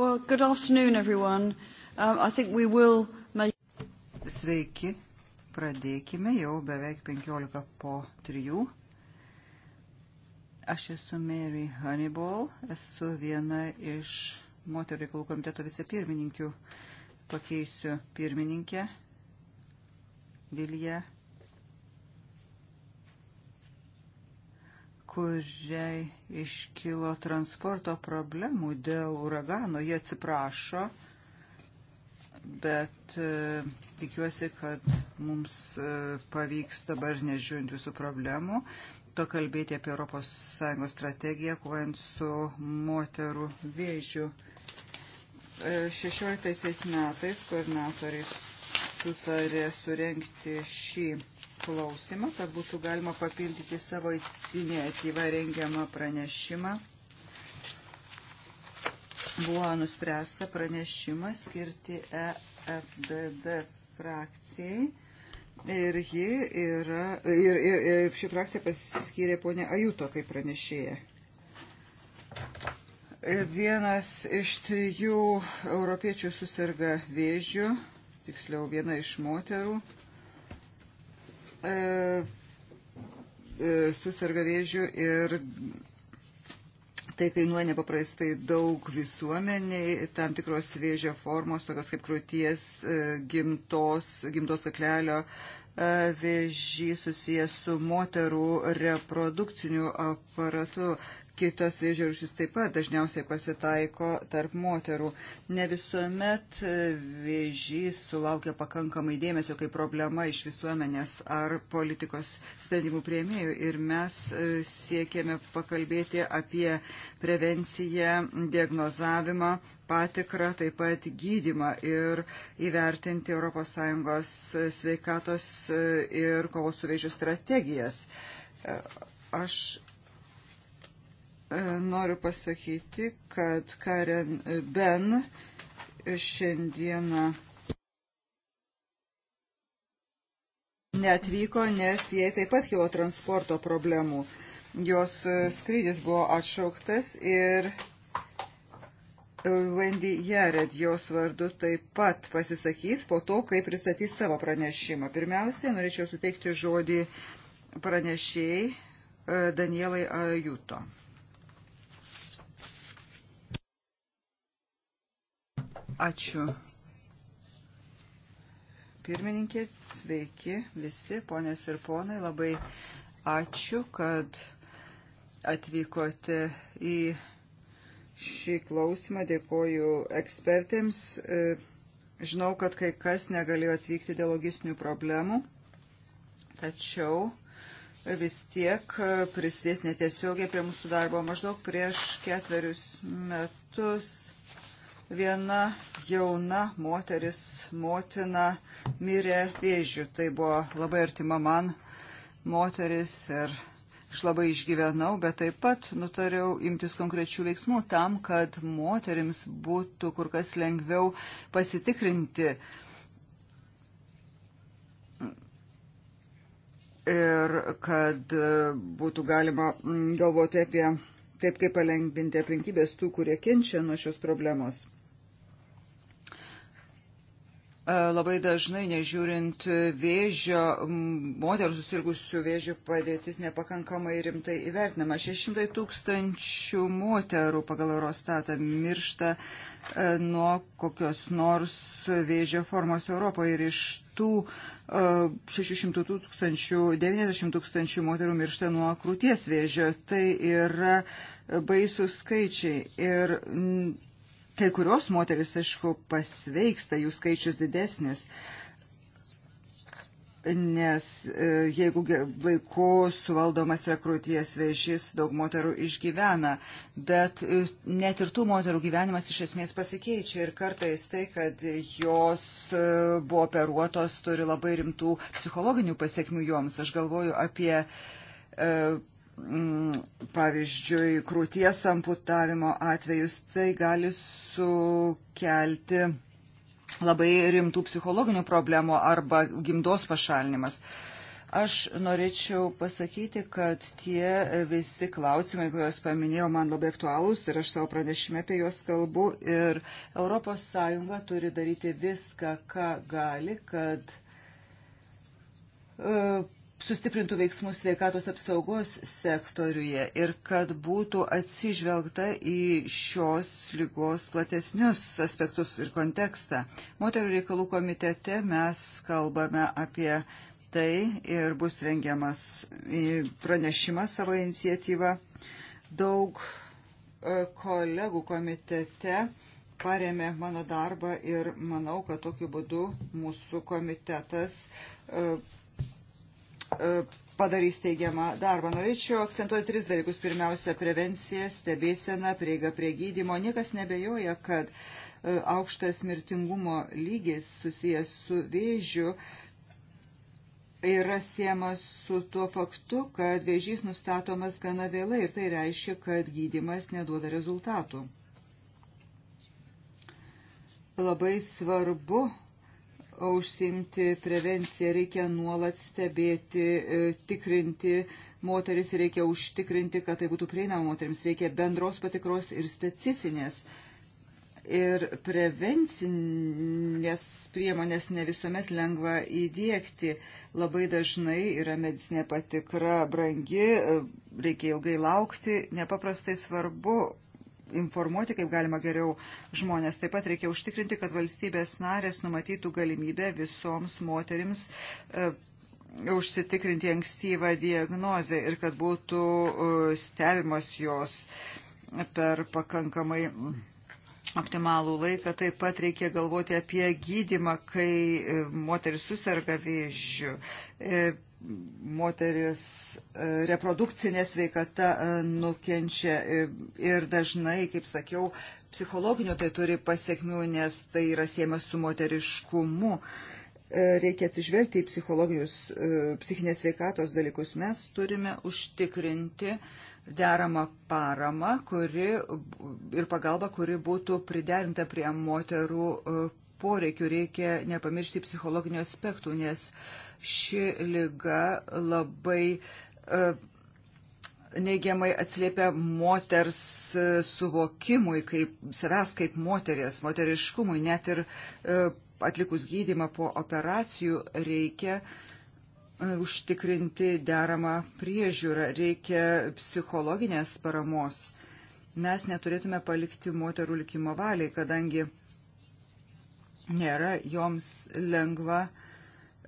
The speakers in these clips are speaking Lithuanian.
Well, good afternoon, everyone. Um, I think we will make... Sveiki, pradėkime jau beveik 15 po 3. Aš esu Mary Hannibal, esu viena iš moterų reikalų komiteto vicepirmininkių. Pakeisiu pirmininkę Vilija kuriai iškilo transporto problemų dėl uragano. Jie atsiprašo, bet e, tikiuosi, kad mums e, pavyks dabar, nežiūrint visų problemų, pakalbėti apie ES strategiją, kovojant su moterų vėžiu. 16 e, metais koordinatoriai sutarė surenkti šį klausimą, kad būtų galima papildyti savo iniciatyvą rengiamą pranešimą. Buvo nuspręsta pranešimą skirti EFDD frakcijai. Ir, ji yra, ir, ir, ir ši frakcija paskyrė ponę Ajuto kaip pranešėją. Vienas iš trijų europiečių susirga vėžių, tiksliau viena iš moterų E, e, susirga vėžių ir tai kainuoja nepaprastai daug visuomeniai, tam tikros vėžio formos, tokios kaip krūties, e, gimtos, gimtos kaklelio vėžys susijęs su moterų reprodukciniu aparatu kitos vėžio rūšis taip pat dažniausiai pasitaiko tarp moterų. Ne visuomet e, vėžys sulaukia pakankamai dėmesio kaip problema iš visuomenės ar politikos sprendimų prieimėjų. Ir mes e, siekėme pakalbėti apie prevenciją, diagnozavimą, patikrą, taip pat gydimą ir įvertinti ES sveikatos e, ir kovos su vėžiu strategijas. Aš E, noriu pasakyti, kad Karen Ben šiandieną neatvyko, nes jai taip pat kilo transporto problemų. Jos e, skrydis buvo atšauktas ir Wendy Jared jos vardu taip pat pasisakys po to, kai pristatys savo pranešimą. Pirmiausia, norėčiau suteikti žodį pranešėjai e, Danielai Ajuto. Ačiū. Pirmininkė, sveiki visi, ponios ir ponai, labai ačiū, kad atvykote į šį klausimą. Dėkoju ekspertėms. E, žinau, kad kai kas negalėjo atvykti dėl logistinių problemų, tačiau vis tiek prisidės netiesiogiai prie mūsų darbo maždaug prieš ketverius metus Viena jauna moteris, motina, mirė vėžių. Tai buvo labai artima man moteris ir aš labai išgyvenau, bet taip pat nutariau imtis konkrečių veiksmų tam, kad moterims būtų kur kas lengviau pasitikrinti. Ir kad būtų galima galvoti apie taip, kaip palengvinti aplinkybės tų, kurie kenčia nuo šios problemos. E, labai dažnai, nežiūrint vėžio, moterų susirgusių vėžių padėtis nepakankamai rimtai įvertinama. 600 tūkstančių moterų pagal Eurostatą miršta e, nuo kokios nors vėžio formos Europoje ir iš tų 600 e, tūkstančių, 90 tūkstančių moterų miršta nuo krūties vėžio. Tai yra baisų skaičiai. Ir Kai kurios moteris, aišku, pasveiksta, jų skaičius didesnis nes e, jeigu vaiku suvaldomas yra krūties vėžys, daug moterų išgyvena, bet e, net ir tų moterų gyvenimas iš esmės pasikeičia ir kartais tai, kad jos e, buvo operuotos, turi labai rimtų psichologinių pasiekmių joms. Aš galvoju apie Mm, pavyzdžiui, krūties amputavimo atvejus, tai gali sukelti labai rimtų psichologinių problemų arba gimdos pašalinimas. Aš norėčiau pasakyti, kad tie visi klausimai, kuriuos paminėjau, man labai aktualūs ir aš savo pranešime apie juos kalbu. Ir ES turi daryti viską, ką gali, kad uh, sustiprintų veiksmus sveikatos apsaugos sektoriuje ir kad būtų atsižvelgta į šios lygos platesnius aspektus ir kontekstą. Moterų reikalų komitete mes kalbame apie tai ir bus rengiamas pranešimas savo iniciatyvą. Daug e, kolegų komitete paremė mano darbą ir manau, kad tokiu būdu mūsų komitetas e, E, padarys teigiamą darbą. Norėčiau akcentuoti tris dalykus. Pirmiausia, prevencija, stebėsena, prieiga prie gydymo. Niekas nebejoja, kad e, aukštas mirtingumo lygis susijęs su vėžiu yra siemas su tuo faktu, kad vėžys nustatomas gana vėlai ir tai reiškia, kad gydimas neduoda rezultatų. Labai svarbu užsimti prevenciją, reikia nuolat stebėti, e, tikrinti moteris, reikia užtikrinti, kad tai būtų prieinama moteriams, reikia bendros patikros ir specifinės. Ir prevencinės priemonės ne visuomet lengva įdėkti. Labai dažnai yra medicinė patikra brangi, e, reikia ilgai laukti. Nepaprastai svarbu informuoti, kaip galima geriau žmonės. Taip pat reikia užtikrinti, kad valstybės narės numatytų galimybę visoms moterims e, užsitikrinti ankstyvą diagnozę ir kad būtų e, stebimos jos per pakankamai optimalų laiką. Taip pat reikia galvoti apie gydimą, kai e, moteris susirga vėžiu moteris e, reprodukcinė sveikata e, nukenčia e, ir dažnai, kaip sakiau, psichologinio tai turi pasiekmių, nes tai yra siemas su moteriškumu. Reikia atsižvelgti į psichologinius, psichinės sveikatos dalykus. Mes turime užtikrinti deramą paramą kuri, ir pagalbą, kuri būtų priderinta prie moterų poreikių. Reikia nepamiršti psichologinių aspektų, nes uh, ši lyga labai e, neigiamai atsiliepia moters suvokimui, kaip savęs kaip moteris, moteriškumui. Net ir e, atlikus gydimą po operacijų reikia e, užtikrinti deramą priežiūrą, reikia psichologinės paramos. Mes neturėtume palikti moterų likimo valiai, kadangi nėra joms lengva uh,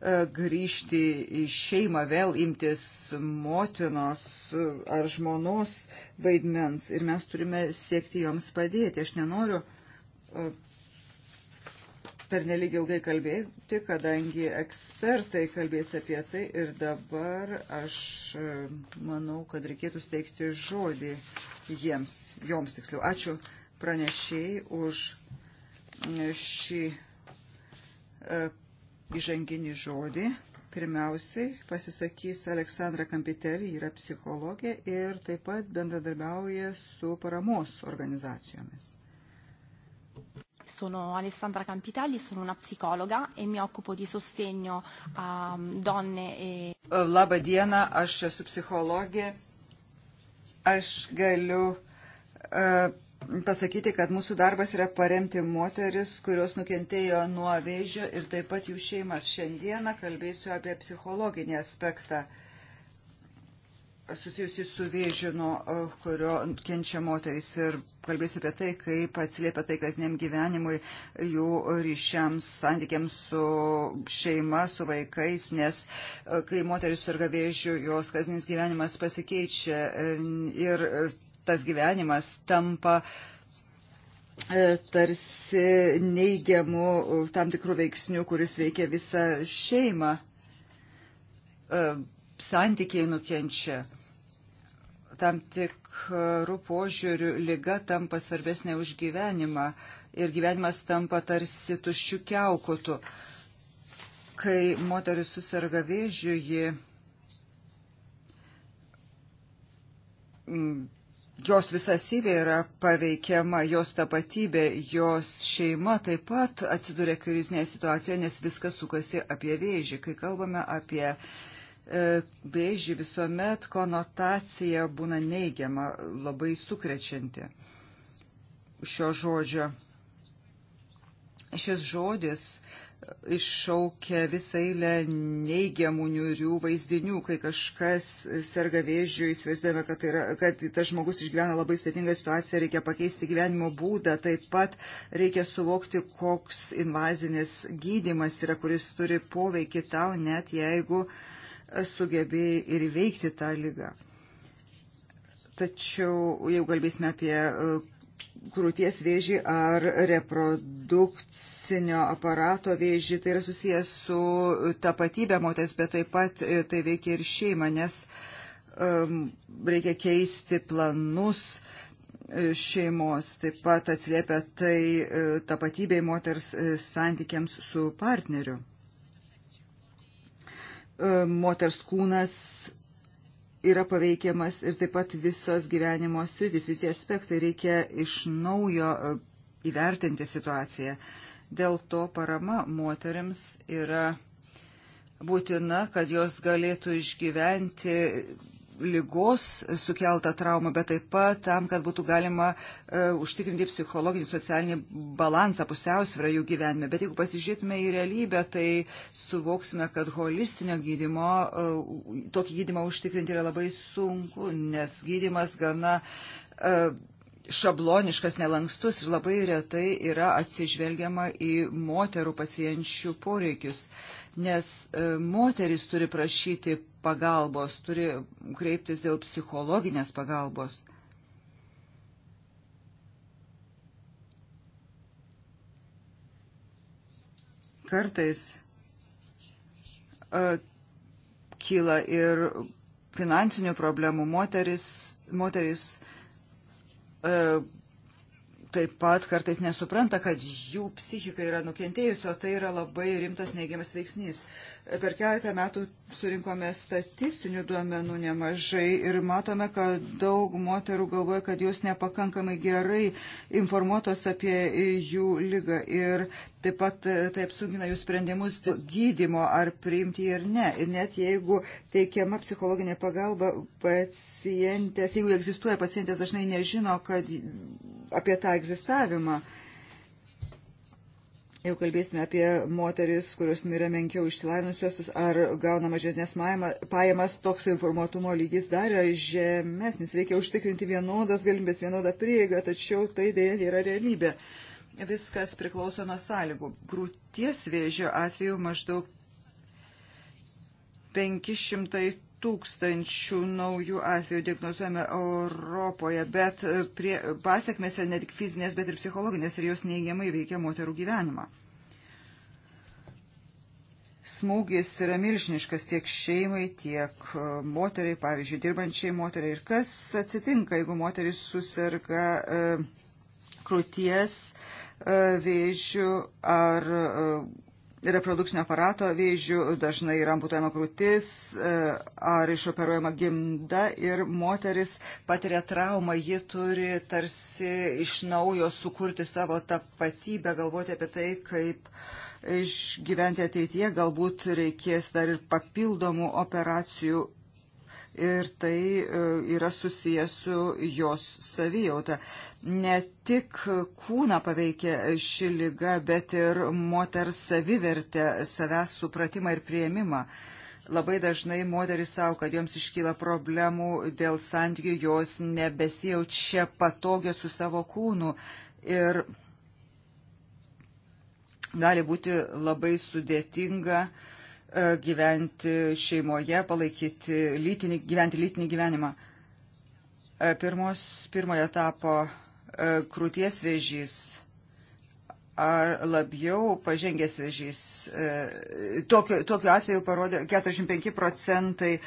E, grįžti į šeimą, vėl imtis motinos ar žmonos vaidmens ir mes turime siekti joms padėti. Aš nenoriu e, per nelik ilgai kalbėti, kadangi ekspertai kalbės apie tai ir dabar aš e, manau, kad reikėtų steigti žodį jiems, joms tiksliau. Ačiū pranešėjai už šį įžanginį žodį. Pirmiausiai pasisakys Aleksandra Kampitelį, yra psichologė ir taip pat bendradarbiauja su paramos organizacijomis. Sono Alessandra Campitelli, sono una psicologa e mi occupo di sostegno a um, donne e... Labą dieną, aš esu psichologė. Aš galiu uh, pasakyti, kad mūsų darbas yra paremti moteris, kurios nukentėjo nuo vėžio ir taip pat jų šeimas. Šiandieną kalbėsiu apie psichologinį aspektą susijusi su vėžiu, nuo e, kurio kenčia moteris. Ir kalbėsiu apie tai, kaip atsiliepia tai kasdieniam gyvenimui, jų ryšiams, santykiams su šeima, su vaikais, nes e, kai moteris surga vėžiu, jos kasdienis gyvenimas pasikeičia e, ir tas gyvenimas tampa e, tarsi neigiamų tam tikrų veiksnių, kuris veikia visą šeimą. E, santykiai nukenčia. Tam tikrų požiūrių lyga tampa svarbesnė už gyvenimą ir gyvenimas tampa tarsi tuščių keukotų. Kai moteris susirga vėžiu, ji jos visa sybė yra paveikiama, jos tapatybė, jos šeima taip pat atsiduria krizinėje situacijoje, nes viskas sukasi apie vėžį. Kai kalbame apie e, vėžį, visuomet konotacija būna neigiama, labai sukrečianti šio žodžio. Šis žodis iššaukia visą eilę neigiamų niurių vaizdinių, kai kažkas serga vėžiu, įsivaizduojame, kad, tai yra, kad tas žmogus išgyvena labai sudėtingą situaciją, reikia pakeisti gyvenimo būdą, taip pat reikia suvokti, koks invazinis gydimas yra, kuris turi poveikį tau, net jeigu sugebėjai ir įveikti tą lygą. Tačiau, jeigu kalbėsime apie krūties vėžį ar reprodukcinio aparato vėžį. Tai yra susijęs su tapatybė moters, bet taip pat e, tai veikia ir šeima, nes um, reikia keisti planus e, šeimos, taip pat atsiliepia tai e, tapatybei moters santykiams su partneriu. Moters kūnas yra paveikiamas ir taip pat visos gyvenimo sritis, visi aspektai reikia iš naujo e, įvertinti situaciją. Dėl to parama moteriams yra būtina, kad jos galėtų išgyventi lygos sukeltą traumą, bet taip pat tam, kad būtų galima uh, užtikrinti psichologinį, socialinį balansą, pusiausvyrą jų gyvenime. Bet jeigu pasižiūrėtume į realybę, tai suvoksime, kad holistinio gydimo, uh, tokį gydimą užtikrinti yra labai sunku, nes gydimas gana uh, šabloniškas, nelankstus ir labai retai yra atsižvelgiama į moterų pacienčių poreikius, nes moteris turi prašyti pagalbos, turi kreiptis dėl psichologinės pagalbos. Kartais a, kyla ir finansinių problemų. Moteris, moteris a, taip pat kartais nesupranta, kad jų psichika yra nukentėjusi, o tai yra labai rimtas neigiamas veiksnys per keletą metų surinkome statistinių duomenų nemažai ir matome, kad daug moterų galvoja, kad jos nepakankamai gerai informuotos apie jų lygą ir taip pat e, taip sunkina jų sprendimus gydimo ar priimti ar ne. Ir net jeigu teikiama psichologinė pagalba pacientės, jeigu egzistuoja pacientės, dažnai nežino, kad apie tą egzistavimą. Jeigu kalbėsime apie moteris, kurios yra menkiau išsilavinusios ar gauna mažesnės pajamas, toks informuotumo lygis dar yra žemesnis. Reikia užtikrinti vienodas galimybės, vienodą prieigą, tačiau tai dėja yra realybė. Viskas priklauso nuo sąlygų. Grūties vėžio atveju maždaug 500 tūkstančių naujų atvejų diagnozuojame Europoje, bet prie pasiekmes yra ne tik fizinės, bet ir psichologinės ir jos neįgiamai veikia moterų gyvenimą. Smūgis yra milžiniškas tiek šeimai, tiek e, moteriai, pavyzdžiui, dirbančiai moteriai. Ir kas atsitinka, jeigu moteris susirga e, krūties e, vėžių ar e, reprodukcinio aparato vėžių, dažnai yra amputuojama krūtis e, ar išoperuojama gimda ir moteris patiria traumą, ji turi tarsi iš naujo sukurti savo tapatybę, galvoti apie tai, kaip išgyventi ateityje, galbūt reikės dar ir papildomų operacijų. Ir tai e, yra susijęs su jos savijauta ne tik kūną paveikia ši lyga, bet ir moters savivertę, savęs supratimą ir prieimimą. Labai dažnai moteris savo, kad joms iškyla problemų dėl santykių, jos nebesijaučia patogios su savo kūnu. Ir gali būti labai sudėtinga e, gyventi šeimoje, palaikyti lytinį, gyventi lytinį gyvenimą. E, pirmos, pirmojo etapo E, krūties vėžys ar labiau pažengęs vėžys. E, tokiu, tokiu atveju parodė 45 procentai e,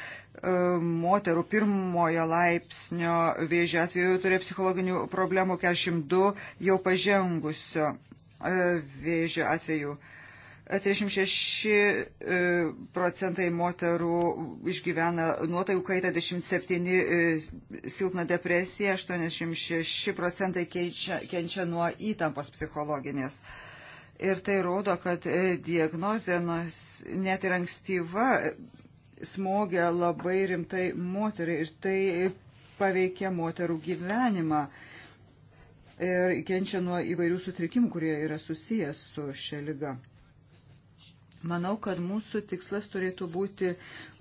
moterų pirmojo laipsnio vėžio atveju turėjo psichologinių problemų, 42 jau pažengusio vėžio atveju. 36 e, procentai moterų išgyvena nuotaikų kaitą, 27 silpna depresija, 86 procentai keičia, kenčia nuo įtampos psichologinės. Ir tai rodo, kad e, diagnozė, net ir ankstyva, smogia labai rimtai moteriai ir tai paveikia moterų gyvenimą ir kenčia nuo įvairių sutrikimų, kurie yra susijęs su šia lyga. Manau, kad mūsų tikslas turėtų būti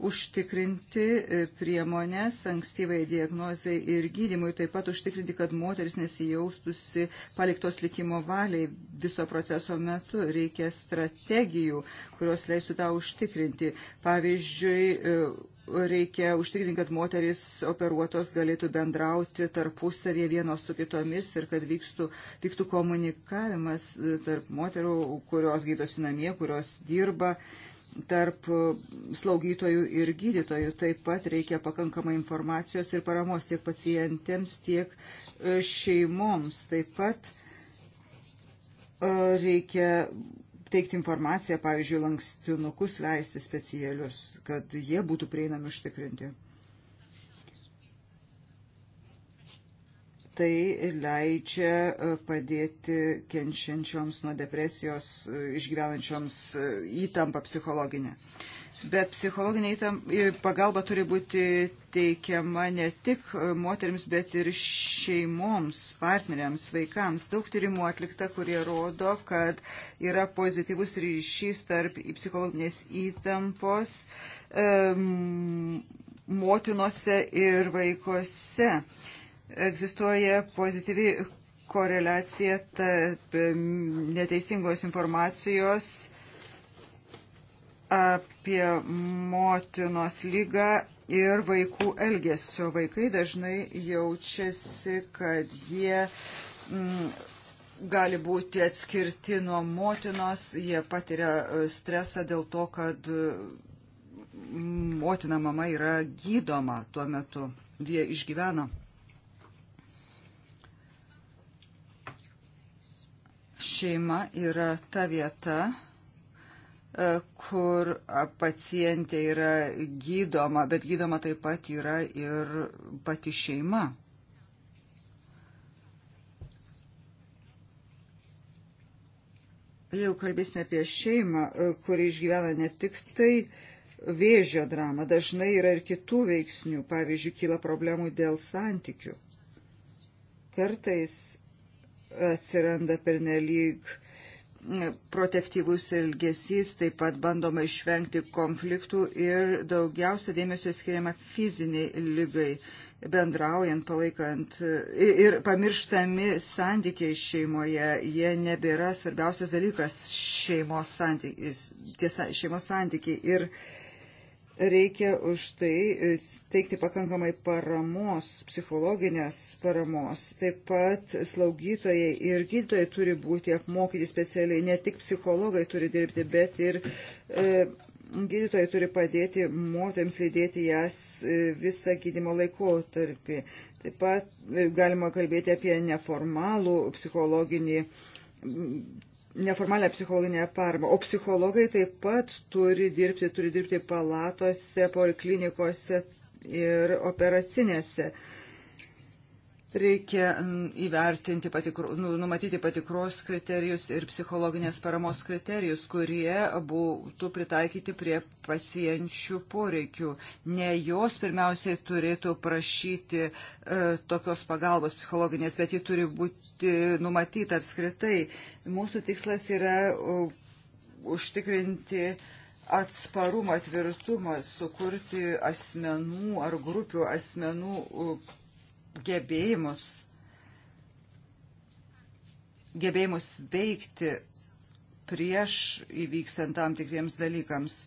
užtikrinti e, priemonės ankstyvai diagnozai ir gydimui, taip pat užtikrinti, kad moteris nesijaustusi paliktos likimo valiai viso proceso metu. Reikia strategijų, kurios leisų tą užtikrinti. Pavyzdžiui, e, reikia užtikrinti, kad moteris operuotos galėtų bendrauti tarpusavėje vienos su kitomis ir kad vykstų, vyktų komunikavimas e, tarp moterų, kurios gydosi namie, kurios dirba, tarp e, slaugytojų ir gydytojų. Taip pat reikia pakankamai informacijos ir paramos tiek pacientėms, tiek e, šeimoms. Taip pat reikia teikti informaciją, pavyzdžiui, lankstinukus leisti specialius, kad jie būtų prieinami užtikrinti. Tai leidžia e, padėti kenčiančioms nuo depresijos, e, išgyvenančioms e, įtampą psichologinę. Uh, Bet psichologinė pagalba turi būti teikiama ne tik e, moteriams, bet ir šeimoms, partneriams, vaikams. Daug tyrimų atlikta, kurie rodo, kad yra pozityvus ryšys tarp psichologinės įtampos e, motinose ir vaikose. Egzistuoja pozityvi koreliacija tarp neteisingos informacijos apie motinos lygą ir vaikų elgesio. Vaikai dažnai jaučiasi, kad jie mm, gali būti atskirti nuo motinos, jie patiria e, stresą dėl to, kad mm, motina mama yra gydoma tuo metu, jie išgyvena. Šeima yra ta vieta, E, kur pacientė yra gydoma, bet gydoma taip pat yra ir pati šeima. Jeigu kalbėsime apie šeimą, e, kuri išgyvena ne tik tai vėžio dramą, dažnai yra ir kitų veiksnių, pavyzdžiui, kyla problemų dėl santykių. Kartais atsiranda pernelyg protektyvus elgesys, taip pat bandoma išvengti konfliktų ir daugiausia dėmesio skiriama fiziniai lygai bendraujant, palaikant ir pamirštami santykiai šeimoje, jie nebėra svarbiausias dalykas šeimos santykiai. Tiesa, šeimos santykiai. Ir uh, reikia už tai e, teikti pakankamai paramos, psichologinės paramos. Taip pat slaugytojai ir gydytojai turi būti apmokyti specialiai, ne tik psichologai turi dirbti, bet ir e, gydytojai turi padėti moteriams lydėti jas e, visą gydimo laikotarpį. Taip pat e, galima kalbėti apie neformalų psichologinį neformalią psichologinę paramą. O psichologai taip pat turi dirbti, turi dirbti palatose, poliklinikose ir operacinėse. Uh, Reikia įvertinti, patikro, nu, numatyti patikros kriterijus ir psichologinės paramos kriterijus, kurie būtų pritaikyti prie pacienčių poreikių. Ne jos pirmiausiai turėtų prašyti e, tokios pagalbos psichologinės, bet ji turi būti numatyta apskritai. Mūsų tikslas yra u, užtikrinti atsparumą, tvirtumą, sukurti asmenų ar grupių asmenų. U, gebėjimus, gebėjimus veikti prieš įvykstant tam tikriems dalykams.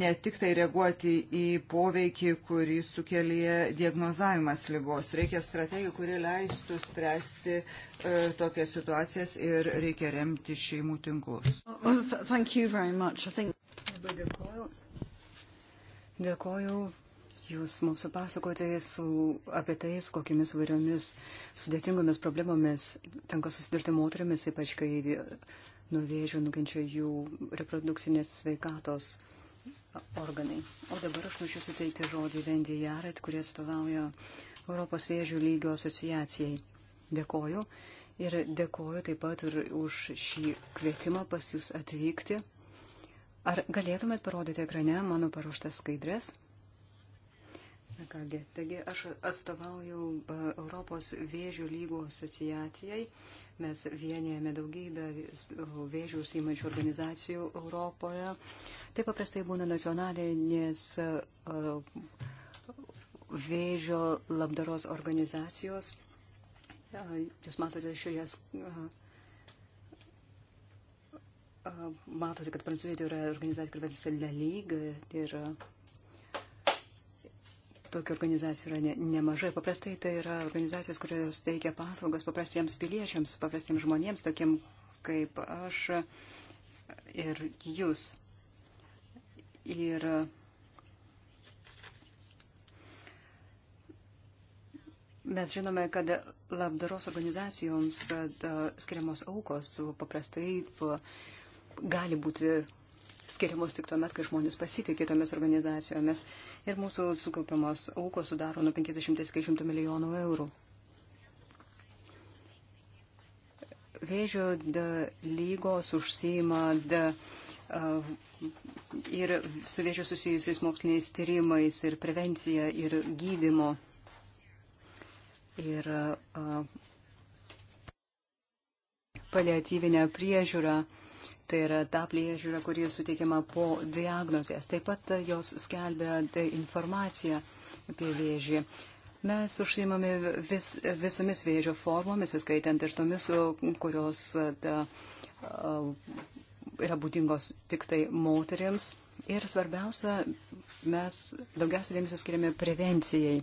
Ne tik tai reaguoti į poveikį, kurį sukelia diagnozavimas lygos. Reikia strategijų, kuri leistų spręsti e, tokias situacijas ir reikia remti šeimų tinklus. Well, think... Labai dėkoju. Dėkoju Jūs mums papasakote apie tai, su kokiamis vairiomis sudėtingomis problemomis tenka susidurti moteriamis, ypač kai nuvėžių nukenčia jų reprodukcinės sveikatos organai. O dabar aš norėčiau suteikti žodį Vendį Jaret, kurie atstovauja Europos vėžių lygio asociacijai. Dėkoju. Ir dėkoju taip pat ir už šį kvietimą pas jūs atvykti. Ar galėtumėt parodyti ekrane mano paruoštas skaidrės? Na kągi, taigi aš atstovauju e, Europos vėžių lygų asociacijai. Mes vienėjame daugybę vėžių įmančių organizacijų Europoje. Tai paprastai būna nacionalinės e, vėžio labdaros organizacijos. E, jūs matote šioje matote, kad Prancūzijoje tai yra organizacija, kuri vadinasi La Liga tai ir Tokių organizacijų yra ne, nemažai. Paprastai tai yra organizacijos, kurios teikia paslaugas paprastiems piliečiams, paprastiems žmonėms, tokiem kaip aš ir jūs. Ir Mes žinome, kad labdaros organizacijoms skiriamos aukos paprastai gali būti skiriamos tik tuomet, kai žmonės pasitikė tomis organizacijomis ir mūsų sukaupiamos aukos sudaro nuo 50 iki 100 milijonų eurų. Vėžio lygos užsima da, ir su vėžio susijusiais moksliniais tyrimais ir prevencija ir gydimo. Ir paliatyvinę priežiūrą. Tai yra ta priežiūra, kuri suteikiama po diagnozės. Taip pat jos skelbia tai informaciją apie vėžį. Mes užsimame vis, visomis vėžio formomis, įskaitant ir tomis, kurios da, yra būdingos tik tai moteriams. Ir svarbiausia, mes daugiausia dėmesio skiriame prevencijai.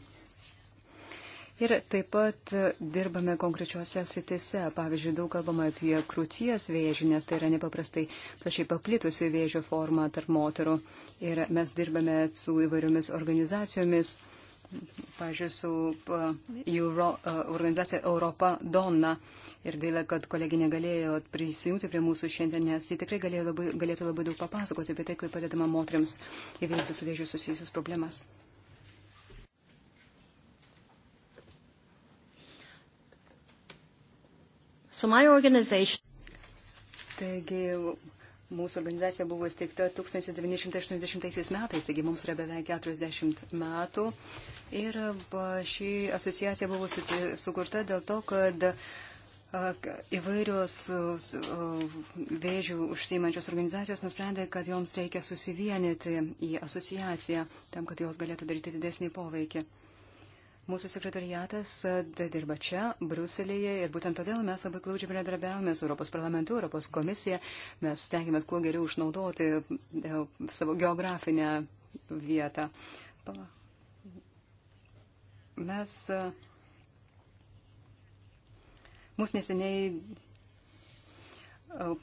Ir taip pat dirbame konkrečiuose sritise. Pavyzdžiui, daug kalbama apie krūties vėžį, nes tai yra nepaprastai plačiai paplitusi vėžio forma tarp moterų. Ir mes dirbame su įvairiomis organizacijomis. Pavyzdžiui, su Euro, organizacija Europa Donna. Ir gaila, kad kolegė negalėjo prisijungti prie mūsų šiandien, nes ji tikrai labai, galėtų labai daug papasakoti apie tai, kaip padedama moteriams įveikti su vėžiu susijusius problemas. So my organization... Taigi, mūsų organizacija buvo įsteigta 1980 metais, taigi mums yra beveik 40 metų. Ir ši asociacija buvo sukurta dėl to, kad įvairios vėžių užsiimančios organizacijos nusprendė, kad joms reikia susivienyti į asociaciją, tam, kad jos galėtų daryti didesnį poveikį. Mūsų sekretariatas e, dirba čia, Bruselėje, ir būtent todėl mes labai glaudžiai bendradarbiavome su Europos parlamentu, Europos komisija. Mes stengiamės kuo geriau išnaudoti e, savo geografinę vietą. Mes. E, mūsų neseniai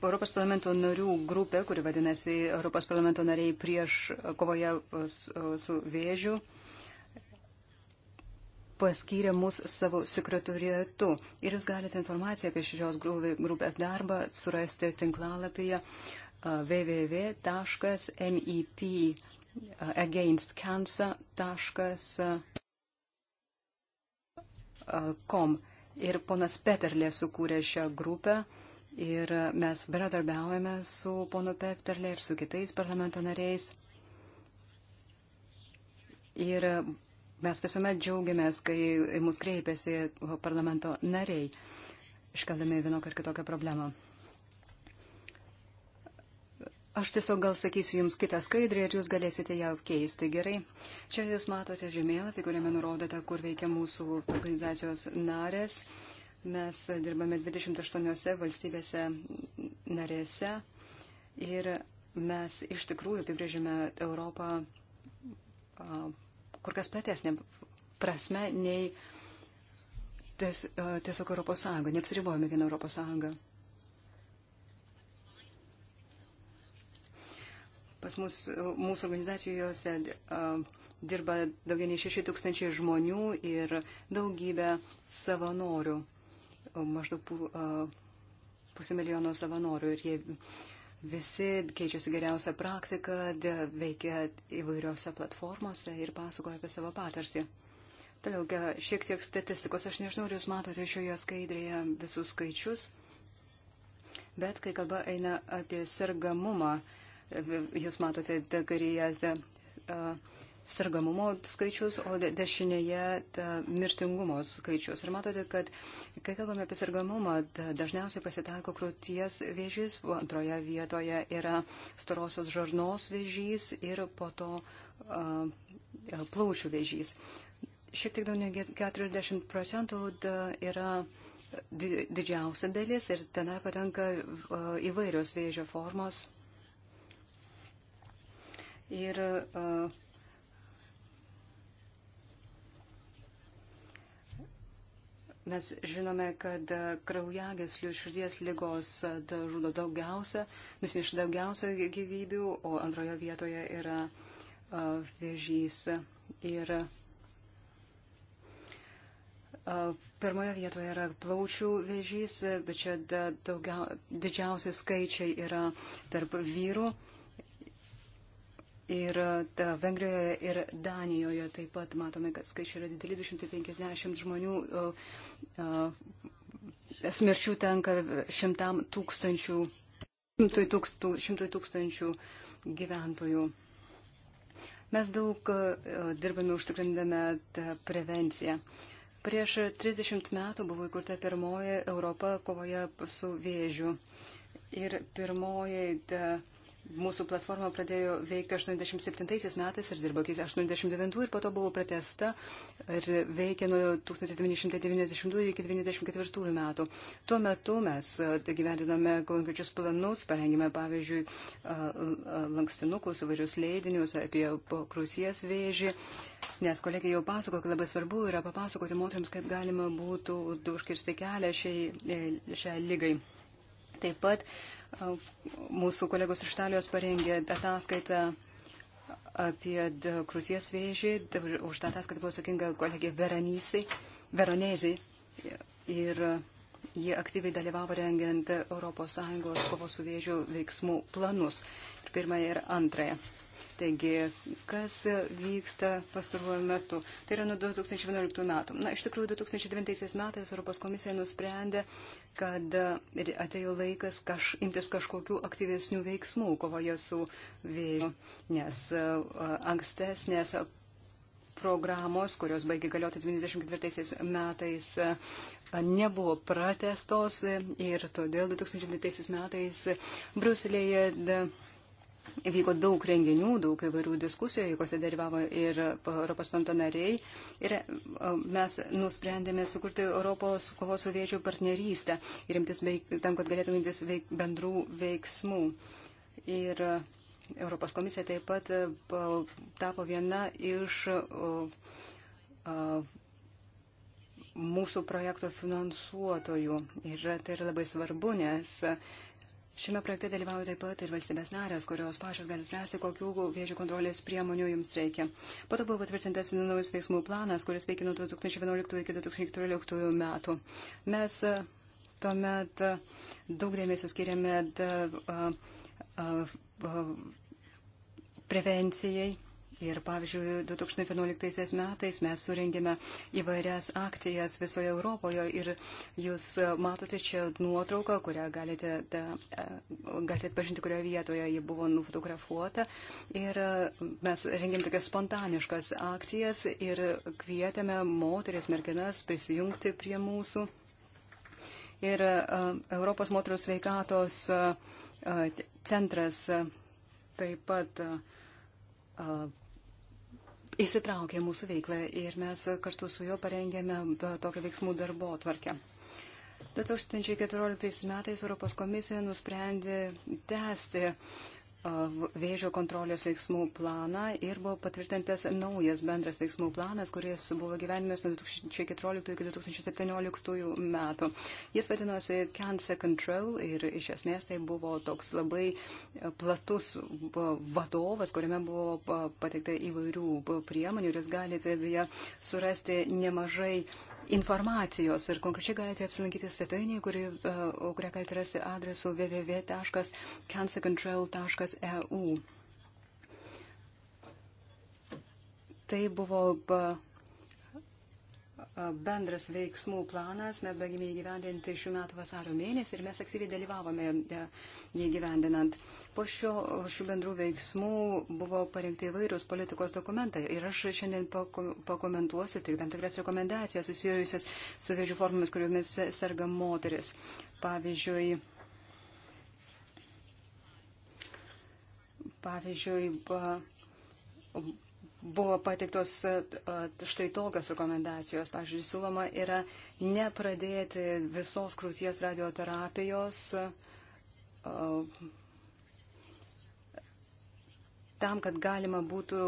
Europos parlamento narių grupė, kuri vadinasi Europos parlamento nariai prieš kovoje su, su vėžiu, paskyrė mus savo sekretorietu. Ir jūs galite informaciją apie šios grupės darbą surasti tinklalapyje www.mepagainstcancer.com. Ir ponas Peterlė sukūrė šią grupę ir mes bendradarbiaujame su ponu Peterlė ir su kitais parlamento nariais. Ir Mes visuomet džiaugiamės, kai mus kreipiasi parlamento nariai, iškeldami vienokią ar kitokią problemą. Aš tiesiog gal sakysiu Jums kitą skaidrį ir Jūs galėsite ją keisti gerai. Čia Jūs matote žemėlapį, kuriame nurodote, kur veikia mūsų organizacijos narės. Mes dirbame 28 valstybėse narėse ir mes iš tikrųjų apibrėžime Europą kur kas platesnė prasme nei ties, e, tiesiog Europos Sąjunga. Neapsiribojame vieną Europos Sąjungą. Pas mus, e, mūsų organizacijose e, dirba daugiau nei 6 tūkstančiai žmonių ir daugybė savanorių, maždaug pusė milijono savanorių. Ir jie Visi keičiasi geriausią praktiką, veikia įvairiose platformose ir pasakoja apie savo patirtį. Toliau šiek tiek statistikos. Aš nežinau, ar jūs matote šioje skaidrėje visus skaičius, bet kai kalba eina apie sergamumą, jūs matote karyje sargamumo skaičius, o dešinėje ta, mirtingumo skaičius. Ir matote, kad kai kalbame apie sargamumą, dažniausiai pasitaiko krūties vėžys, antroje vietoje yra storosios žarnos vėžys ir po to a, plaučių vėžys. Šiek tiek daugiau nei 40 procentų yra didžiausia dalis ir tenai patenka įvairios vėžio formos. Ir uh, Mes žinome, kad kraujagėslių širdies lygos žudo daugiausia, nusineša daugiausia gyvybių, o antroje vietoje yra vėžys. Ir pirmoje vietoje yra plaučių vėžys, bet čia daugiau, didžiausi skaičiai yra tarp vyrų. Ir ta, Vengrijoje ir Danijoje taip pat matome, kad skaičiai yra dideli 250 žmonių. Uh, smirčių tenka šimtam tūkstančių, šimtui, tūkstų, šimtui tūkstančių gyventojų. Mes daug dirbame užtikrindame prevenciją. Prieš 30 metų buvo įkurta pirmoji Europa kovoje su vėžiu. Ir pirmoji Mūsų platforma pradėjo veikti 87 metais ir dirbo iki 89 ir po to buvo pratesta ir veikė nuo 1992 iki 1994 metų. Tuo metu mes tai gyvendinome konkrečius planus, parengėme pavyzdžiui lankstinukus, įvairius leidinius apie krūties vėžį. Nes kolegija jau pasako, kad labai svarbu yra papasakoti moteriams, kaip galima būtų užkirsti kelią šiai, e, šiai lygai. Taip pat uh, Mūsų kolegos iš Italijos parengė ataskaitą apie krūties vėžį. Už tą ataskaitą buvo atsakinga kolegė Veronezai. Ir jie aktyviai dalyvavo rengiant ES kovos su vėžiu veiksmų planus. Ir pirmąją ir antrąją. Taigi, kas vyksta pastaruoju metu? Tai yra nuo 2011 metų. Na, iš tikrųjų, 2009 metais Europos komisija nusprendė, kad atėjo laikas kaž, imtis kažkokių aktyvesnių veiksmų kovoje su vėžiu, nes ankstesnės programos, kurios baigė galioti 24 metais, nebuvo pratestos ir todėl 2009 metais Bruselėje Vyko daug renginių, daug įvairių diskusijų, kuriuose dalyvavo ir Europos panto nariai. Ir e, mes nusprendėme sukurti Europos kovos su vėžiu partnerystę ir imtis veik, tam, kad galėtume imtis veik, bendrų veiksmų. Ir e, Europos komisija taip pat e, tapo viena iš mūsų projekto finansuotojų. Ir tai yra labai svarbu, nes Šiame projekte dalyvauja taip pat ir valstybės narės, kurios pačios gali spręsti, kokių vėžio kontrolės priemonių jums reikia. Po to buvo patvirtintas naujas veiksmų planas, kuris veikia nuo 2011 iki 2014 metų. Mes e, tuomet e, daug dėmesio skiriame prevencijai Ir pavyzdžiui, 2011 metais mes surengėme įvairias akcijas visoje Europoje ir jūs matote čia nuotrauką, kurią galite, da, e, galite pažinti, kurioje vietoje ji buvo nufotografuota. Ir e, mes rengėm tokias spontaniškas akcijas ir kvietėme moteris, merginas prisijungti prie mūsų. Ir uh, Europos moterų sveikatos uh, centras taip pat uh, įsitraukė mūsų veiklą ir mes kartu su juo parengėme tokią veiksmų darbo tvarkę. 2014 metais Europos komisija nusprendė tęsti vėžio kontrolės veiksmų planą ir buvo patvirtintas naujas bendras veiksmų planas, kuris buvo gyvenimas nuo 2014 iki 2017 metų. Jis vadinosi Cancer Control ir iš esmės tai buvo toks labai platus vadovas, kuriame buvo pateikta įvairių priemonių ir jūs galite beje surasti nemažai informacijos ir konkrečiai galite apsilankyti svetainėje, kuri, e, kurią galite rasti adresu www.cancercontrol.eu. Tai buvo e, bendras veiksmų planas. Mes baigėme įgyvendinti šių metų vasario mėnesį ir mes aktyviai dalyvavome jį gyvendinant. Po šio, šių bendrų veiksmų buvo parengti įvairūs politikos dokumentai ir aš šiandien pakomentuosiu tik tam tikras rekomendacijas susijusias su vėžių formomis, kuriomis serga moteris. Pavyzdžiui, pavyzdžiui, buvo pateiktos e, štai tokios rekomendacijos. Pavyzdžiui, siūloma yra nepradėti visos krūties radioterapijos e, tam, kad galima būtų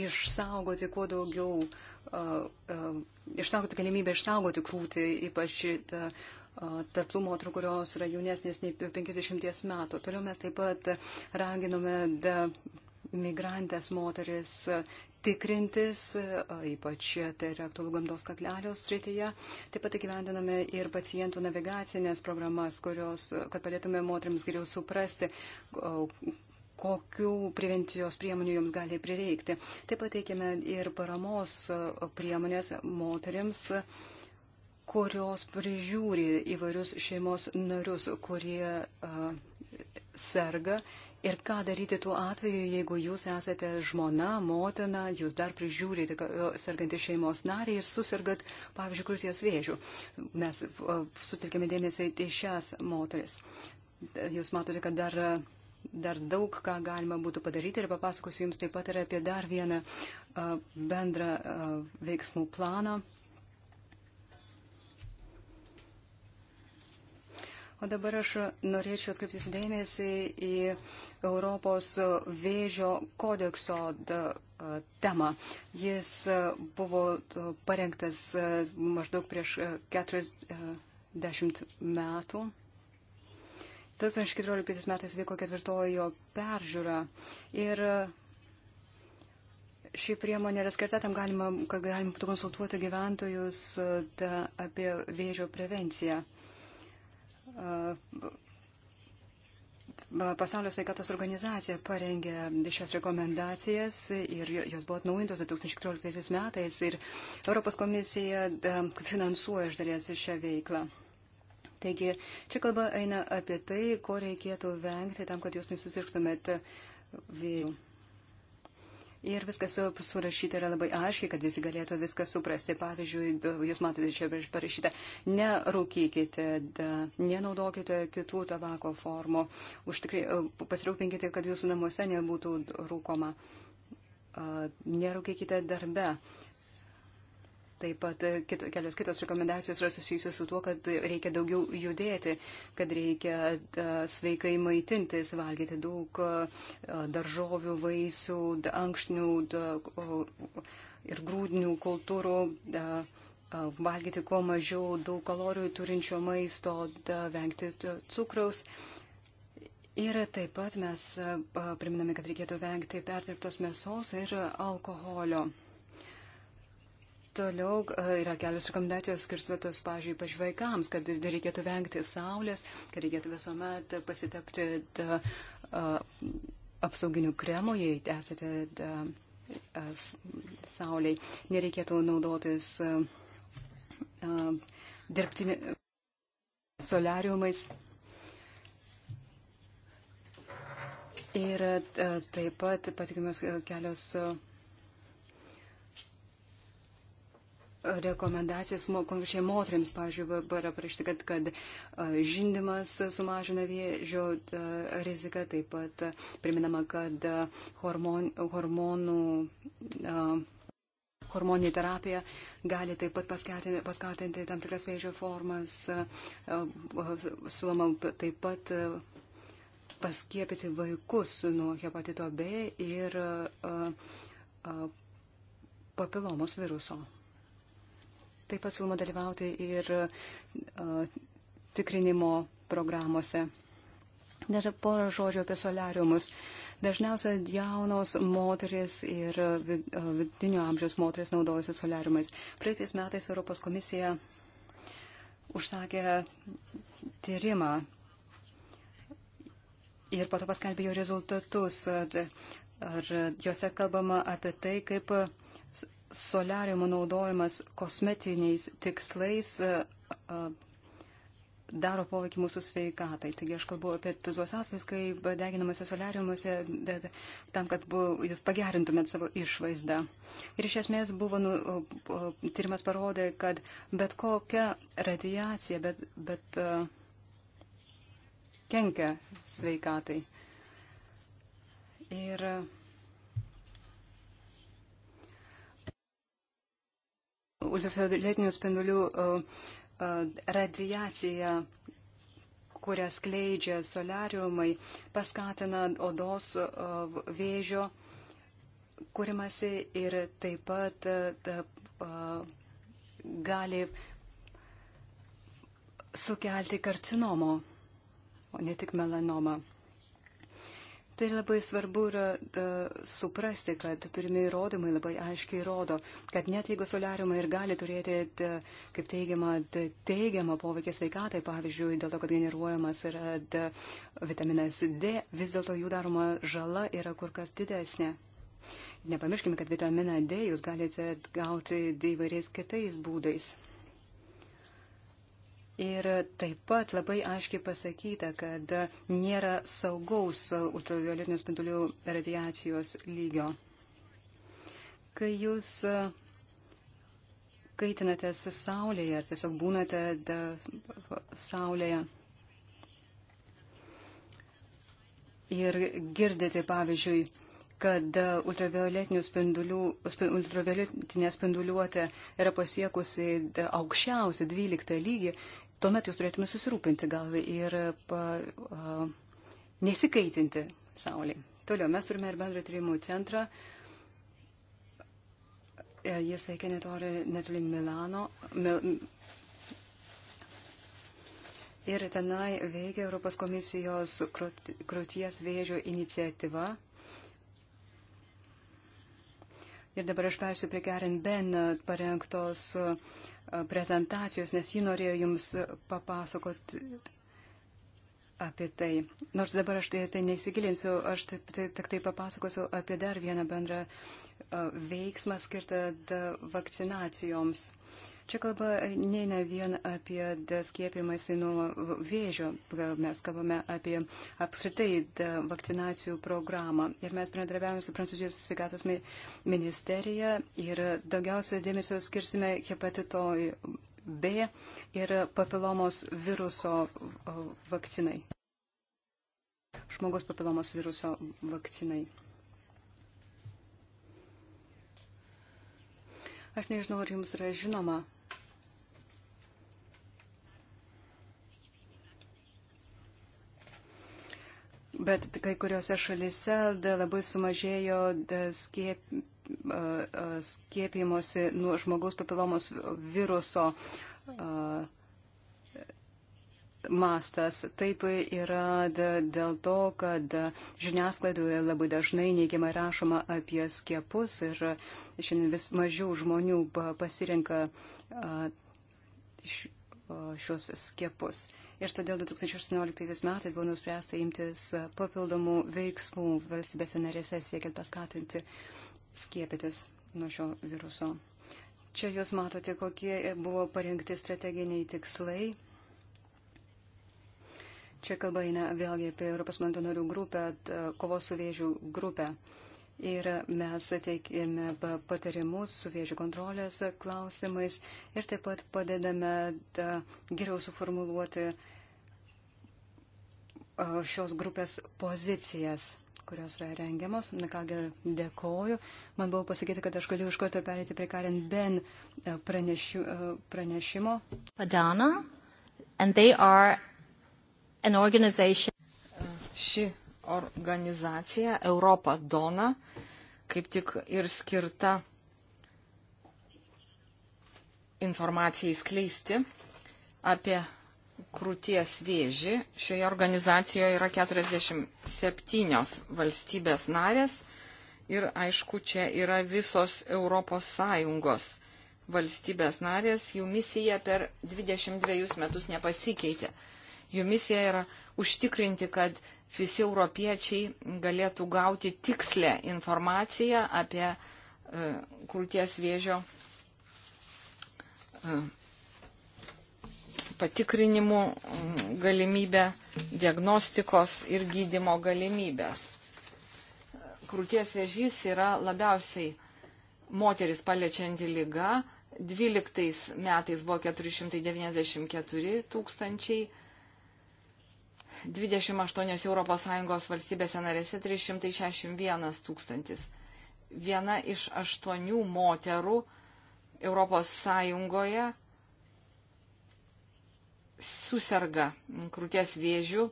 išsaugoti kuo daugiau, e, išsaugoti galimybę išsaugoti krūtį, ypač tą tarptų moterų, kurios yra jaunesnės nei 50 metų. Toliau mes taip pat raginome migrantės moteris e, tikrintis, e, ypač tai yra aktualų gamtos kaklelio srityje. Taip pat įgyvendiname ir pacientų navigacinės programas, kurios, e, kad padėtume moteriams geriau suprasti, kokių prevencijos priemonių joms gali prireikti. Taip pat teikiame ir paramos priemonės moteriams kurios prižiūri įvairius šeimos narius, kurie uh, serga uh, Ir ką daryti tuo atveju, jeigu jūs esate žmona, motina, jūs dar prižiūrite sergantį šeimos narį ir susirgat, pavyzdžiui, krūties vėžių. Mes sutelkime dėmesį į šias moteris. Jūs matote, kad dar dar daug ką galima būtų padaryti ir papasakosiu Jums taip pat ir apie dar vieną bendrą veiksmų planą, O dabar aš norėčiau atkreipti sudėmėsi į Europos vėžio kodekso temą. Jis buvo parengtas maždaug prieš 40 metų. 2014 metais vyko ketvirtojo peržiūra ir ši priemonė yra skirta tam, galima, kad galima būtų konsultuoti gyventojus da, apie vėžio prevenciją. Pasaulio sveikatos organizacija parengė šias rekomendacijas ir jos buvo atnaujintos 2014 metais ir Europos komisija finansuoja iš dalies šią veiklą. Taigi, čia kalba eina apie tai, ko reikėtų vengti tam, kad jūs nesusirgtumėte vyrų. Ir viskas surašyta yra labai aiškiai, kad visi galėtų viską suprasti. Pavyzdžiui, jūs matote čia parašyta, nerūkykite, nenaudokite kitų tabako formų, užtikri, e, pasirūpinkite, kad jūsų namuose nebūtų rūkoma, nerūkykite darbe. Taip pat e, kit, kelios kitos rekomendacijos yra susijusios su tuo, kad reikia daugiau judėti, kad reikia e, sveikai maitintis, valgyti daug e, daržovių, vaisių, ankšnių ir grūdinių kultūrų. Da, valgyti kuo mažiau daug kalorijų turinčio maisto, da, vengti cukraus. Ir taip pat mes priminame, kad reikėtų vengti perdirbtos mėsos ir alkoholio. Toliau e, yra kelios rekomendacijos skirtos, pažiūrėjau, ypač vaikams, kad reikėtų vengti saulės, kad reikėtų visuomet pasitepti da, e, apsauginių kremų, jei esate da, as, e, sauliai. Nereikėtų naudotis a, a, dirbtinį soliariumais. Ir a, taip pat patikimas kelios. A, rekomendacijos konkrečiai moteriams, pavyzdžiui, yra parašyta, kad, kad žindimas sumažina vėžio riziką, taip pat priminama, kad hormon, hormonų. Hormoninė terapija gali taip pat paskatinti, paskatinti tam tikras vėžio formas, siūloma taip pat paskiepyti vaikus nuo hepatito B ir papilomos viruso. Taip pat siūloma dalyvauti ir uh, tikrinimo programuose. Dar porą žodžių apie solariumus. Dažniausiai jaunos moteris ir vidinio amžiaus moteris naudojasi soliariumais. Praeitais metais Europos komisija užsakė tyrimą ir po to paskelbė jo rezultatus. Ar, ar juose kalbama apie tai, kaip uh, soliariumo naudojimas kosmetiniais tikslais e, e, daro poveikį mūsų sveikatai. Taigi aš kalbu apie tuos atvejus, kai deginamasi soliariumuose tam, kad bu, jūs pagerintumėt savo išvaizdą. Ir iš esmės buvo, nu, tyrimas parodė, kad bet kokia radiacija, bet, bet e, kenkia sveikatai. Ir uh, ultravioletinių spindulių e, e, radiacija, kurią skleidžia solariumai, paskatina odos e, vėžio kūrimasi ir taip pat gali sukelti karcinomą, o ne tik melanomą. Tai labai svarbu yra da, suprasti, kad turimi įrodymai labai aiškiai rodo, kad net jeigu soliariumai ir gali turėti, da, kaip teigiama, da, teigiamą poveikį sveikatai, pavyzdžiui, dėl to, kad generuojamas yra da, vitaminas D, vis dėlto jų daroma žala yra kur kas didesnė. Nepamirškime, kad vitaminą D jūs galite gauti įvairiais kitais būdais. Ir taip pat labai aiškiai pasakyta, kad nėra saugaus ultravioletinių spindulių radiacijos lygio. Kai jūs e, kaitinate saulėje ar tiesiog būnate saulėje ir girdite, pavyzdžiui, kad e, spindulių, ultravioletinė spinduliuotė yra pasiekusi aukščiausią 12 lygį tuomet jūs turėtume susirūpinti gal ir pa, a, nesikaitinti saulė. Toliau mes turime ir bendrą tyrimų centrą. E, jis veikia netoli Milano. Mil, Ir tenai veikia Europos komisijos krūties vėžio iniciatyva. Ir dabar aš persiu prie Karen Ben parengtos uh, prezentacijos, nes ji norėjo jums papasakoti apie tai. Nors dabar aš tai, tai neįsigilinsiu, aš tik tai, tai, tai papasakosiu apie dar vieną bendrą veiksmą skirtą vakcinacijoms. Čia kalba neina vien apie skiepimąsi nuo vėžio, mes kalbame apie apskritai vakcinacijų programą. Ir mes bendradarbiavame su Prancūzijos sveikatos ministerija ir daugiausia dėmesio skirsime hepatito B ir papilomos viruso vakcinai. Žmogus papilomos viruso vakcinai. Aš nežinau, ar jums yra žinoma, Bet kai kuriuose šalise labai sumažėjo skiep, skiepimuose nuo žmogaus papilomos viruso mastas. Taip yra dėl to, kad žiniasklaidoje labai dažnai neigiamai rašoma apie skiepus ir šiandien vis mažiau žmonių pasirenka šios skiepus. Ir todėl 2018 metais buvo nuspręsta imtis papildomų veiksmų valstybėse narėse siekiant paskatinti skiepytis nuo šio viruso. Čia jūs matote, kokie buvo parengti strateginiai tikslai. Čia kalba eina vėlgi apie Europos Mantonorių grupę, kovos su vėžių grupę ir mes teikėme patarimus su vėžių kontrolės klausimais ir taip pat padedame geriau suformuluoti šios grupės pozicijas kurios yra rengiamos. Na kągi, dėkoju. Man buvo pasakyti, kad aš galiu iš karto perėti prie Karen Ben e, praneši, e, pranešimo. Padana, and they are an organization. Ši organizacija Europa Dona, kaip tik ir skirta informacijai skleisti apie krūties vėžį. Šioje organizacijoje yra 47 valstybės narės ir aišku, čia yra visos ES valstybės narės, jų misija per 22 metus nepasikeitė. Jų misija yra užtikrinti, kad visi europiečiai galėtų gauti tikslę informaciją apie e, krūties vėžio e, patikrinimų mm, galimybę, diagnostikos ir gydimo galimybės. Krūties vėžys yra labiausiai moteris paliečianti lyga. 12 metais buvo 494 tūkstančiai 28 ES valstybėse narėse 361 tūkstantis. Viena iš aštuonių moterų ES susirga krūties vėžių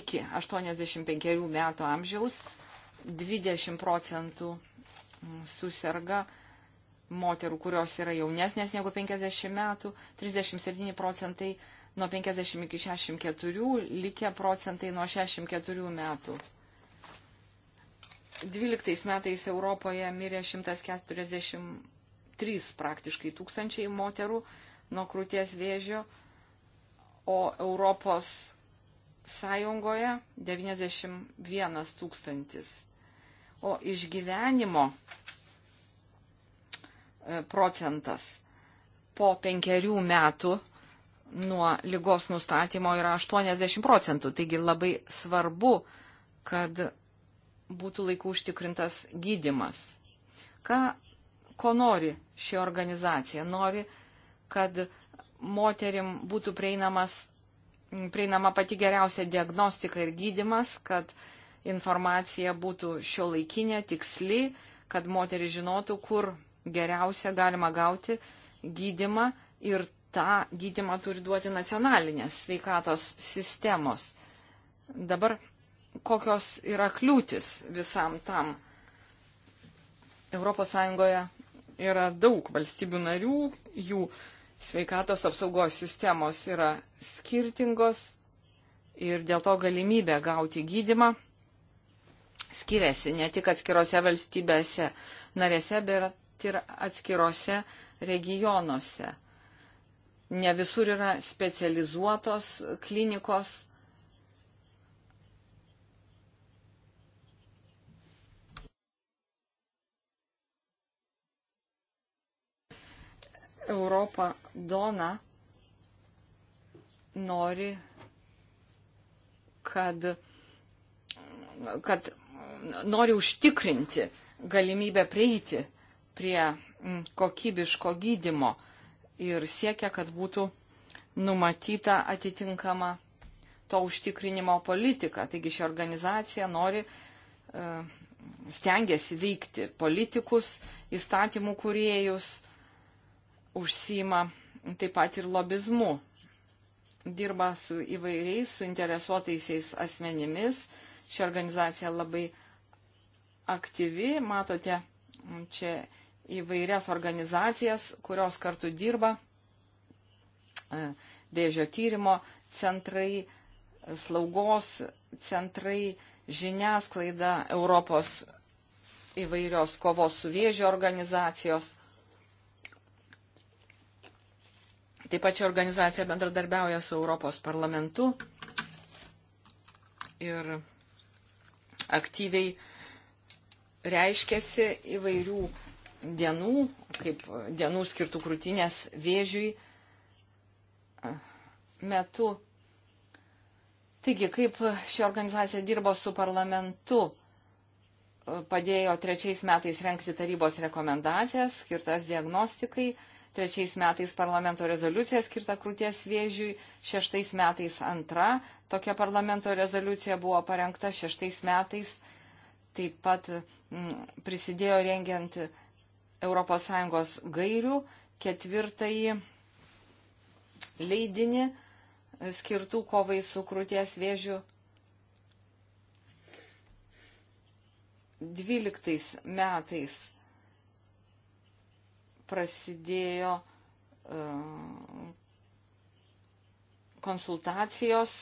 iki 85 metų amžiaus, 20 procentų susirga moterų, kurios yra jaunesnės negu 50 metų, 37 procentai nuo 50 iki 64, likę procentai nuo 64 metų. 12 metais Europoje mirė 143 praktiškai tūkstančiai moterų nuo krūties vėžio, o Europos Sąjungoje 91 tūkstantis. O išgyvenimo e, procentas po penkerių metų nuo lygos nustatymo yra 80 procentų. Taigi labai svarbu, kad būtų laiku užtikrintas gydimas. Ką, ko nori ši organizacija? Nori, kad moterim būtų prieinamas, prieinama pati geriausia diagnostika ir gydimas, kad informacija būtų šio laikinė, tiksli, kad moteris žinotų, kur geriausia galima gauti gydimą ir tą gydimą turi duoti nacionalinės sveikatos sistemos. Dabar kokios yra kliūtis visam tam? ES yra daug valstybių narių, jų sveikatos apsaugos sistemos yra skirtingos ir dėl to galimybė gauti gydimą skiriasi ne tik atskirose valstybėse narėse, bet ir atskirose regionuose. Ne visur yra specializuotos klinikos. Europa Dona nori, kad, kad nori užtikrinti galimybę prieiti prie mm, kokybiško gydimo ir siekia, kad būtų numatyta atitinkama to užtikrinimo politika. Taigi ši organizacija nori, e, stengiasi veikti politikus, įstatymų kuriejus, užsima taip pat ir lobizmu. Dirba su įvairiais suinteresuotaisiais asmenimis. Ši organizacija labai aktyvi, matote, čia įvairias organizacijas, kurios kartu dirba, e, vėžio tyrimo centrai, slaugos centrai, žiniasklaida, Europos įvairios kovos su vėžio organizacijos. Taip pat ši organizacija bendradarbiauja su Europos parlamentu ir aktyviai reiškėsi įvairių dienų, kaip dienų skirtų krūtinės vėžiui metu. Taigi, kaip ši organizacija dirbo su parlamentu, padėjo trečiais metais renkti tarybos rekomendacijas skirtas diagnostikai, trečiais metais parlamento rezoliucija skirta krūties vėžiui, šeštais metais antra tokia parlamento rezoliucija buvo parengta šeštais metais, taip pat m, prisidėjo rengiant ES gairių ketvirtąjį leidinį skirtų kovai su krūties vėžiu. 12 metais prasidėjo e, konsultacijos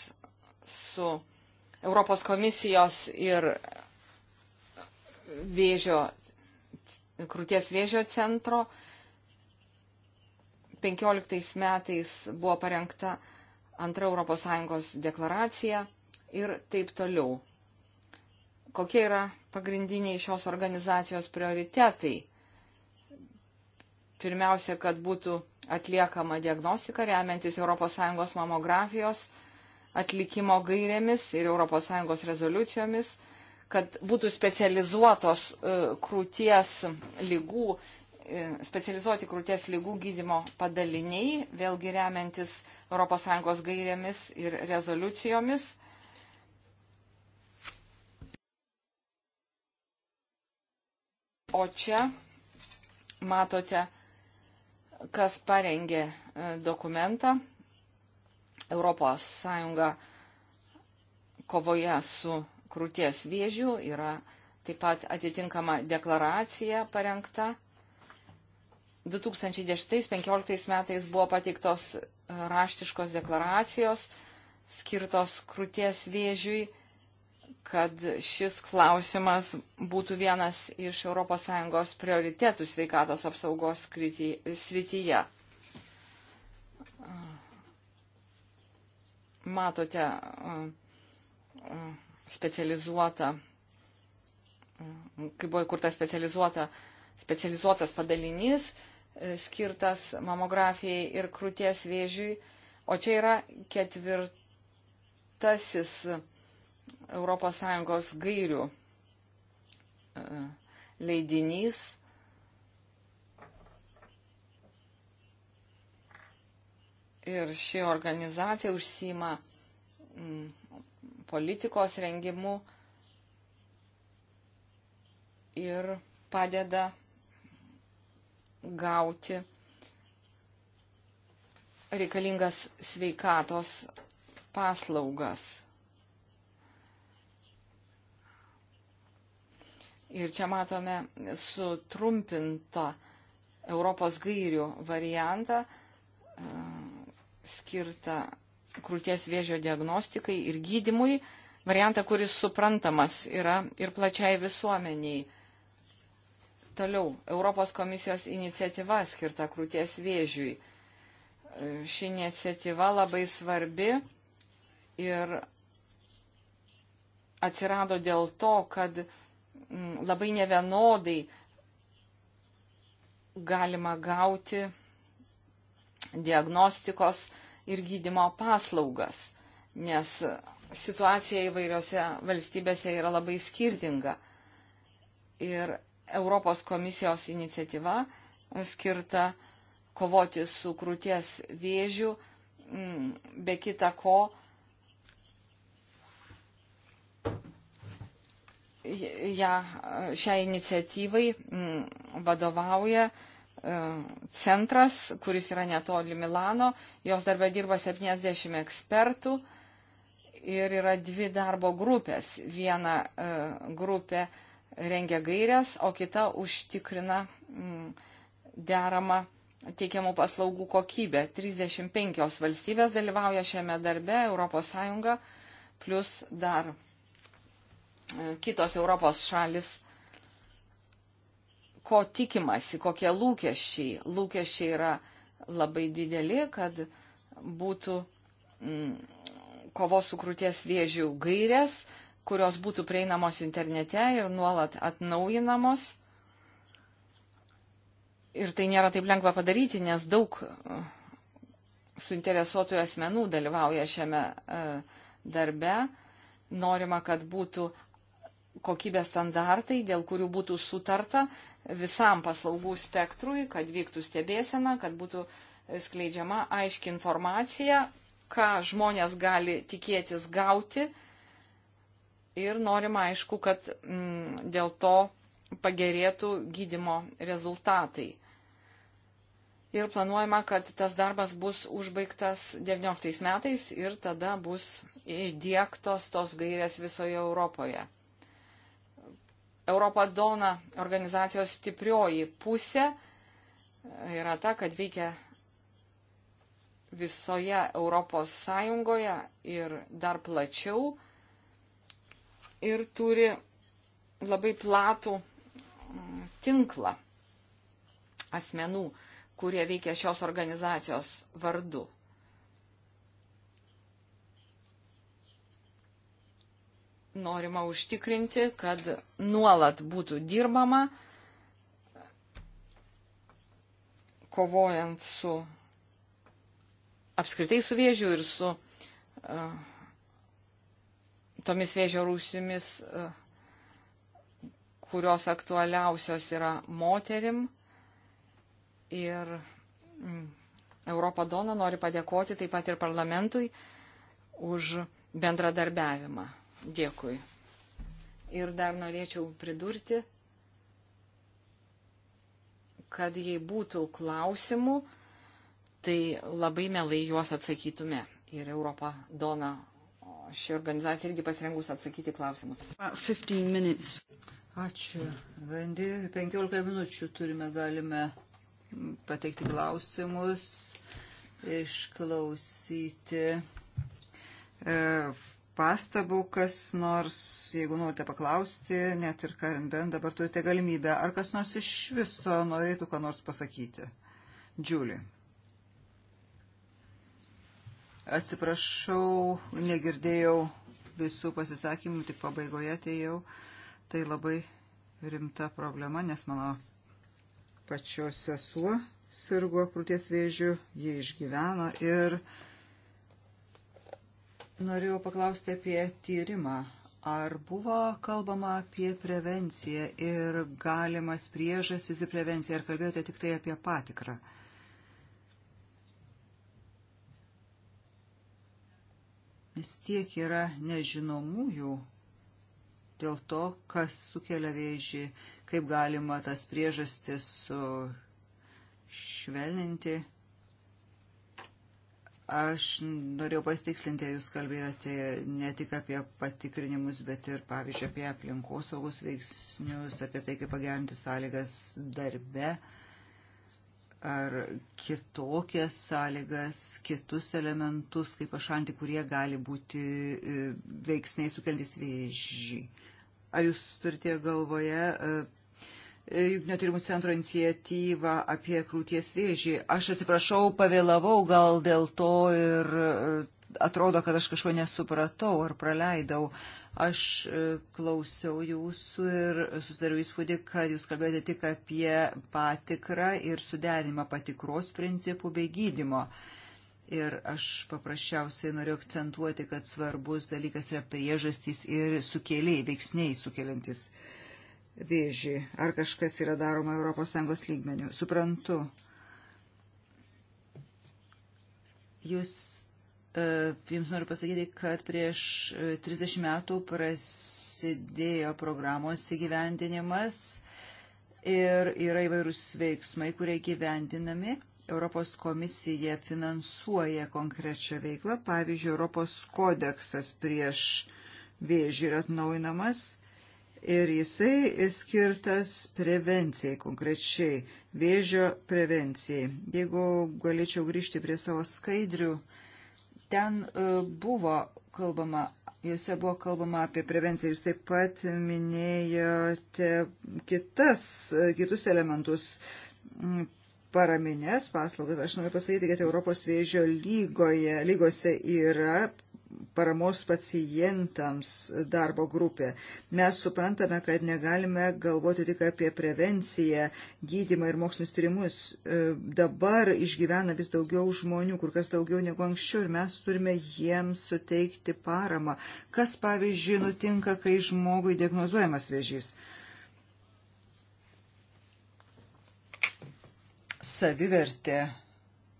su Europos komisijos ir vėžio krūties vėžio centro. 15 metais buvo parengta antra ES deklaracija ir taip toliau. Kokie yra pagrindiniai šios organizacijos prioritetai? Pirmiausia, kad būtų atliekama diagnostika remiantis ES mamografijos atlikimo gairėmis ir ES rezoliucijomis kad būtų specializuotos e, krūties lygų, e, specializuoti krūties lygų gydimo padaliniai, vėlgi remiantis ES gairėmis ir rezoliucijomis. O čia matote, kas parengė e, dokumentą. Europos Sąjunga kovoje su krūties vėžių, yra taip pat atitinkama deklaracija parengta. 2010-2015 metais buvo pateiktos e, raštiškos deklaracijos skirtos krūties vėžiui, kad šis klausimas būtų vienas iš ES prioritėtų sveikatos apsaugos srityje. Matote, uh, uh, specializuota, kai buvo įkurta specializuota, specializuotas padalinys e, skirtas mamografijai ir krūties vėžiui. O čia yra ketvirtasis ES gairių e, leidinys. Ir ši organizacija užsima mm, politikos rengimu ir padeda gauti reikalingas sveikatos paslaugas. Ir čia matome sutrumpintą Europos gairių variantą e, skirtą krūties vėžio diagnostikai ir gydimui, variantą, kuris suprantamas yra ir plačiai visuomeniai. Toliau, Europos komisijos iniciatyva skirta krūties vėžiui. Ši iniciatyva labai svarbi ir atsirado dėl to, kad mm, labai nevienodai galima gauti diagnostikos ir gydimo paslaugas, nes situacija įvairiose valstybėse yra labai skirtinga. Ir Europos komisijos iniciatyva skirta kovoti su krūties vėžiu, mm, be kita ko, ja, šiai iniciatyvai mm, vadovauja E, centras, kuris yra netoli Milano. Jos darbę dirba 70 ekspertų ir yra dvi darbo grupės. Viena e, grupė rengia gairias, o kita užtikrina mm, deramą teikiamų paslaugų kokybę. 35 valstybės dalyvauja šiame darbe, ES, plus dar e, kitos Europos šalis ko tikimasi, kokie lūkesčiai. Lūkesčiai yra labai dideli, kad būtų mm, kovos su krūties vėžių gairės, kurios būtų prieinamos internete ir nuolat atnaujinamos. Ir tai nėra taip lengva padaryti, nes daug mm, suinteresuotų asmenų dalyvauja šiame e, darbe. Norima, kad būtų kokybės standartai, dėl kurių būtų sutarta visam paslaugų spektrui, kad vyktų stebėsena, kad būtų skleidžiama aiški informacija, ką žmonės gali tikėtis gauti. Ir norim aišku, kad m, mm, dėl to pagerėtų gydimo rezultatai. Ir planuojama, kad tas darbas bus užbaigtas 19 metais ir tada bus įdėktos tos gairės visoje Europoje. Europa Dona organizacijos stiprioji pusė yra ta, kad veikia visoje Europos Sąjungoje ir dar plačiau ir turi labai platų mm, tinklą asmenų, kurie veikia šios organizacijos vardu. norima užtikrinti, kad nuolat būtų dirbama, kovojant su apskritai su vėžiu ir su uh, tomis vėžio rūsimis, uh, e, kurios aktualiausios yra moterim. Ir mm, Europą Doną nori padėkoti taip pat ir parlamentui už bendradarbiavimą. Dėkui. Ir dar norėčiau pridurti, kad jei būtų klausimų, tai labai mielai juos atsakytume. Ir Europą dona ši organizacija irgi pasirengus atsakyti klausimus. Ačiū, Vendi. 15 minučių turime, galime pateikti klausimus, išklausyti. E, pastabų, kas nors, jeigu norite paklausti, net ir Karin Ben dabar turite galimybę, ar kas nors iš viso norėtų ką nors pasakyti. Džiulį. Atsiprašau, negirdėjau visų pasisakymų, tik pabaigoje atėjau. Tai labai rimta problema, nes mano pačios sesuo sirgo krūties vėžių, jie išgyveno ir uh, norėjau paklausti apie tyrimą. Ar buvo kalbama apie prevenciją ir galimas priežastis į prevenciją, ar kalbėjote tik tai apie patikrą? Nes tiek yra nežinomųjų dėl to, kas sukelia vėžį, kaip galima tas priežastis sušvelninti. Aš norėjau pasitikslinti, jūs kalbėjote ne tik apie patikrinimus, bet ir, pavyzdžiui, apie aplinkosaugos veiksnius, apie tai, kaip pagerinti sąlygas darbe ar kitokias sąlygas, kitus elementus, kaip pašanti, kurie gali būti e, veiksniai sukeldys vėžį. Ar jūs turite galvoje e, Jungtinio tyrimų centro iniciatyvą apie krūties vėžį. Aš atsiprašau, pavėlavau gal dėl to ir e, atrodo, kad aš kažko nesupratau ar praleidau. Aš e, klausiau jūsų ir susidariau įspūdį, kad jūs kalbėjote tik apie patikrą ir suderinimą patikros principų bei gydimo. Ir aš paprasčiausiai noriu akcentuoti, kad svarbus dalykas yra priežastys ir sukėliai, veiksniai sukeliantis uh, vėžį, ar kažkas yra daroma ES lygmenių. Suprantu, jūs, e, jums noriu pasakyti, kad prieš 30 e, metų prasidėjo programos įgyvendinimas ir yra įvairūs veiksmai, kurie gyvendinami. Europos komisija finansuoja konkrečią veiklą, pavyzdžiui, Europos kodeksas prieš vėžį yra atnaujinamas ir jisai skirtas prevencijai konkrečiai, vėžio prevencijai. Jeigu galėčiau grįžti prie savo skaidrių, ten e, buvo kalbama, juose buvo kalbama apie prevenciją. Jūs taip pat minėjote kitas, e, kitus elementus paraminės paslaugas. Aš noriu pasakyti, kad Europos vėžio lygoje, lygose yra paramos pacientams darbo grupė. Mes suprantame, kad negalime galvoti tik apie prevenciją, gydimą ir mokslinius tyrimus. E, dabar išgyvena vis daugiau žmonių, kur kas daugiau negu anksčiau, ir mes turime jiems suteikti paramą. Kas, pavyzdžiui, nutinka, kai žmogui diagnozuojamas vėžys? Savivertė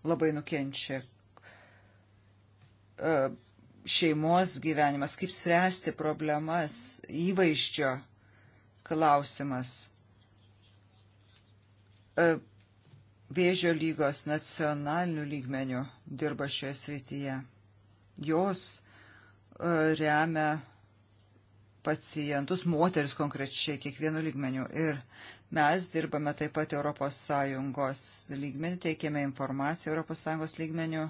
labai nukenčia e, šeimos gyvenimas, kaip spręsti problemas, įvaizdžio klausimas. E, vėžio lygos nacionalinių lygmenių dirba šioje srityje. Jos e, remia pacientus, moteris konkrečiai kiekvienų lygmenių. Ir mes dirbame taip pat ES lygmenių, teikiame informaciją ES lygmenių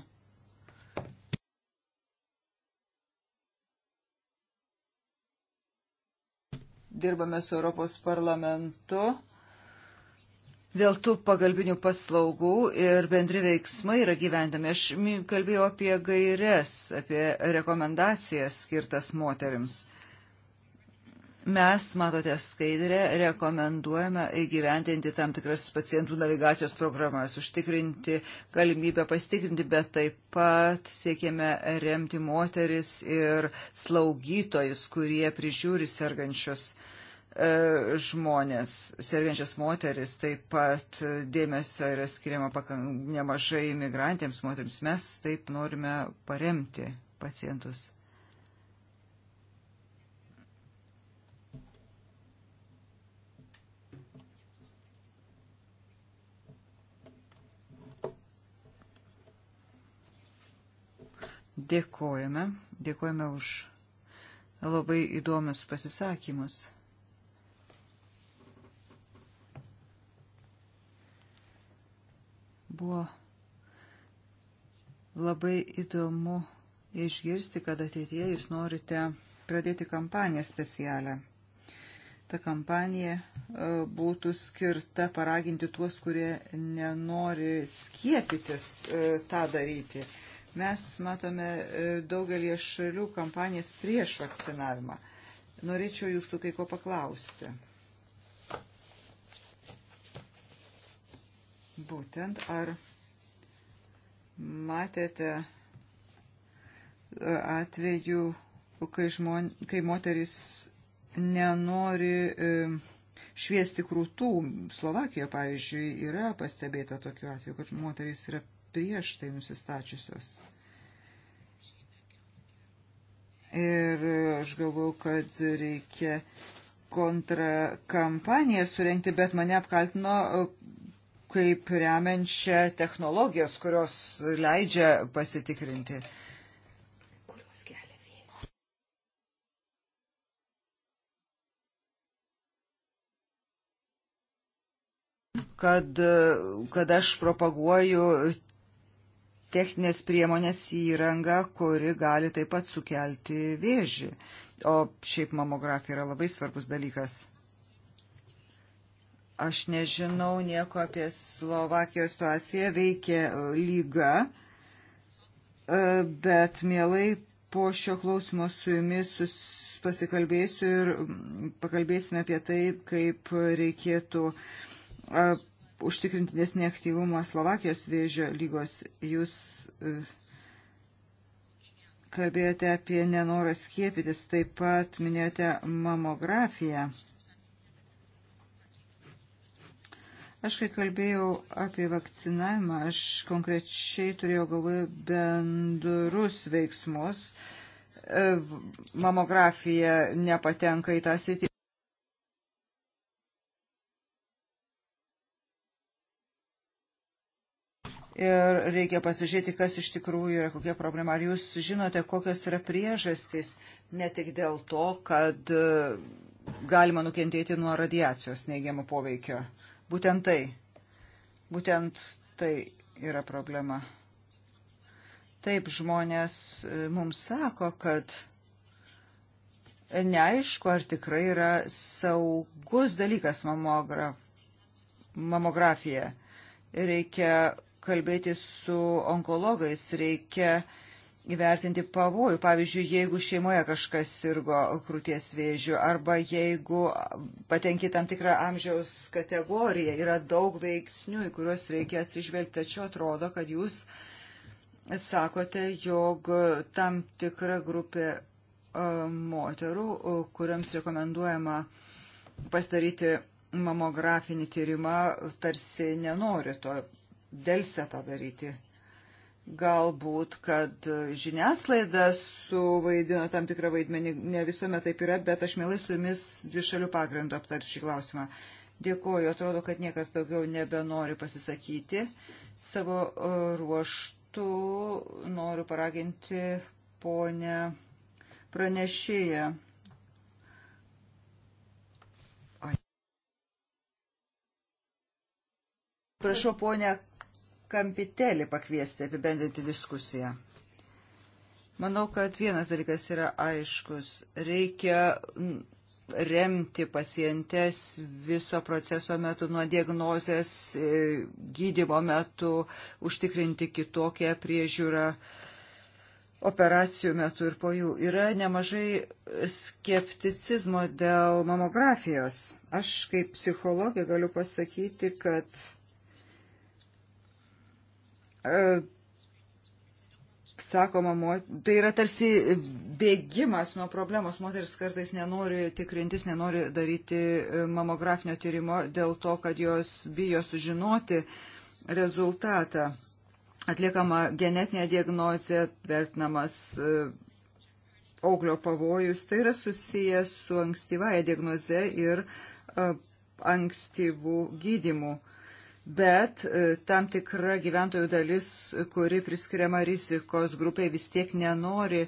dirbame su Europos parlamentu. Dėl tų pagalbinių paslaugų ir bendri veiksmai yra gyvendami. Aš kalbėjau apie gairias, apie rekomendacijas skirtas moteriams. Mes, matote skaidrę, rekomenduojame įgyventinti tam tikras pacientų navigacijos programas, užtikrinti galimybę pasitikrinti, bet taip pat siekėme remti moteris ir slaugytojus, kurie prižiūri sergančius. E, žmonės, sergančias moteris, taip pat dėmesio yra skiriama nemažai imigrantėms moteriams. Mes taip norime paremti pacientus. Dėkojame, dėkojame už labai įdomius pasisakymus. Buvo labai įdomu išgirsti, kad ateityje jūs norite pradėti kampaniją specialią. Ta kampanija e, būtų skirta paraginti tuos, kurie nenori skiepytis e, tą daryti. Mes matome e, daugelį šalių kampanijas prieš vakcinavimą. Norėčiau jūsų kai ko paklausti. Būtent ar matėte e, atveju, kai, žmon, kai moteris nenori e, šviesti krūtų. Slovakijoje, pavyzdžiui, yra pastebėta tokiu atveju, kad moteris yra prieš tai nusistačiusios. Ir aš galvoju, kad reikia kontrakampaniją surenkti, bet mane apkaltino kaip remiančią technologijas, kurios leidžia pasitikrinti. Kad, kad aš propaguoju techninės priemonės įrangą, kuri gali taip pat sukelti vėžį. O šiaip mamografija yra labai svarbus dalykas. Aš nežinau nieko apie Slovakijos situaciją, veikia lyga, e, bet mielai po šio klausimo su jumis sus pasikalbėsiu ir mm, pakalbėsime apie tai, kaip reikėtų e, užtikrinti desnį aktyvumą Slovakijos vėžio lygos. Jūs e, kalbėjote apie nenorą skiepytis, taip pat minėjote mamografiją. Aš, kai kalbėjau apie vakcinavimą, aš konkrečiai turėjau galvoje bendrus veiksmus. E, mamografija nepatenka į tą sritį. Ir reikia pasižiūrėti, kas iš tikrųjų yra kokia problema. Ar jūs žinote, kokios yra priežastys, ne tik dėl to, kad e, galima nukentėti nuo radiacijos neigiamo poveikio. Uh, Būtent tai. Būtent tai yra problema. Taip žmonės e, mums sako, kad neaišku, ar tikrai yra saugus dalykas mamogra... mamografija. Reikia kalbėti su onkologais, reikia uh, įvertinti pavojų. Pavyzdžiui, jeigu šeimoje kažkas sirgo krūties vėžių arba jeigu patenki tam tikrą amžiaus kategoriją, yra daug veiksnių, į kuriuos reikia atsižvelgti. Tačiau atrodo, kad jūs sakote, jog tam tikra grupė e, moterų, e, kuriams rekomenduojama pasidaryti mamografinį tyrimą, tarsi nenori to dėlse tą daryti Galbūt, kad žiniasklaida suvaidino tam tikrą vaidmenį, ne visuomet taip yra, bet aš mielai su jumis dvišalių pagrindų aptarsiu šį klausimą. Dėkuoju, atrodo, kad niekas daugiau nebenori pasisakyti. Savo e, ruoštų noriu paraginti ponę pranešėją. Prašau, ponė kampitelį pakviesti apibendrinti diskusiją. Manau, kad vienas dalykas yra aiškus. Reikia remti pacientes viso proceso metu, nuo diagnozės e, gydymo metu, užtikrinti kitokią priežiūrą operacijų metu ir po jų. Yra nemažai skepticizmo dėl mamografijos. Aš kaip psichologė galiu pasakyti, kad E, sakoma, tai yra tarsi bėgimas nuo problemos. Moteris kartais nenori tikrintis, nenori daryti e, mamografinio tyrimo dėl to, kad jos bijo sužinoti rezultatą. Atliekama genetinė diagnozė, vertinamas e, auglio pavojus. Tai yra susijęs su ankstyvaja diagnoze ir ankstyvų gydimų bet e, tam tikra gyventojų dalis, kuri priskiriama rizikos grupiai, vis tiek nenori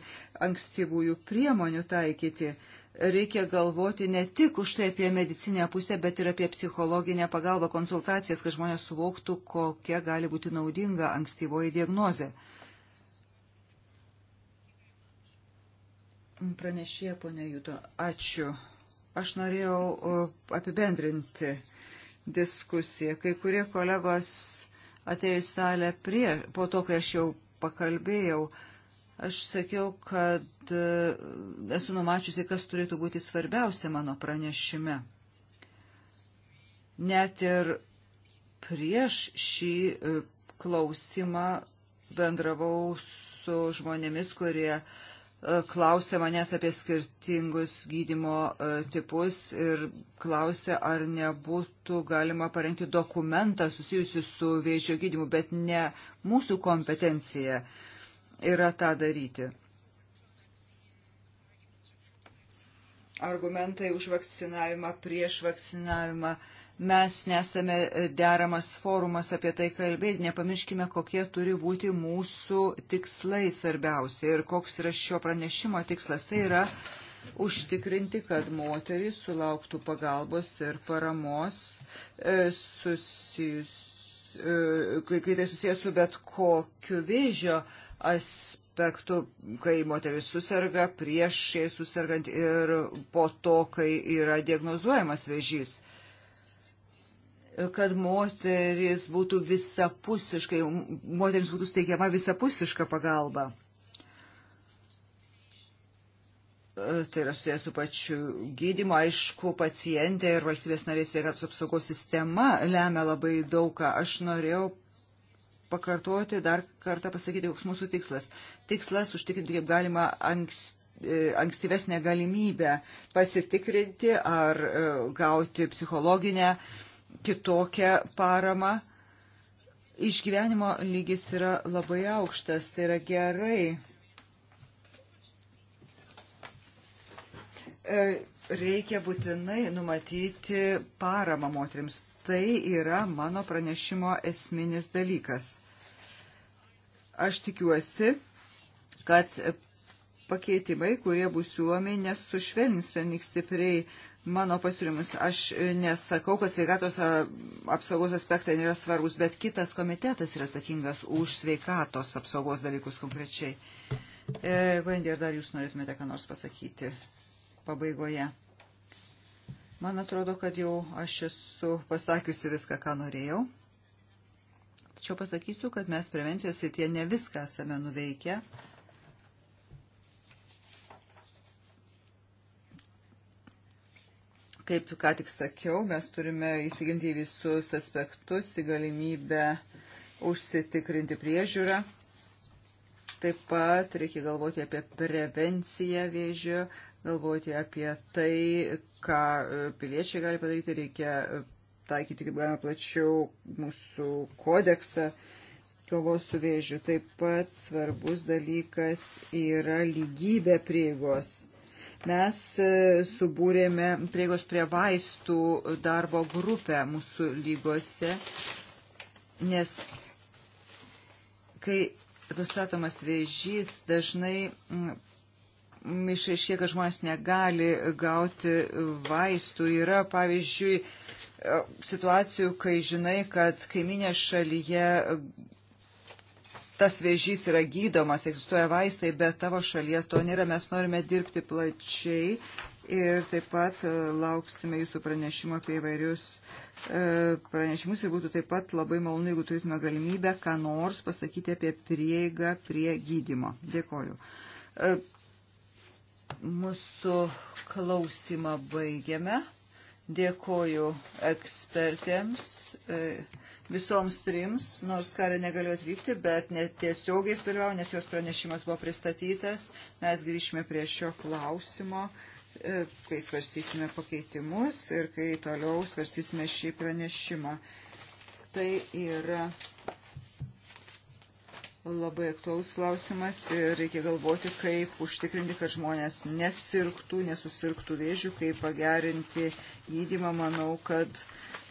ankstyvųjų priemonių taikyti. Reikia galvoti ne tik už tai apie medicinę pusę, bet ir apie psichologinę pagalbą, konsultacijas, kad žmonės suvoktų, kokia gali būti naudinga ankstyvoji diagnozė. Pranešė ponia Juto, ačiū. Aš norėjau e, apibendrinti uh, diskusiją. Kai kurie kolegos atėjo į salę prie, po to, kai aš jau pakalbėjau, aš sakiau, kad e, esu numačiusi, kas turėtų būti svarbiausia mano pranešime. Net ir prieš šį e, klausimą bendravau su žmonėmis, kurie uh, klausė manęs apie skirtingus gydimo e, tipus ir klausė, ar nebūtų galima parengti dokumentą susijusiu su vėžio gydimu, bet ne mūsų kompetencija yra tą daryti. Argumentai už vakcinavimą, prieš vakcinavimą mes nesame e, deramas forumas apie tai kalbėti, nepamirškime, kokie turi būti mūsų tikslai svarbiausia ir koks yra šio pranešimo tikslas. Tai yra užtikrinti, kad moterys sulauktų pagalbos ir paramos e, susijus, e, kai, kai tai susijęs su bet kokiu vėžio aspektu, kai moteris susirga, prieš jai susirgant ir po to, kai yra diagnozuojamas vėžys kad moteris būtų visapusiškai, moteris būtų steigiama visapusiška pagalba. Tai yra susijęs su pačiu gydymu, aišku, pacientė ir valstybės narės sveikatos apsaugos sistema lemia labai daugą. Aš norėjau pakartoti, dar kartą pasakyti, koks mūsų tikslas. Tikslas užtikrinti, kaip galima anksti e, ankstyvesnę galimybę pasitikrinti ar e, gauti psichologinę uh, kitokią paramą. Išgyvenimo lygis yra labai aukštas, tai yra gerai. E, reikia būtinai numatyti paramą moteriams. Tai yra mano pranešimo esminis dalykas. Aš tikiuosi, kad pakeitimai, kurie bus siūlomi, nesušvelnins pernik stipriai mano pasiūlymus. Aš nesakau, kad sveikatos apsaugos aspektai nėra svarbus, bet kitas komitetas yra atsakingas už sveikatos apsaugos dalykus konkrečiai. E, Vendi, ar dar jūs norėtumėte ką nors pasakyti pabaigoje? Man atrodo, kad jau aš esu pasakiusi viską, ką norėjau. Tačiau pasakysiu, kad mes prevencijos srityje ne viską esame nuveikę. Kaip ką tik sakiau, mes turime įsiginti į visus aspektus, į galimybę užsitikrinti priežiūrą. Taip pat reikia galvoti apie prevenciją vėžio, galvoti apie tai, ką e, piliečiai gali padaryti, reikia e, taikyti kaip galima plačiau mūsų kodeksą kovos su vėžiu. Taip pat svarbus dalykas yra lygybė prieigos Mes e, subūrėme prieigos prie vaistų darbo grupę mūsų lygose, nes kai nustatomas vėžys dažnai mm, išaiškė, kad žmonės negali gauti vaistų. Yra, pavyzdžiui, e, situacijų, kai žinai, kad kaiminė šalyje tas vėžys yra gydomas, egzistuoja vaistai, bet tavo šalyje to nėra. Mes norime dirbti plačiai ir taip pat e, lauksime jūsų pranešimo apie įvairius e, pranešimus ir būtų taip pat labai malonu, jeigu turėtume galimybę ką nors pasakyti apie prieigą prie gydimo. Dėkoju. E, mūsų klausimą baigiame. Dėkoju ekspertėms. E, visoms trims, nors karė negaliu atvykti, bet netiesiogiai sudalyvau, nes jos pranešimas buvo pristatytas. Mes grįšime prie šio klausimo, e, kai svarstysime pakeitimus ir kai toliau svarstysime šį pranešimą. Tai yra labai aktuolus klausimas ir reikia galvoti, kaip užtikrinti, kad žmonės nesirgtų, nesusirgtų vėžių, kaip pagerinti gydymą. Manau, kad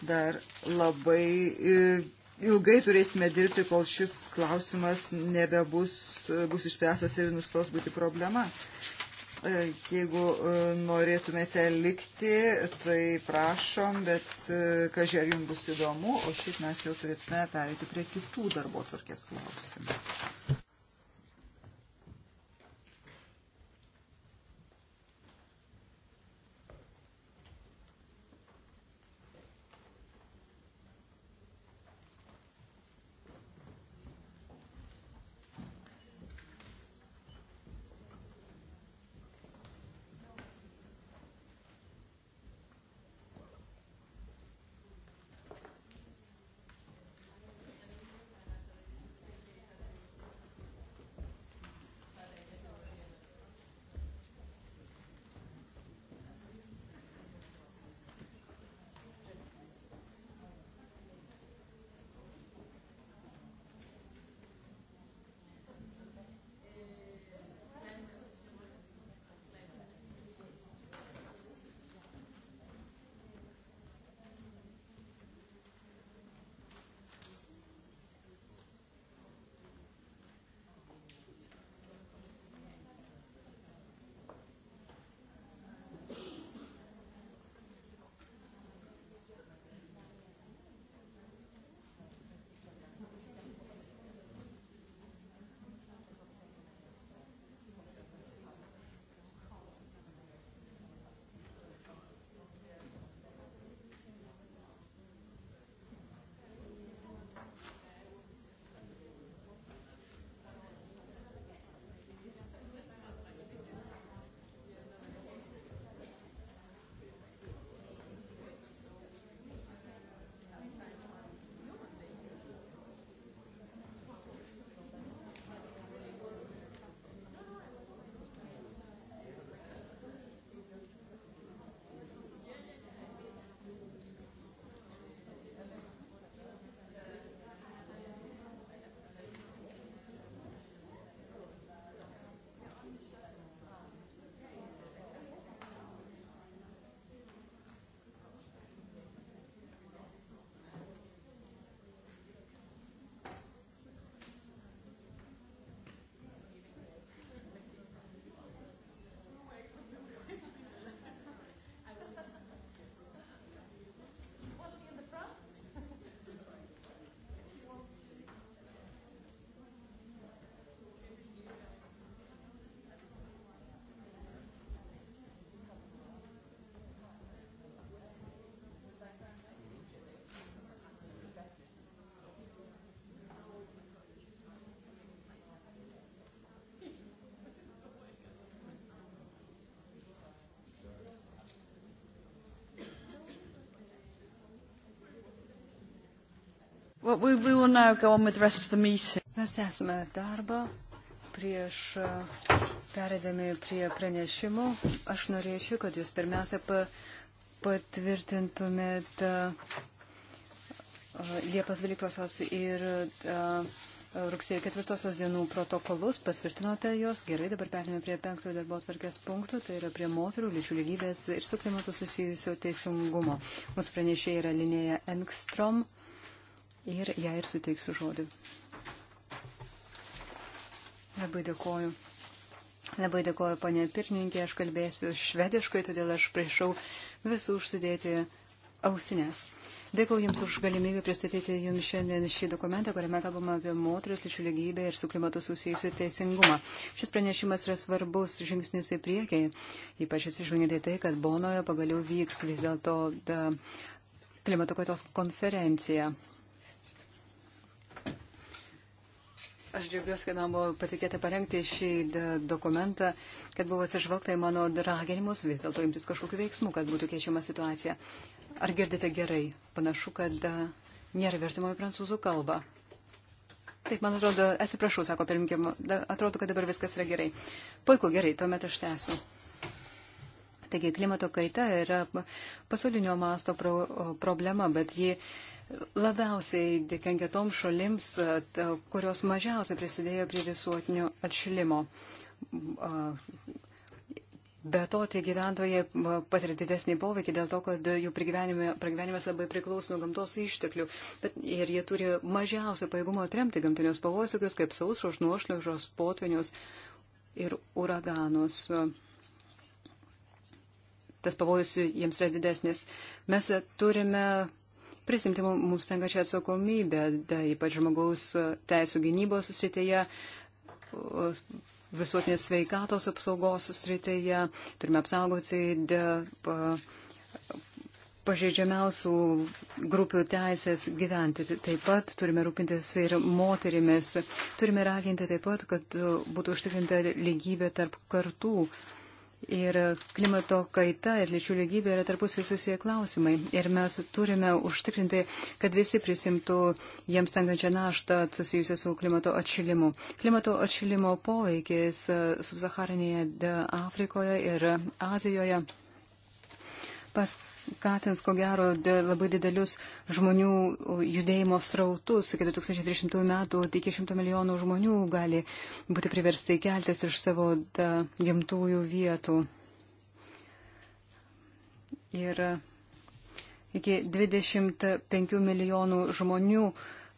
dar labai e, ilgai turėsime dirbti, kol šis klausimas nebebus e, bus išspręstas ir nustos būti problema. E, jeigu norėtumėte likti, tai prašom, bet kažkai jums bus įdomu, o šit mes jau turėtume pereiti prie kitų darbo tvarkės klausimų. We, we will now go on with the rest of the meeting. Mes tęsime darbą. Prieš e, perėdami prie pranešimų, aš norėčiau, kad jūs pirmiausia pa, patvirtintumėt e, e, Liepas 12 ir rugsėjo 4 dienų protokolus, patvirtinote juos. Gerai, dabar perėmėme prie penktojo darbo atvarkės punktų, tai yra prie moterų, lyčių lygybės ir su klimatu susijusio teisingumo. Mūsų pranešėja yra Linėja Engstrom ir ją ir suteiksiu žodį. Labai dėkoju. Labai dėkoju, panė pirmininkė, aš kalbėsiu švediškai, todėl aš prašau visų užsidėti ausinės. Dėkau Jums už galimybę pristatyti Jums šiandien šį dokumentą, kuriame kalbama apie moteris, lyčių lygybę ir su klimatu susijusiu teisingumą. Šis pranešimas yra svarbus žingsnis į priekį, ypač atsižvelgiant į tai, kad Bonoje pagaliau vyks vis dėlto klimato kaitos konferencija. Aš džiaugiuosi, kad man buvo patikėta parengti šį dokumentą, kad buvo atsižvelgta į mano raginimus vis dėlto imtis kažkokiu veiksmu, kad būtų keičiama situacija. Ar girdite gerai? Panašu, kad e, nėra vertimo į prancūzų kalbą. Taip, man atrodo, atsiprašau, sako pirmininkė, atrodo, kad dabar viskas yra gerai. Puiku, gerai, tuomet aš tęsiu. Taigi klimato kaita yra pasaulinio masto pro, problema, bet ji labiausiai dėkengia toms šalims, kurios mažiausiai prisidėjo prie visuotinio atšilimo. Be to, tie gyventojai patiria didesnį poveikį dėl to, kad jų pragyvenimas labai priklauso nuo gamtos išteklių. Bet ir jie turi mažiausią pajėgumą atremti gamtinius pavojus, tokius kaip sausros, nuošliaužos, potvinius ir uraganus tas pavojus jiems yra didesnis. Mes turime prisimti mums tenkačią atsakomybę, ypač žmogaus teisų gynybos srityje, visuotinės sveikatos apsaugos srityje. Turime apsaugoti de, pa, pažeidžiamiausių grupių teisės gyventi. Taip pat turime rūpintis ir moterimis. Turime raginti taip pat, kad būtų užtikrinta lygybė tarp kartų. Ir klimato kaita ir lyčių lygybė yra tarpusai susiję klausimai. Ir mes turime užtikrinti, kad visi prisimtų jiems tenkančią naštą susijusią su klimato atšilimu. Klimato atšilimo poveikis e, subsaharinėje e, Afrikoje ir Azijoje pas, skatins, ko gero, labai didelius žmonių judėjimo srautus. Iki 2300 metų iki 100 milijonų žmonių gali būti priverstai keltis iš savo da, gimtųjų vietų. Ir e, iki 25 milijonų žmonių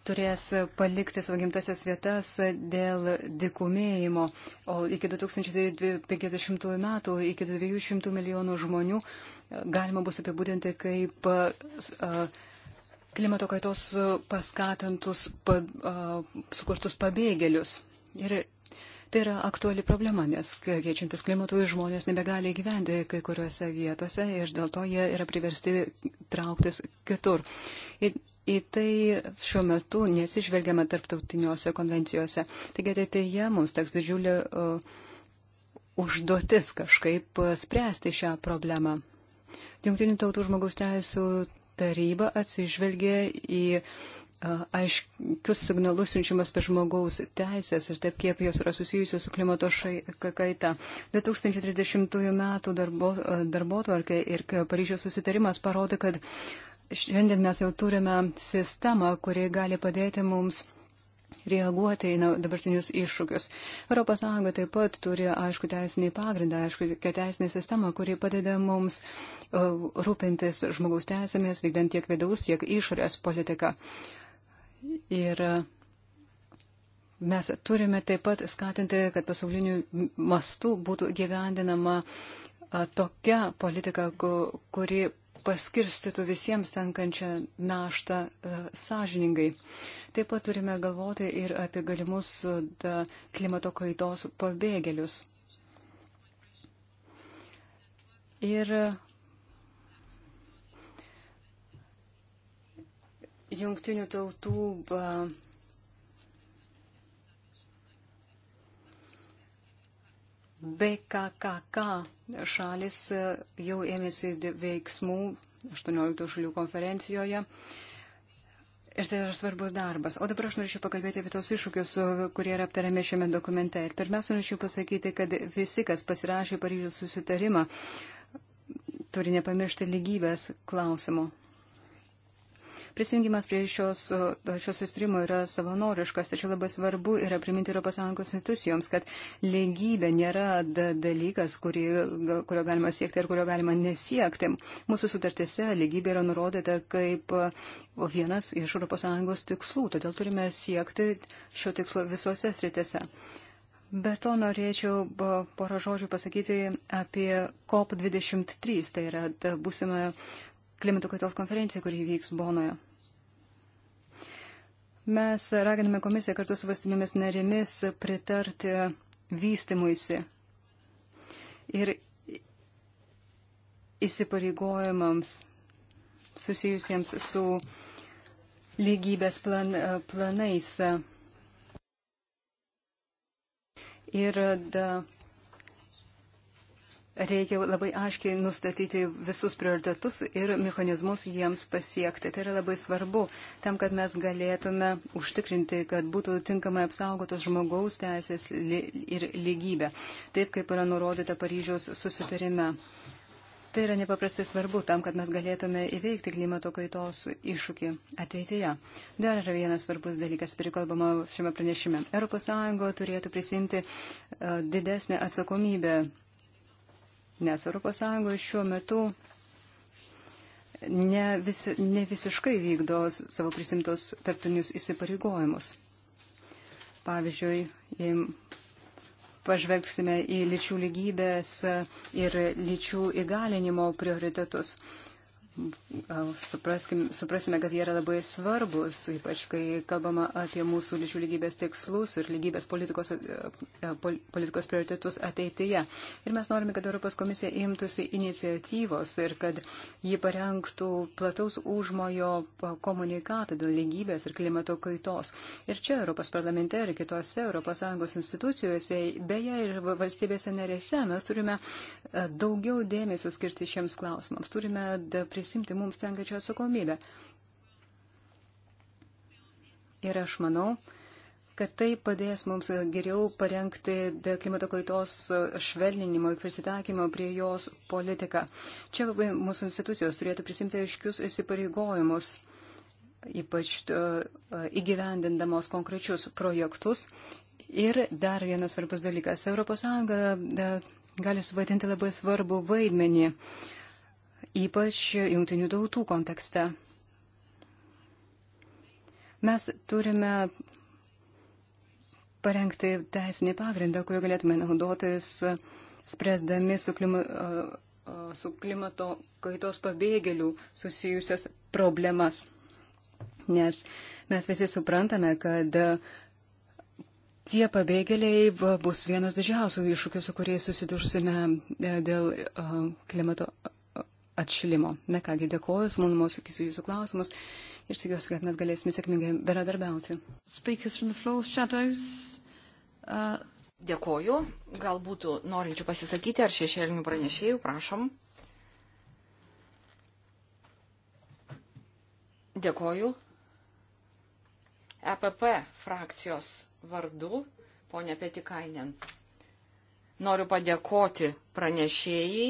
turės palikti savo gimtasias vietas dėl dikumėjimo, o iki 2050 metų, iki 200 milijonų žmonių galima bus apibūdinti kaip klimato kaitos paskatintus, pa, sukurtus pabėgėlius. Ir tai yra aktuali problema, nes keičiantis klimatui žmonės nebegali gyventi kai kuriuose vietose ir dėl to jie yra priversti trauktis kitur. Ir Į tai šiuo metu nesižvelgiama tarptautiniuose konvencijose. Taigi ateityje mums teks didžiulė uh, užduotis kažkaip spręsti šią problemą. Junktinių tautų žmogaus teisų taryba atsižvelgia į aiškius signalus siunčiamas per žmogaus teisės ir taip kiek jos yra susijusios su klimato šai, kaita. 2030 m. darbo, darbo tvarkai ir Paryžiaus susitarimas parodo, kad šiandien mes jau turime sistemą, kuri gali padėti mums reaguoti į dabartinius iššūkius. ES taip pat turi aišku teisinį pagrindą, aišku, teisinę sistemą, kuri padeda mums rūpintis žmogaus teisėmis, vykdant tiek vidaus, tiek išorės politiką. Ir e, mes turime taip pat skatinti, kad pasauliniu mastu būtų gyvendinama e, tokia politika, kuri paskirstytų visiems tenkančią naštą e, sąžiningai. Taip pat turime galvoti ir apie galimus e, klimato kaitos pabėgėlius. Ir e, jungtinių tautų BKKK šalis e, jau ėmėsi veiksmų 18 šalių konferencijoje. Ir tai yra svarbus darbas. O dabar aš norėčiau pakalbėti apie tos iššūkius, kurie yra aptariami šiame dokumente. Ir pirmiausia, norėčiau pasakyti, kad visi, kas pasirašė Paryžiaus susitarimą, turi nepamiršti lygybės klausimo. Prisijungimas prie šios, šios sustrimo yra savanoriškas, tačiau labai svarbu yra priminti ES institucijoms, kad lygybė nėra dalykas, kurį, kurio galima siekti ir kurio galima nesiekti. Mūsų sutartėse lygybė yra nurodyta kaip vienas iš ES tikslų, todėl turime siekti šio tikslo visose sritėse. Be to norėčiau porą žodžių pasakyti apie COP23, tai yra būsimą klimato kaitos konferenciją, kuri vyks Bonoje. Mes raginame komisiją kartu su valstybėmis narėmis pritarti vystimuisi ir įsipareigojimams susijusiems su lygybės plan, planais. Ir da, Reikia labai aiškiai nustatyti visus prioritetus ir mechanizmus jiems pasiekti. Tai yra labai svarbu tam, kad mes galėtume užtikrinti, kad būtų tinkamai apsaugotos žmogaus teisės ir lygybė, taip kaip yra nurodyta Paryžiaus susitarime. Tai yra nepaprastai svarbu tam, kad mes galėtume įveikti klimato kaitos iššūkį ateityje. Dar yra vienas svarbus dalykas, kurį kalbama šiame pranešime. ES turėtų prisimti e, didesnę atsakomybę nes ES šiuo metu ne, vis, ne visiškai vykdo savo prisimtos tarptautinius įsipareigojimus. Pavyzdžiui, jei pažvelgsime į lyčių lygybės ir lyčių įgalinimo prioritetus, Supraskim, suprasime, kad jie yra labai svarbus, ypač kai kalbama apie mūsų lyčių lygybės tikslus ir lygybės politikos, politikos prioritetus ateityje. Ir mes norime, kad Europos komisija imtųsi iniciatyvos ir kad ji parengtų plataus užmojo komunikatą dėl lygybės ir klimato kaitos. Ir čia Europos parlamente ir kitose ES institucijose, beje ir valstybėse narėse mes turime daugiau dėmesio skirti šiems klausimams. Turime prisimti mums tenkačią atsakomybę. Ir aš manau, kad tai padės mums geriau parengti klimato kaitos švelninimo ir prisitaikymo prie jos politiką. Čia mūsų institucijos turėtų prisimti aiškius įsipareigojimus, ypač e, e, įgyvendindamos konkrečius projektus. Ir dar vienas svarbus dalykas. ES e, gali suvaidinti labai svarbu vaidmenį. Uh, ypač jungtinių tautų kontekste. Mes turime parengti teisinį pagrindą, kuriuo galėtume naudotis, spręsdami su, klima, su klimato kaitos pabėgėlių susijusias problemas. Nes mes visi suprantame, kad tie pabėgėliai bus vienas didžiausių iššūkių, su kuriais susidursime e, dėl klimato atšilimo. Na kągi, dėkoju, smalumos sakysiu jūsų klausimus ir tikiuosi, kad mes galėsime sėkmingai bendradarbiauti. Uh... Dėkoju. Gal būtų norinčių pasisakyti ar šešėlinių pranešėjų, prašom. Dėkoju. EPP frakcijos vardu, ponė Petikainen. Noriu padėkoti pranešėjai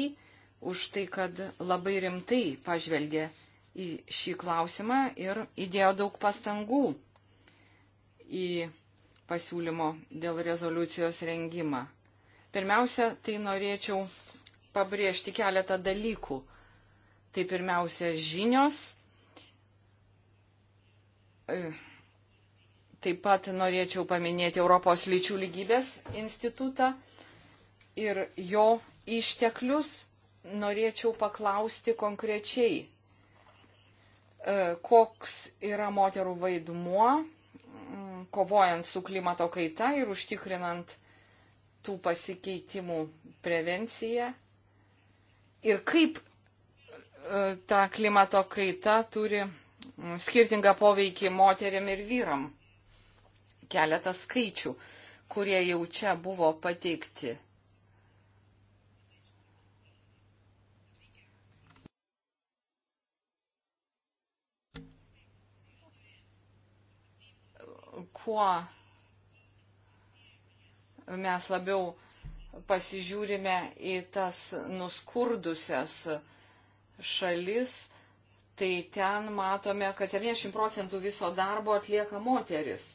už tai, kad labai rimtai pažvelgė į šį klausimą ir įdėjo daug pastangų į pasiūlymo dėl rezoliucijos rengimą. Pirmiausia, tai norėčiau pabrėžti keletą dalykų. Tai pirmiausia, žinios. E, taip pat norėčiau paminėti Europos lyčių lygybės institutą ir jo išteklius norėčiau paklausti konkrečiai, e, koks yra moterų vaidmuo, mm, kovojant su klimato kaita ir užtikrinant tų pasikeitimų prevenciją. Ir kaip e, ta klimato kaita turi mm, skirtingą poveikį moteriam ir vyram. Keletas skaičių, kurie jau čia buvo pateikti. kuo mes labiau pasižiūrime į tas nuskurdusias šalis, tai ten matome, kad 70 procentų viso darbo atlieka moteris.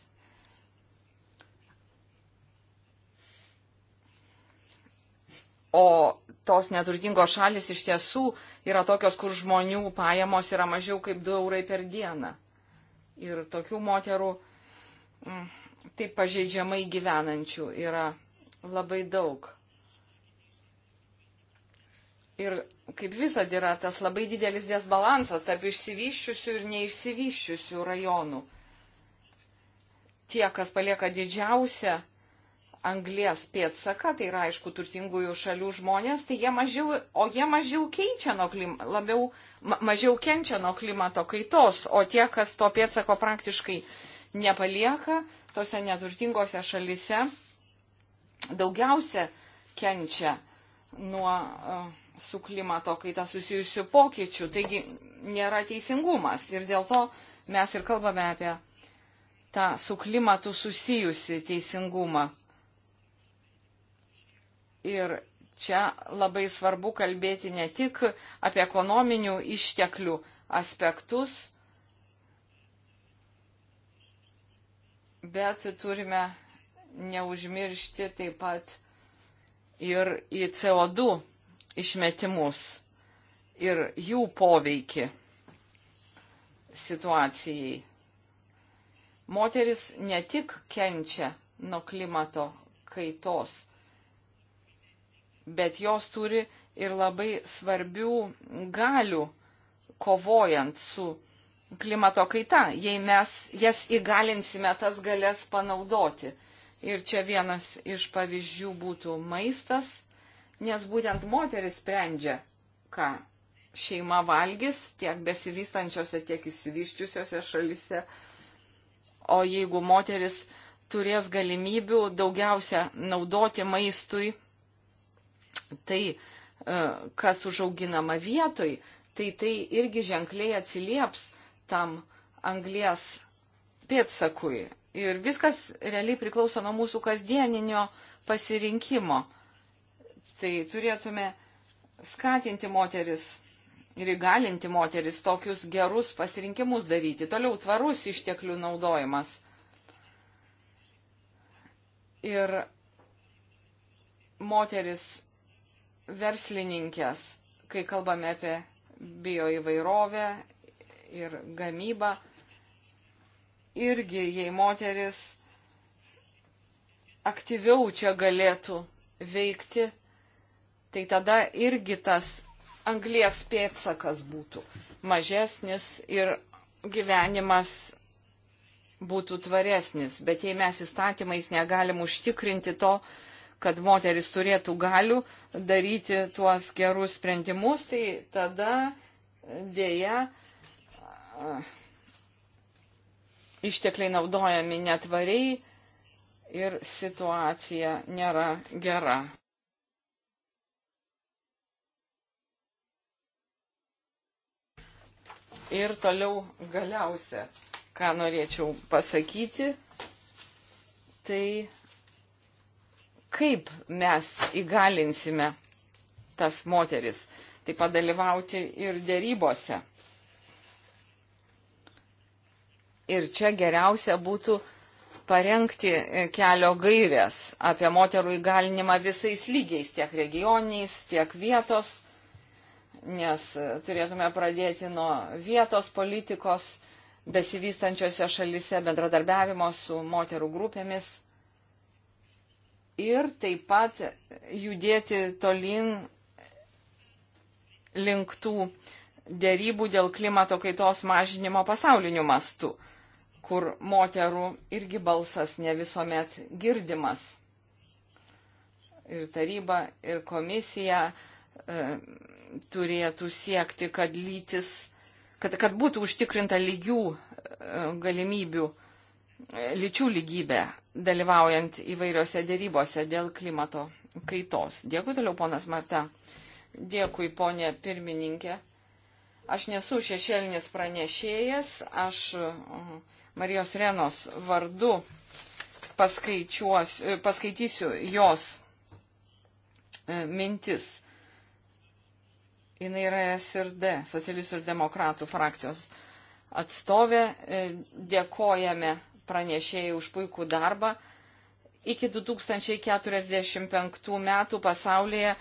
O tos neturtingos šalis iš tiesų yra tokios, kur žmonių pajamos yra mažiau kaip 2 eurai per dieną. Ir tokių moterų Mm, taip pažeidžiamai gyvenančių yra labai daug. Ir kaip visada yra tas labai didelis desbalansas tarp išsivyščiusių ir neišsivyščiusių rajonų. Tie, kas palieka didžiausią anglės pėtsaką, tai yra aišku turtingųjų šalių žmonės, tai jie mažiau, o jie mažiau, nuo klim, labiau, ma, mažiau kenčia nuo klimato kaitos, o tie, kas to pėtsako praktiškai nepalieka tose neturtingose šalise, daugiausia kenčia nuo e, su klimato kaita susijusių pokyčių. Taigi nėra teisingumas ir dėl to mes ir kalbame apie tą su klimatu susijusi teisingumą. Ir čia labai svarbu kalbėti ne tik apie ekonominių išteklių aspektus, bet turime neužmiršti taip pat ir į CO2 išmetimus ir jų poveikį situacijai. Moteris ne tik kenčia nuo klimato kaitos, bet jos turi ir labai svarbių galių kovojant su klimato kaita klimato kaita, jei mes jas įgalinsime, tas galės panaudoti. Ir čia vienas iš pavyzdžių būtų maistas, nes būtent moteris sprendžia, ką šeima valgys tiek besivystančiose, tiek išsivyščiusiose šalise. O jeigu moteris turės galimybių daugiausia naudoti maistui, tai e, kas užauginama vietoj, tai tai irgi ženkliai atsilieps tam anglies pėtsakui. Ir viskas realiai priklauso nuo mūsų kasdieninio pasirinkimo. Tai turėtume skatinti moteris ir įgalinti moteris tokius gerus pasirinkimus daryti. Toliau tvarus išteklių naudojimas. Ir moteris verslininkės, kai kalbame apie bioįvairovę ir gamyba. Irgi, jei moteris aktyviau čia galėtų veikti, tai tada irgi tas anglės pėtsakas būtų mažesnis ir gyvenimas būtų tvaresnis. Bet jei mes įstatymais negalim užtikrinti to, kad moteris turėtų galių daryti tuos gerus sprendimus, tai tada dėja ištekliai naudojami netvariai ir situacija nėra gera. Ir toliau galiausia, ką norėčiau pasakyti, tai kaip mes įgalinsime tas moteris, tai padalyvauti ir dėrybose. Ir čia geriausia būtų parengti e, kelio gairės apie moterų įgalinimą visais lygiais, tiek regioniais, tiek vietos, nes e, turėtume pradėti nuo vietos politikos besivystančiose šalise bendradarbiavimo su moterų grupėmis ir taip pat judėti tolin link tų dėrybų dėl klimato kaitos mažinimo pasauliniu mastu kur moterų irgi balsas ne visuomet girdimas. Ir taryba, ir komisija e, turėtų siekti, kad lytis, kad, kad būtų užtikrinta lygių e, galimybių, e, lyčių lygybė, dalyvaujant įvairiose dėrybose dėl klimato kaitos. Dėkui toliau, ponas Marta. Dėkui, ponė pirmininkė. Aš nesu šešėlinis pranešėjas, aš. Uh, Marijos Renos vardu e, paskaitysiu jos e, mintis. Jis yra SRD, socialistų ir demokratų frakcijos atstovė. E, dėkojame pranešėjai už puikų darbą. Iki 2045 metų pasaulyje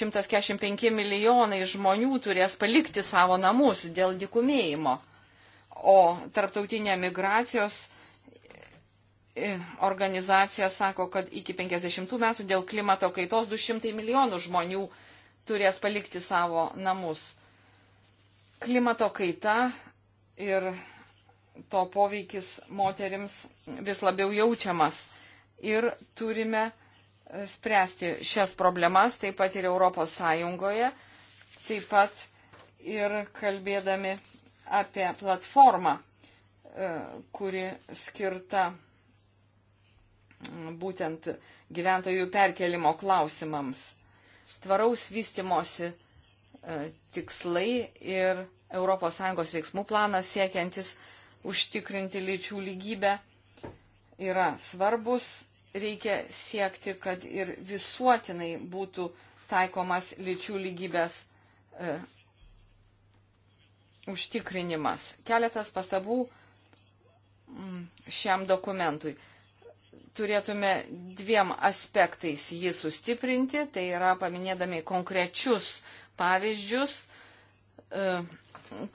145 milijonai žmonių turės palikti savo namus dėl dikumėjimo. O tarptautinė migracijos organizacija sako, kad iki 50 metų dėl klimato kaitos 200 milijonų žmonių turės palikti savo namus. Klimato kaita ir to poveikis moterims vis labiau jaučiamas. Ir turime spręsti šias problemas taip pat ir Europos Sąjungoje, taip pat ir kalbėdami apie platformą, e, kuri skirta mm, būtent gyventojų perkelimo klausimams. Tvaraus vystimosi e, tikslai ir ES veiksmų planas siekiantis užtikrinti lyčių lygybę yra svarbus. Reikia siekti, kad ir visuotinai būtų taikomas lyčių lygybės e, užtikrinimas. Keletas pastabų mm, šiam dokumentui. Turėtume dviem aspektais jį sustiprinti, tai yra paminėdami konkrečius pavyzdžius, e,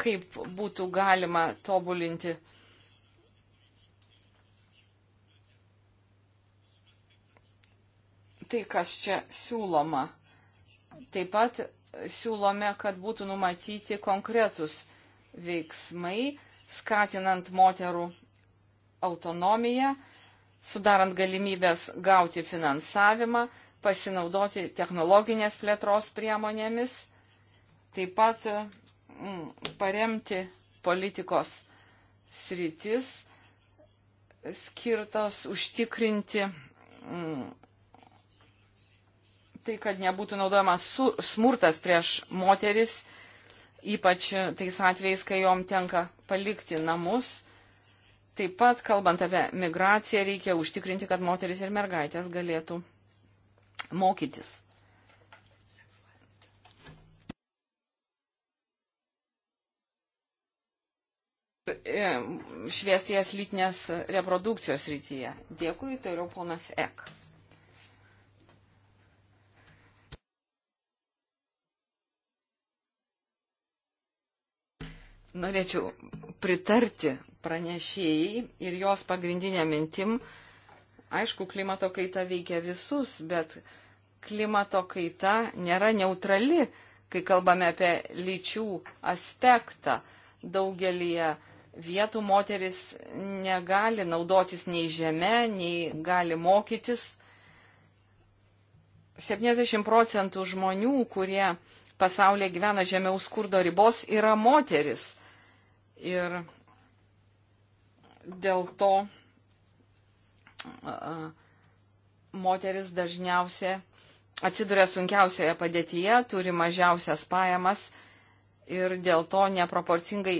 kaip būtų galima tobulinti tai, kas čia siūloma. Taip pat siūlome, kad būtų numatyti konkretus veiksmai, skatinant moterų autonomiją, sudarant galimybės gauti finansavimą, pasinaudoti technologinės plėtros priemonėmis, taip pat mm, paremti politikos sritis skirtos užtikrinti mm, tai, kad nebūtų naudojamas smurtas prieš moteris ypač tais atvejais, kai jom tenka palikti namus. Taip pat, kalbant apie migraciją, reikia užtikrinti, kad moteris ir mergaitės galėtų mokytis. E, Šviesties lytinės reprodukcijos rytyje. Dėkui, toliau ponas Ek. norėčiau pritarti pranešėjai ir jos pagrindinė mintim. Aišku, klimato kaita veikia visus, bet klimato kaita nėra neutrali, kai kalbame apie lyčių aspektą. Daugelį vietų moteris negali naudotis nei žemė, nei gali mokytis. 70 procentų žmonių, kurie pasaulyje gyvena žemiau skurdo ribos, yra moteris Ir dėl to moteris dažniausiai atsiduria sunkiausioje padėtyje, turi mažiausias pajamas ir dėl to neproporcingai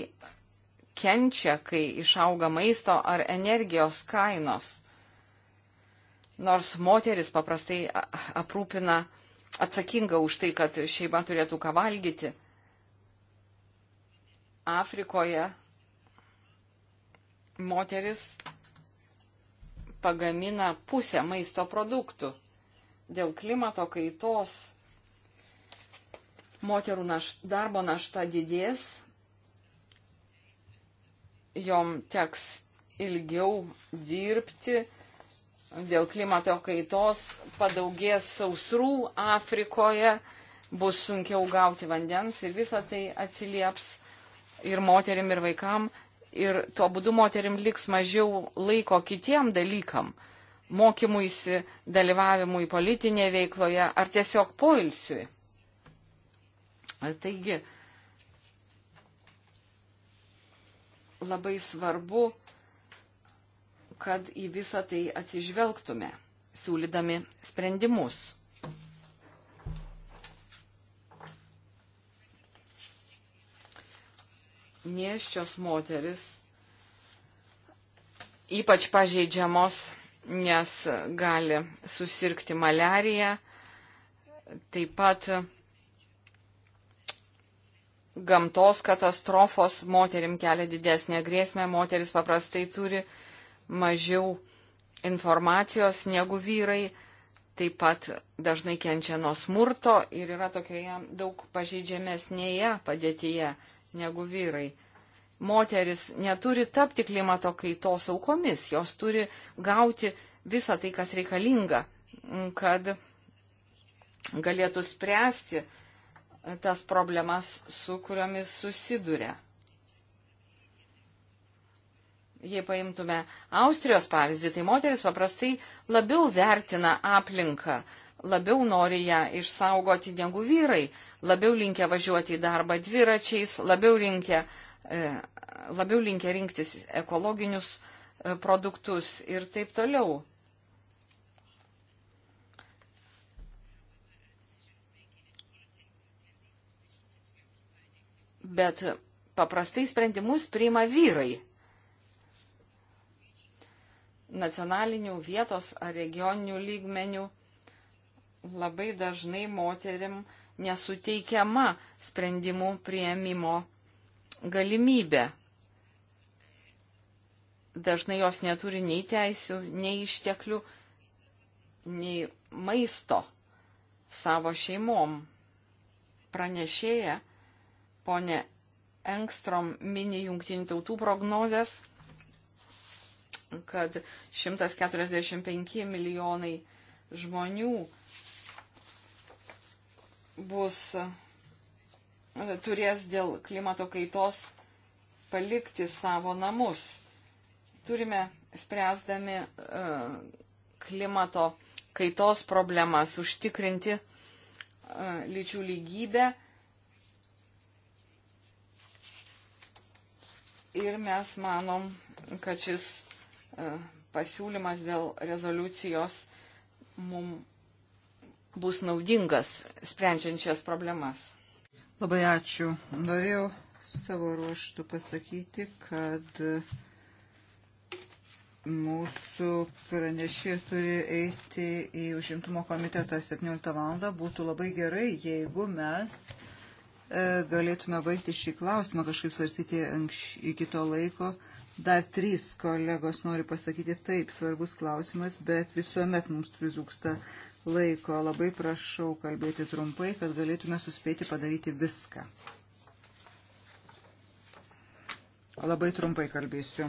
kenčia, kai išauga maisto ar energijos kainos. Nors moteris paprastai aprūpina atsakinga už tai, kad šeima turėtų ką valgyti. Afrikoje moteris pagamina pusę maisto produktų. Dėl klimato kaitos moterų naš, darbo našta didės, jom teks ilgiau dirbti, dėl klimato kaitos padaugės sausrų Afrikoje, bus sunkiau gauti vandens ir visa tai atsilieps ir moterim, ir vaikam. Ir tuo būdu moterim liks mažiau laiko kitiem dalykam - mokymuisi, dalyvavimui politinėje veikloje ar tiesiog poilsiui. Taigi, labai svarbu, kad į visą tai atsižvelgtume, siūlydami sprendimus. nieščios moteris ypač pažeidžiamos, nes gali susirgti malariją. Taip pat gamtos katastrofos moterim kelia didesnę grėsmę, moteris paprastai turi mažiau informacijos negu vyrai, taip pat dažnai kenčia nuo smurto ir yra tokioje daug pažeidžiamesnėje padėtyje negu vyrai. Moteris neturi tapti klimato kaitos aukomis, jos turi gauti visą tai, kas reikalinga, mm, kad galėtų spręsti tas problemas, su kuriomis susiduria. Jei paimtume Austrijos pavyzdį, tai moteris paprastai labiau vertina aplinką, labiau nori ją išsaugoti negu vyrai, labiau linkia važiuoti į darbą dviračiais, labiau linkia, e, labiau linkia rinktis ekologinius e, produktus ir taip toliau. Bet paprastai sprendimus priima vyrai. Nacionalinių vietos ar regioninių lygmenių labai dažnai moterim nesuteikiama sprendimų prieimimo galimybė. Dažnai jos neturi nei teisių, nei išteklių, nei maisto savo šeimom. Pranešėja, ponė Engstrom mini jungtinių tautų prognozes, kad 145 milijonai žmonių bus, turės dėl klimato kaitos palikti savo namus. Turime spręsdami e, klimato kaitos problemas užtikrinti e, lyčių lygybę. Ir mes manom, kad šis e, pasiūlymas dėl rezoliucijos mums bus naudingas sprendžiant šias problemas. Labai ačiū. Norėjau savo ruoštų pasakyti, kad mūsų pranešė turi eiti į užimtumo komitetą 17 val. Būtų labai gerai, jeigu mes e, galėtume baigti šį klausimą kažkaip svarstyti iki to laiko. Dar trys kolegos nori pasakyti taip, svarbus klausimas, bet visuomet mums pritrūksta laiko. Labai prašau kalbėti trumpai, kad galėtume suspėti padaryti viską. Labai trumpai kalbėsiu.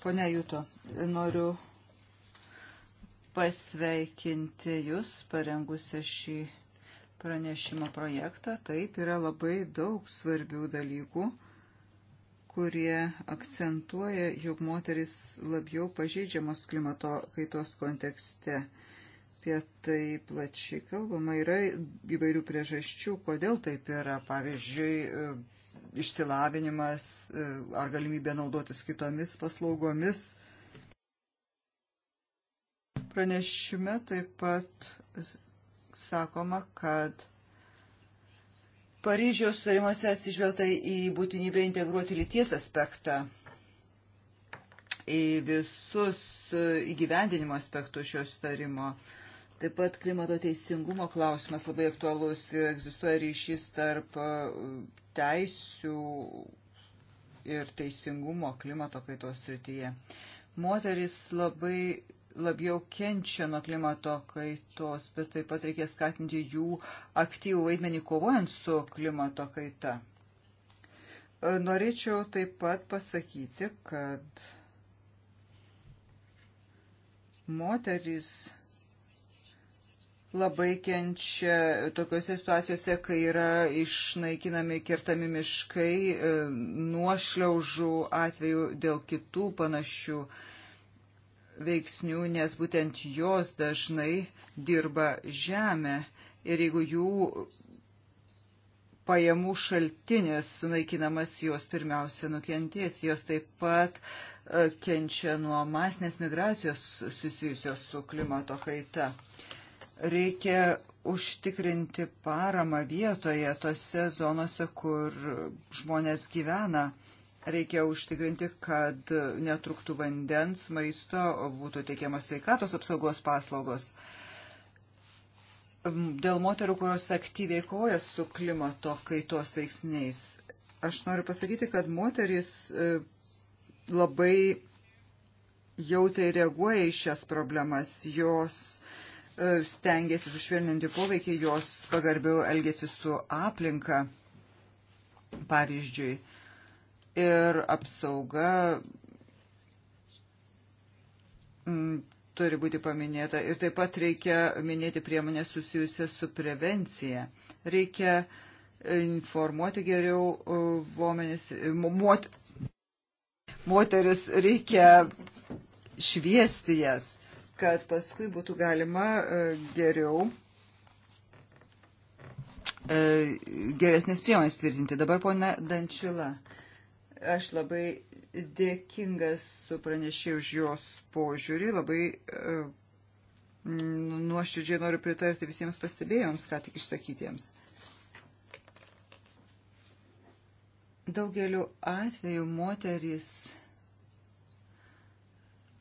Pone Jūto, noriu pasveikinti Jūs parengusią šį pranešimo projektą. Taip yra labai daug svarbių dalykų kurie akcentuoja, jog moteris labiau pažeidžiamos klimato kaitos kontekste. Apie tai plačiai kalbama yra įvairių priežasčių, kodėl taip yra. Pavyzdžiui, e, išsilavinimas e, ar galimybė naudotis kitomis paslaugomis. Pranešime taip pat sakoma, kad Paryžiaus sutarimuose atsižvelgta į būtinybę integruoti lyties aspektą į visus įgyvendinimo aspektus šios sutarimo. Taip pat klimato teisingumo klausimas labai aktualus ir egzistuoja ryšys tarp uh, teisių ir teisingumo klimato kaitos srityje. Moteris labai labiau kenčia nuo klimato kaitos, bet taip pat reikia skatinti jų aktyvų vaidmenį kovojant su klimato kaita. E, norėčiau taip pat pasakyti, kad moteris labai kenčia tokiuose situacijose, kai yra išnaikinami, kertami miškai, e, nuošliaužų atveju dėl kitų panašių veiksnių, nes būtent jos dažnai dirba žemę ir jeigu jų pajamų šaltinės sunaikinamas, jos pirmiausia nukentės, jos taip pat e, kenčia nuo masinės migracijos susijusios su klimato kaita. Reikia užtikrinti paramą vietoje, tose zonose, kur žmonės gyvena reikia užtikrinti, kad netruktų vandens, maisto, būtų teikiamos sveikatos apsaugos paslaugos. Dėl moterų, kurios aktyviai koja su klimato kaitos veiksniais, aš noriu pasakyti, kad moteris e, labai jautriai reaguoja į šias problemas, jos e, stengiasi sušvelninti poveikį, jos pagarbiau elgesi su aplinka. Pavyzdžiui, ir apsauga mm, turi būti paminėta. Ir taip pat reikia minėti priemonę susijusią su prevencija. Reikia informuoti geriau e, vomenis, mot, moteris, reikia šviesti jas, kad paskui būtų galima e, geriau e, geresnės priemonės tvirtinti. Dabar ponia Dančila. Aš labai dėkingas su pranešė už jos požiūrį, labai e, nu, nuoširdžiai noriu pritarti visiems pastebėjimams, ką tik išsakytiems. Daugeliu atveju moteris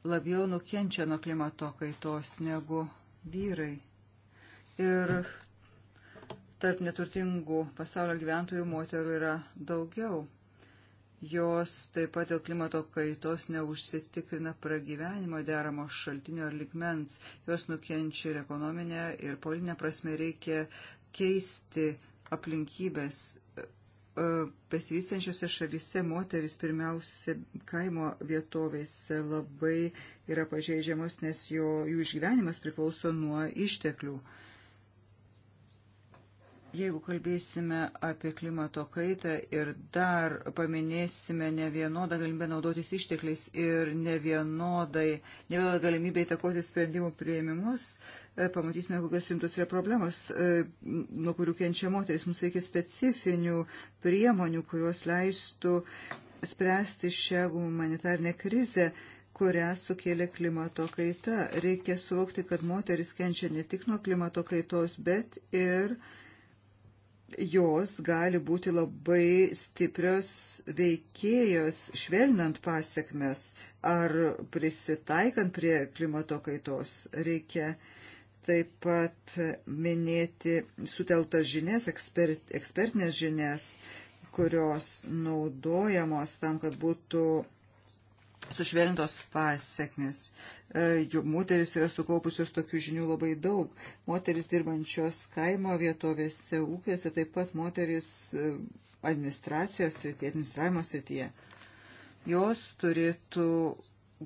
labiau nukenčia nuo klimato kaitos negu vyrai. Ir tarp neturtingų pasaulio gyventojų moterų yra daugiau jos taip pat dėl klimato kaitos neužsitikrina pragyvenimo deramo šaltinio ar likmens, jos nukenčia ir ekonominė, ir politinė prasme reikia keisti aplinkybės. E, e, besivystančiose šalyse moteris pirmiausia kaimo vietovėse labai yra pažeidžiamos, nes jo, jų išgyvenimas priklauso nuo išteklių. Jeigu kalbėsime apie klimato kaitą ir dar paminėsime ne vienodą galimybę naudotis ištekliais ir ne vienodai, ne vienodą galimybę įtakoti sprendimų prieimimus, e, pamatysime, kokios rimtos yra problemos, e, nuo kurių kenčia moteris. Mums reikia specifinių priemonių, kurios leistų spręsti šią humanitarnę krizę kurią sukėlė klimato kaita. Reikia suvokti, kad moteris kenčia ne tik nuo klimato kaitos, bet ir uh, jos gali būti labai stiprios veikėjos, švelnant pasiekmes ar prisitaikant prie klimato kaitos. Reikia taip pat minėti suteltas žinias, ekspert, ekspertinės žinias, kurios naudojamos tam, kad būtų sušvelnintos pasiekmes. E, moteris yra sukaupusios tokių žinių labai daug. Moteris dirbančios kaimo vietovėse, ūkiuose, taip pat moteris e, administracijos srityje, administravimo srityje. Jos turėtų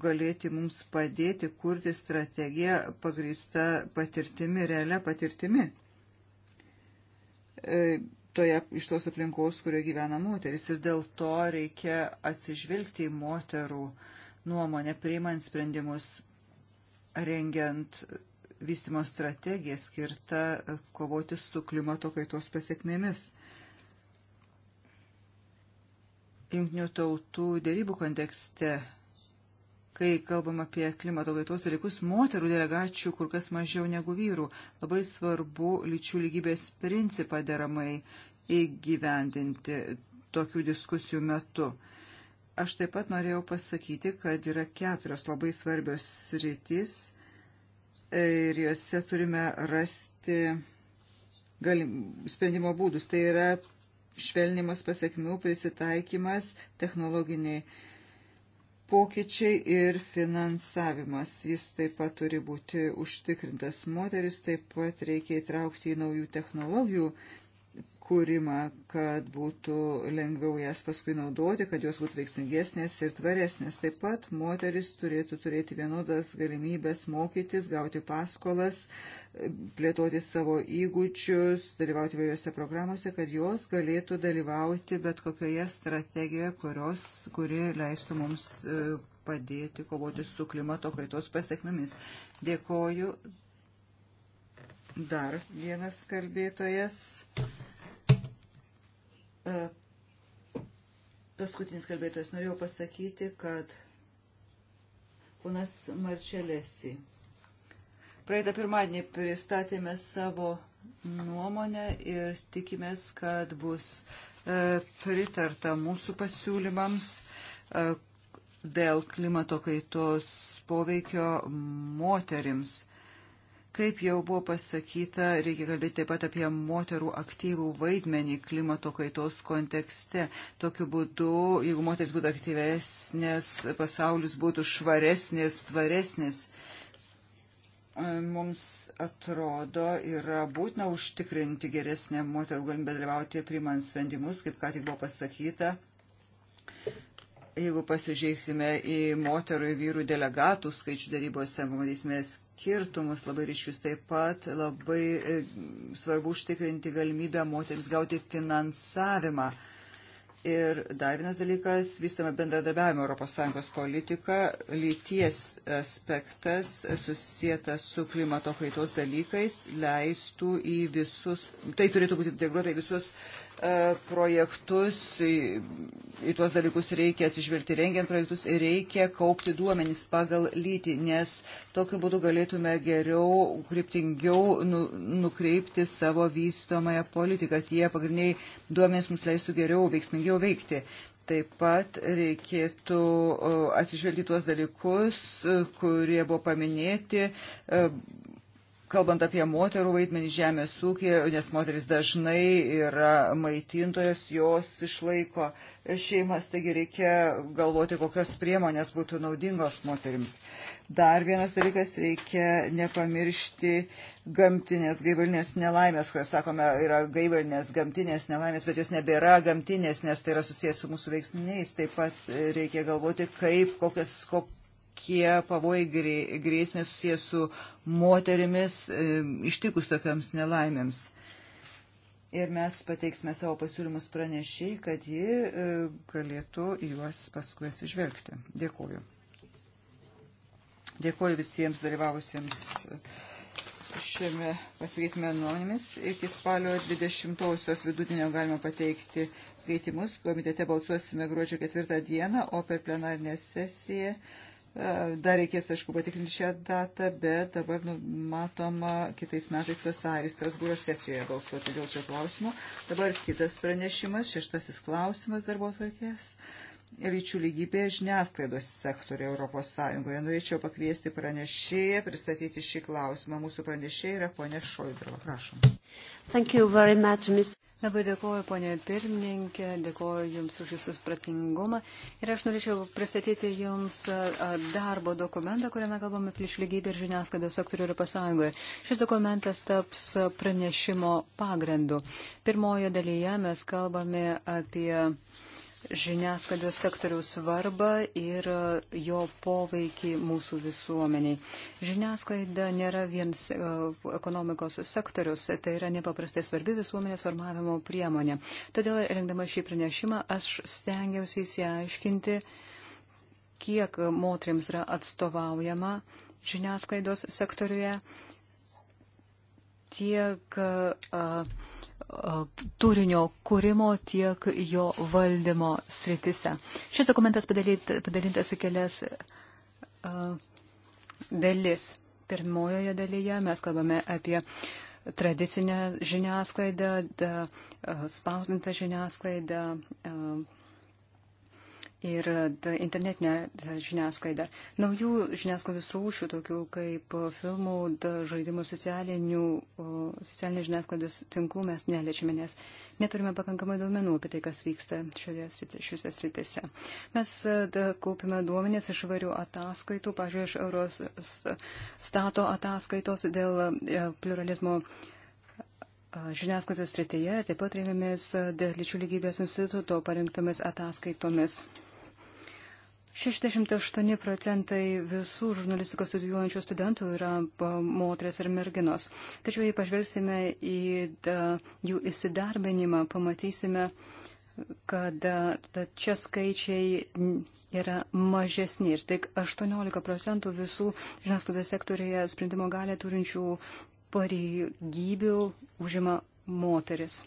galėti mums padėti kurti strategiją pagrįsta patirtimi, realia patirtimi. E, toje, iš tos aplinkos, kurioje gyvena moteris. Ir dėl to reikia atsižvelgti į moterų nuomonę, priimant sprendimus, rengiant vystimo strategiją skirtą kovoti su klimato kaitos pasiekmėmis. Junktinių tautų dėrybų kontekste kai kalbam apie klimato kaitos dalykus, moterų delegačių kur kas mažiau negu vyrų. Labai svarbu lyčių lygybės principą deramai įgyvendinti tokių diskusijų metu. Aš taip pat norėjau pasakyti, kad yra keturios labai svarbios sritys ir juose turime rasti galim, sprendimo būdus. Tai yra švelnimas pasiekmių, prisitaikymas, technologiniai pokyčiai ir finansavimas. Jis taip pat turi būti užtikrintas. Moteris taip pat reikia įtraukti į naujų technologijų kūrimą, kad būtų lengviau jas paskui naudoti, kad jos būtų veiksmingesnės ir tvaresnės. Taip pat moteris turėtų turėti vienodas galimybės mokytis, gauti paskolas, plėtoti savo įgūdžius, dalyvauti vairiose programuose, kad jos galėtų dalyvauti bet kokioje strategijoje, kurios, kuri leistų mums e, padėti kovoti su klimato kaitos pasiekmėmis. Dėkoju Dar vienas kalbėtojas. E, paskutinis kalbėtojas norėjau pasakyti, kad ponas Marčelėsi. Praeitą pirmadienį pristatėme savo nuomonę ir tikimės, kad bus e, pritarta mūsų pasiūlymams e, dėl klimato kaitos poveikio moterims Kaip jau buvo pasakyta, reikia kalbėti taip pat apie moterų aktyvų vaidmenį klimato kaitos kontekste. Tokiu būdu, jeigu moteris būtų aktyvesnės, pasaulis būtų švaresnis, tvaresnis. E, mums atrodo, yra būtina užtikrinti geresnę moterų galimybę dalyvauti priimant sprendimus, kaip ką tik buvo pasakyta jeigu pasižiūrėsime į moterų ir vyrų delegatų skaičių darybose, pamatysime skirtumus labai ryškius. Taip pat labai e, svarbu užtikrinti galimybę moteriams gauti finansavimą. Ir dar vienas dalykas, vystome bendradarbiavimo ES politiką, lyties aspektas susijęs su klimato kaitos dalykais leistų į visus, tai turėtų būti integruota į visus uh, E, projektus, į, į tuos dalykus reikia atsižvelgti rengiant projektus ir reikia kaupti duomenys pagal lytį, nes tokiu būdu galėtume geriau, kryptingiau nu, nukreipti savo vystomąją politiką. Tie pagrindiniai duomenys mums leistų geriau, veiksmingiau veikti. Taip pat reikėtų e, atsižvelgti tuos dalykus, e, kurie buvo paminėti kalbant apie moterų vaidmenį žemės ūkį, nes moteris dažnai yra maitintojas, jos išlaiko šeimas, taigi reikia galvoti, kokios priemonės būtų naudingos moterims. Dar vienas dalykas, reikia nepamiršti gamtinės gaivalinės nelaimės, kurios, sakome, yra gaivalinės gamtinės nelaimės, bet jos nebėra gamtinės, nes tai yra susijęs su mūsų veiksminiais. Taip pat reikia galvoti, kaip, kokias, kokias kokie pavojai grėsmė susijęs su moterimis e, ištikus tokiams nelaimėms. Ir mes pateiksime savo pasiūlymus pranešiai, kad ji e, galėtų juos paskui atsižvelgti. Dėkuoju. Dėkuoju visiems dalyvavusiems šiame pasikeitime anonimis. Iki spalio 20-osios vidutinio galima pateikti keitimus. Komitete balsuosime gruodžio 4 dieną, o per plenarinę sesiją E, dar reikės, aišku, patikrinti šią datą, bet dabar nu, matoma kitais metais vasarį Strasbūro sesijoje balsuoti dėl šio klausimo. Dabar kitas pranešimas, šeštasis klausimas darbo tvarkės. Lyčių lygybė žiniasklaidos sektoriai Europos Sąjungoje. Norėčiau pakviesti pranešėją, pristatyti šį klausimą. Mūsų pranešėja yra ponė Šoidrova. Prašom. Much, miss... Labai dėkoju, ponė pirmininkė, dėkoju Jums už Jūsų supratingumą. Ir aš norėčiau pristatyti Jums darbo dokumentą, kuriame kalbame prieš lygybę ir žiniasklaidos sektorių Europos Sąjungoje. Šis dokumentas taps pranešimo pagrindu. Pirmojo dalyje mes kalbame apie žiniasklaidos sektoriaus svarbą ir jo poveikį mūsų visuomeniai. Žiniasklaida nėra vien e, ekonomikos sektorius, tai yra nepaprastai svarbi visuomenės formavimo priemonė. Todėl, rengdama šį pranešimą, aš stengiausi įsiaiškinti, kiek moteriams yra atstovaujama žiniasklaidos sektoriuje, tiek uh, turinio kūrimo, tiek jo valdymo sritise. Šis dokumentas padalintas į kelias uh, dalis. Pirmojoje dalyje mes kalbame apie tradicinę žiniasklaidą, spausdintą žiniasklaidą, uh, ir internetinę žiniasklaidą. Naujų žiniasklaidos rūšių, tokių kaip filmų, žaidimų, socialinės žiniasklaidos tinklų mes neliečiame, nes neturime pakankamai duomenų apie tai, kas vyksta šiuose sritise. Mes kaupime duomenės iš varių ataskaitų, pažiūrėjau, iš Eurostato ataskaitos dėl e, pluralizmo žiniasklaidos srityje, taip pat rėmėmės lyčių lygybės instituto parinktomis ataskaitomis. 68 procentai visų žurnalistikos studijuojančių studentų yra moteris ir merginos. Tačiau jei pažvelgsime į da, jų įsidarbinimą, pamatysime, kad da, čia skaičiai yra mažesni ir tik 18 procentų visų žiniasklaidos sektorėje sprendimo galę turinčių pareigybių užima moteris.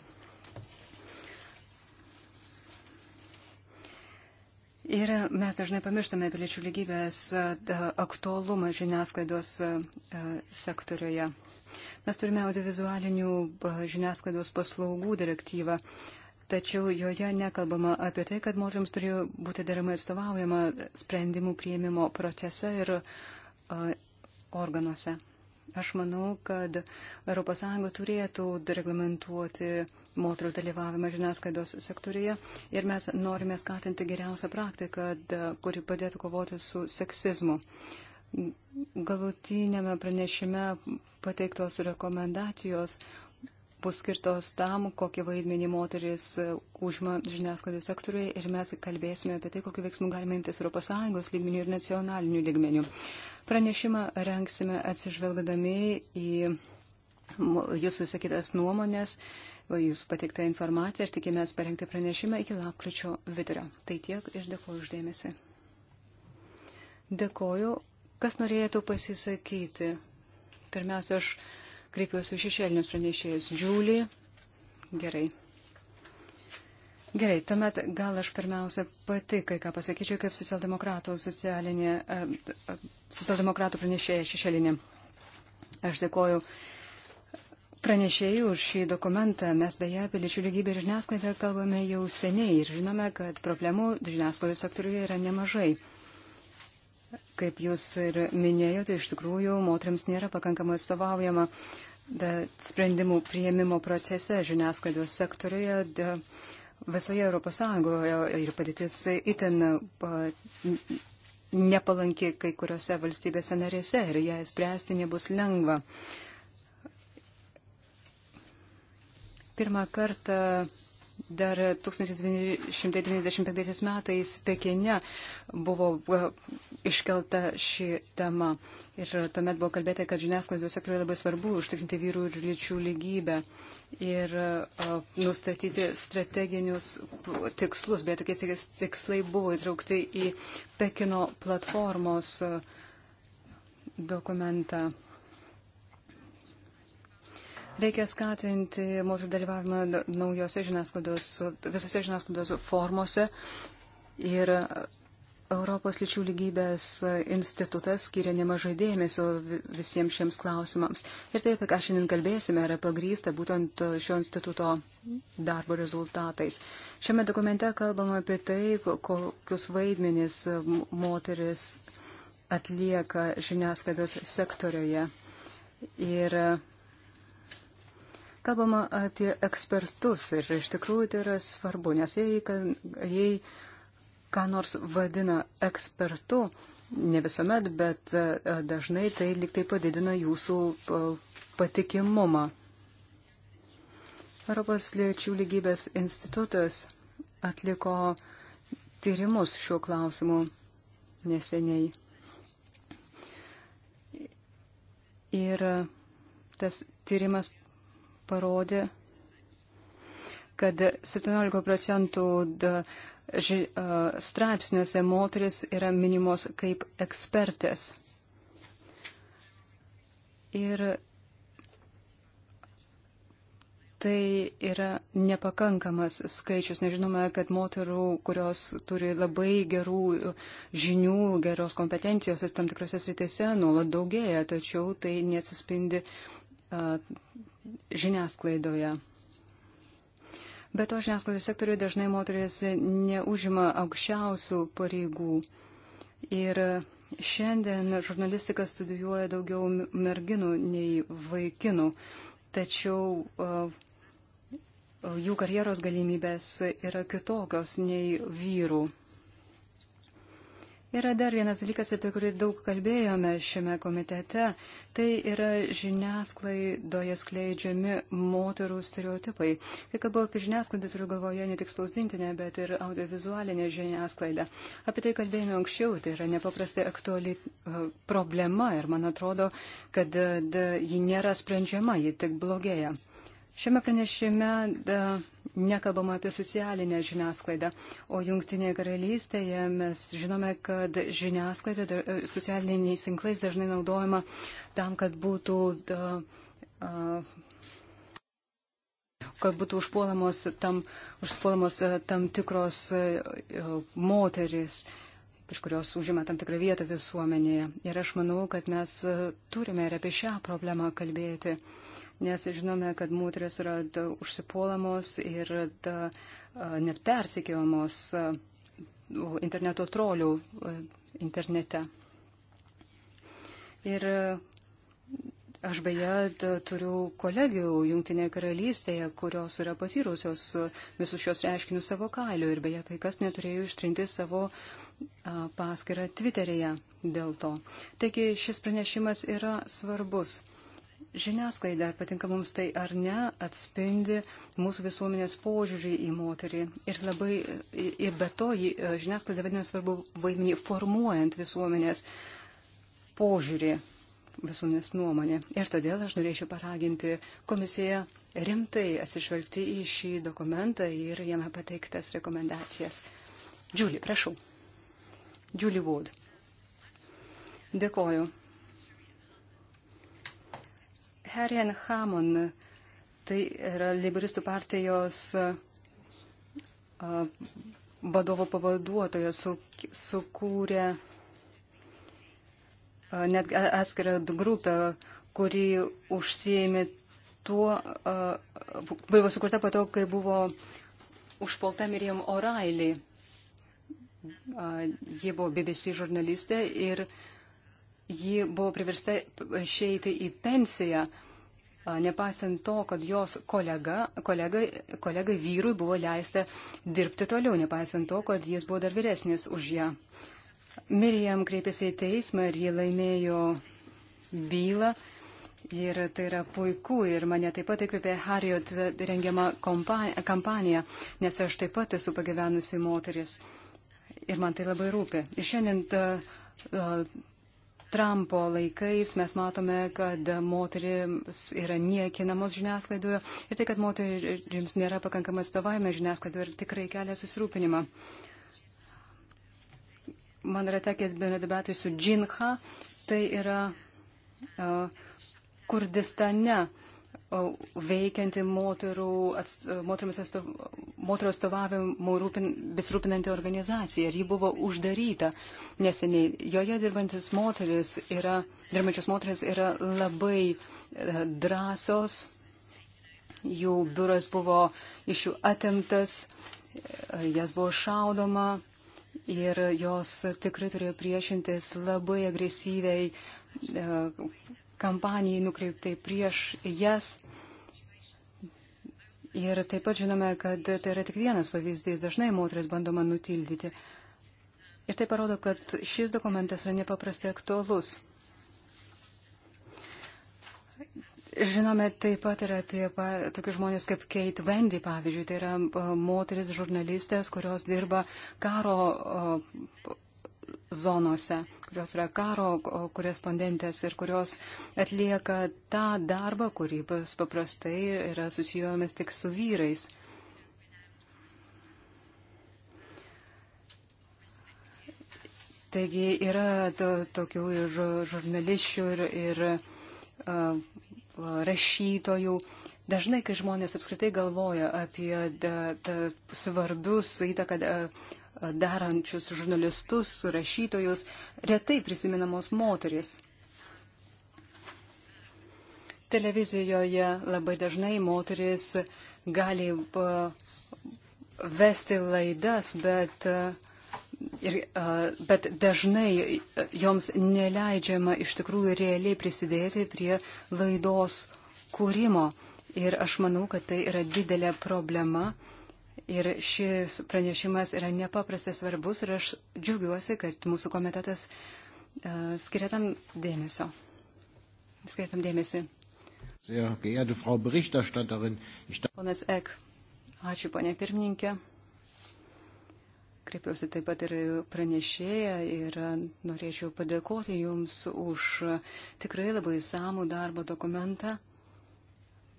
Ir mes dažnai pamirštame piliečių lygybės aktualumą žiniasklaidos sektoriuje. Mes turime audiovizualinių žiniasklaidos paslaugų direktyvą, tačiau joje nekalbama apie tai, kad moteriams turėjo būti deramai atstovaujama sprendimų prieimimo procese ir organuose. Aš manau, kad ES turėtų reglamentuoti moterų dalyvavimą žiniasklaidos sektorija ir mes norime skatinti geriausią praktiką, kuri padėtų kovoti su seksizmu. Galutinėme pranešime pateiktos rekomendacijos bus skirtos tam, kokį vaidmenį moteris e, užma žiniasklaidos sektoriuje ir mes kalbėsime apie tai, kokiu veiksmu galime imtis ES lygmenių ir nacionalinių lygmenių. Pranešimą rengsime atsižvelgdami į jūsų sakytas nuomonės, uh, jūsų pateiktą informaciją ir tikimės parengti pranešimą iki lapkričio vidurio. Tai tiek ir dėkuoju uždėmesi. Dėkuoju. Kas norėtų pasisakyti? Pirmiausia, aš kreipiuosi šešėlinius pranešėjus. Džiulį. Gerai. Gerai, tuomet gal aš pirmiausia pati kai ką pasakyčiau kaip socialdemokratų, e, e, socialdemokratų pranešėja šešėlinė. Aš dėkoju pranešėjų už šį dokumentą. Mes beje apie lyčių lygybę ir žiniasklaidą kalbame jau seniai ir žinome, kad problemų žiniasklaidos sektoriuje yra nemažai. Kaip jūs ir minėjote, iš tikrųjų moteriams nėra pakankamai atstovaujama da, sprendimų prieimimo procese žiniasklaidos sektoriuje. Da, visoje Europos Sąjungoje ir padėtis itin nepalanki kai kuriuose valstybėse narėse ir ją spręsti nebus lengva. Uh, Pirmą kartą dar 1995 metais Pekine buvo e, iškelta ši tema. Ir tuomet buvo kalbėta, kad žiniasklaidos sektoriuje labai svarbu užtikrinti vyrų ir lyčių lygybę ir e, nustatyti strateginius tikslus. Bet tokie tikslai buvo įtraukti į Pekino platformos e, dokumentą. Reikia skatinti moterų dalyvavimą naujose žiniasklaidos, visose žiniasklaidos formose. Ir Europos lyčių lygybės institutas skiria nemažai dėmesio visiems šiems klausimams. Ir tai, apie ką šiandien kalbėsime, yra pagrysta būtent šio instituto darbo rezultatais. Šiame dokumente kalbama apie tai, kokius vaidmenis moteris atlieka žiniasklaidos sektorioje. Ir Kalbama apie ekspertus ir iš tikrųjų tai yra svarbu, nes jei, jei ką nors vadina ekspertu, ne visuomet, bet e, e, dažnai tai liktai padidina jūsų e, patikimumą. Europos lėčių lygybės institutas atliko tyrimus šiuo klausimu neseniai. Ir tas tyrimas parodė, kad 17 procentų straipsniuose moteris yra minimos kaip ekspertės. Ir tai yra nepakankamas skaičius. Nežinome, kad moterų, kurios turi labai gerų žinių, geros kompetencijos tam tikrose sritėse nuolat daugėja, tačiau tai neatsispindi žiniasklaidoje. Bet to žiniasklaidos sektoriuje dažnai moteris neužima aukščiausių pareigų. Ir šiandien žurnalistika studijuoja daugiau merginų nei vaikinų. Tačiau uh, jų karjeros galimybės yra kitokios nei vyrų. Yra dar vienas dalykas, apie kurį daug kalbėjome šiame komitete. Tai yra žiniasklaidoje skleidžiami moterų stereotipai. Kai kalbu apie žiniasklaidą, turiu galvoje ne tik spausdintinę, bet ir audiovizualinę žiniasklaidą. Apie tai kalbėjome anksčiau, tai yra nepaprastai aktuali e, problema ir man atrodo, kad e, ji nėra sprendžiama, ji tik blogėja. Šiame pranešime e, nekalbama apie socialinę žiniasklaidą. O Junktinėje karalystėje mes žinome, kad žiniasklaida e, socialiniais tinklais dažnai naudojama tam, kad būtų. Da, kad būtų užpuolamos tam, užpuolamos e, tam tikros e, moteris, iš kurios užima tam tikrą vietą visuomenėje. Ir aš manau, kad mes turime ir apie šią problemą kalbėti. Uh, nes žinome, kad moteris yra da, užsipuolamos ir da, net persikėjamos interneto trolių internete. Ir aš beje da, turiu kolegijų Junktinėje karalystėje, kurios yra patyrusios visus šios reiškinius savo kailiu ir beje kai kas neturėjo ištrinti savo paskirą Twitterėje dėl to. Taigi šis pranešimas yra svarbus žiniasklaida, patinka mums tai ar ne, atspindi mūsų visuomenės požiūrį į moterį. Ir, labai, ir be to e, žiniasklaida vadina svarbu vaidmenį formuojant visuomenės požiūrį, visuomenės nuomonę. Ir todėl aš norėčiau paraginti komisiją rimtai atsižvelgti į šį dokumentą ir jame pateiktas rekomendacijas. Džiulį, prašau. Džiulį Wood. Dėkoju. Harrian Hamon, tai yra Liberistų partijos vadovo pavaduotojas, su, sukūrė net atskirą grupę, kuri užsiėmė tuo, buvo sukurta po to, kai buvo užpulta Miriam O'Reilly. Ji buvo BBC žurnalistė ir uh, ji buvo priversta išeiti į pensiją, nepaisant to, kad jos kolega, kolega, kolega vyrui buvo leista dirbti toliau, nepaisant to, kad jis buvo dar vyresnis už ją. Mirjam kreipėsi į teismą ir ji laimėjo bylą. Ir tai yra puiku ir mane taip pat įkvėpė Harriot rengiama kampanija, nes aš taip pat esu pagyvenusi moteris. Ir man tai labai rūpi. Ir šiandien ta, Trumpo laikais mes matome, kad moterims yra niekinamos žiniasklaidoje ir tai, kad moterims nėra pakankamai atstovavime žiniasklaidoje ir tikrai kelia susirūpinimą. Man yra tekęs bendradarbiauti su Džinha, tai yra uh, Kurdistane. Uh, veikianti moterų, atstovavim, moterų atstovavimu rūpin, besirūpinanti organizacija. Ir ji buvo uždaryta neseniai. Joje dirbantis moteris yra, dirbančios moteris yra labai e, drąsos. Jų biuras buvo iš jų atimtas, e, jas buvo šaudoma ir jos tikrai turėjo priešintis labai agresyviai e, kampanijai nukreiptai prieš jas. Ir taip pat žinome, kad tai yra tik vienas pavyzdys, dažnai moteris bandoma nutildyti. Ir tai parodo, kad šis dokumentas yra nepaprastai aktuolus. Žinome taip pat ir apie pa, tokius žmonės kaip Kate Wendy, pavyzdžiui, tai yra moteris žurnalistės, kurios dirba karo o, zonose, kurios yra karo korespondentės ir kurios atlieka tą darbą, kurį paprastai yra susijomis tik su vyrais. Taigi yra to, tokių ir žurnališių, ir, ir uh, rašytojų. Dažnai, kai žmonės apskritai galvoja apie da, da, svarbius įtaką da, darančius žurnalistus, rašytojus, retai prisiminamos moteris. Televizijoje labai dažnai moteris gali e, vesti laidas, bet, e, ir, e, bet dažnai joms neleidžiama iš tikrųjų realiai prisidėti prie laidos kūrimo. Ir aš manau, kad tai yra didelė problema, Ir šis pranešimas yra nepaprastai svarbus ir aš džiaugiuosi, kad mūsų komitetas uh, skiria tam dėmesio. Skiria tam dėmesį. Ponas Ek, ačiū ponė pirmininkė. Kreipiausi taip pat ir pranešėją ir norėčiau padėkoti Jums už tikrai labai samų darbo dokumentą.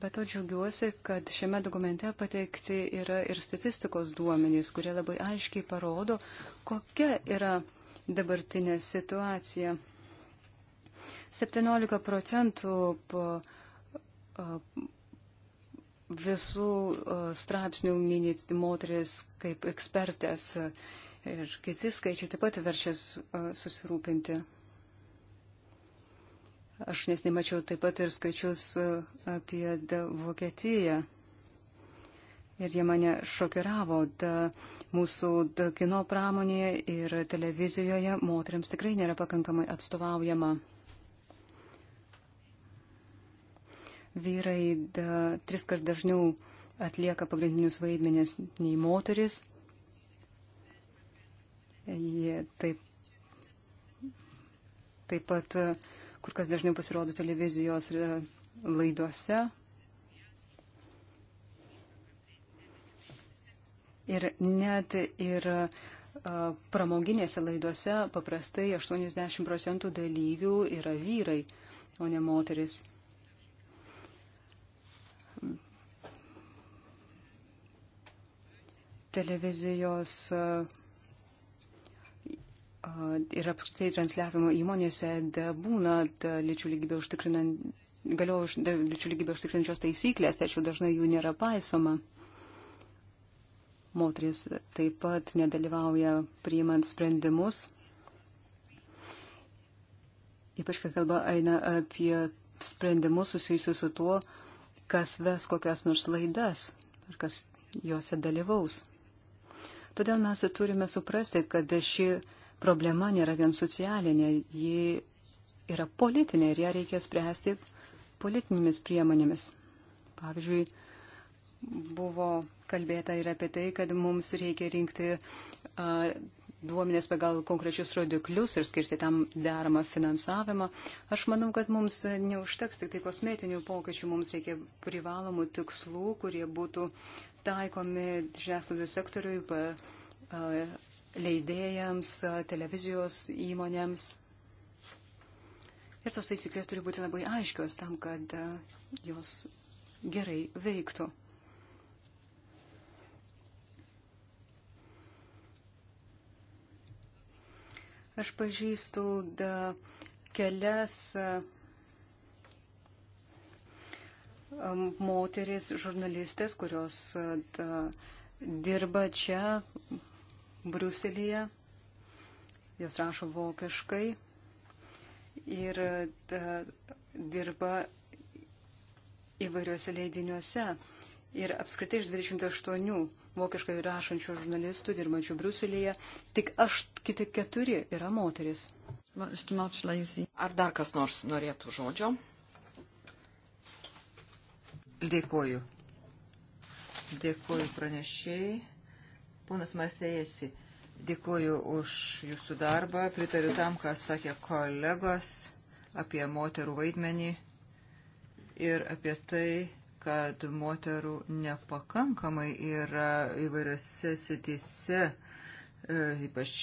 Bet to džiaugiuosi, kad šiame dokumente pateikti yra ir statistikos duomenys, kurie labai aiškiai parodo, kokia yra dabartinė situacija. 17 procentų visų strapsnių minit moteris kaip ekspertės ir kiti skaičiai taip pat verčia susirūpinti. Aš nesnemačiau taip pat ir skaičius e, apie Vokietiją. Ir jie mane šokiravo. Da, mūsų da, kino pramonėje ir televizijoje moteriams tikrai nėra pakankamai atstovaujama. Vyrai da, tris kart dažniau atlieka pagrindinius vaidmenis nei moteris. Jie taip, taip pat. Uh, kur kas dažniau pasirodo televizijos e, laiduose. Ir net ir e, pramoginėse laiduose paprastai 80 procentų dalyvių yra vyrai, o ne moteris. Televizijos uh, ir apskritai transliavimo įmonėse būna lyčių lygybę užtikrinant galioja lyčių lygybę užtikrinčios taisyklės, tačiau dažnai jų nėra paisoma. Moteris taip pat nedalyvauja priimant sprendimus, ypač kai kalba eina apie sprendimus susijusius su tuo, kas ves kokias nors laidas ar kas juose dalyvaus. Todėl mes turime suprasti, kad ši problema nėra vien socialinė, ji yra politinė ir ją reikia spręsti politinėmis priemonėmis. Pavyzdžiui, buvo kalbėta ir apie tai, kad mums reikia rinkti uh, duomenės pagal konkrečius rodiklius ir skirti tam deramą finansavimą. Aš manau, kad mums neužteks tik tai kosmetinių pokyčių, mums reikia privalomų tikslų, kurie būtų taikomi žiniasklaidos sektoriui, leidėjams, televizijos įmonėms. Ir tos taisyklės turi būti labai aiškios tam, kad e, jos gerai veiktų. Aš pažįstu da, kelias e, moteris žurnalistės, kurios e, da, dirba čia Bruselėje, jos rašo vokiškai ir ta, e, dirba įvairiuose leidiniuose. Ir apskritai iš 28 vokiškai rašančių žurnalistų dirbančių Bruselėje, tik aš kiti keturi yra moteris. Ar dar kas nors norėtų žodžio? Dėkoju. Dėkoju pranešėjai. Ponas Martėjasi, dėkuoju už jūsų darbą, pritariu tam, ką sakė kolegos apie moterų vaidmenį ir apie tai, kad moterų nepakankamai yra įvairiose sitise, e, ypač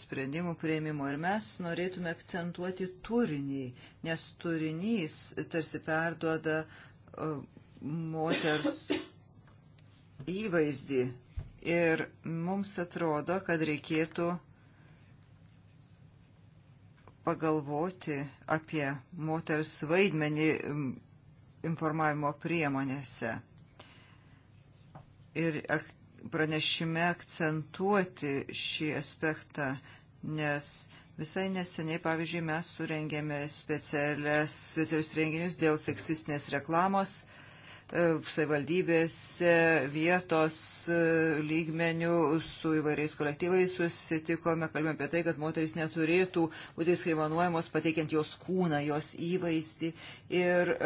sprendimų prieimimo. Ir mes norėtume akcentuoti turinį, nes turinys tarsi perduoda e, moters įvaizdį Ir mums atrodo, kad reikėtų pagalvoti apie moters vaidmenį informavimo priemonėse. Ir pranešime akcentuoti šį aspektą, nes visai neseniai, pavyzdžiui, mes surengėme specialius renginius dėl seksistinės reklamos E, savivaldybėse vietos e, lygmenių su įvairiais kolektyvais susitikome, kalbėjome apie tai, kad moteris neturėtų būti diskriminuojamos pateikiant jos kūną, jos įvaizdį ir e,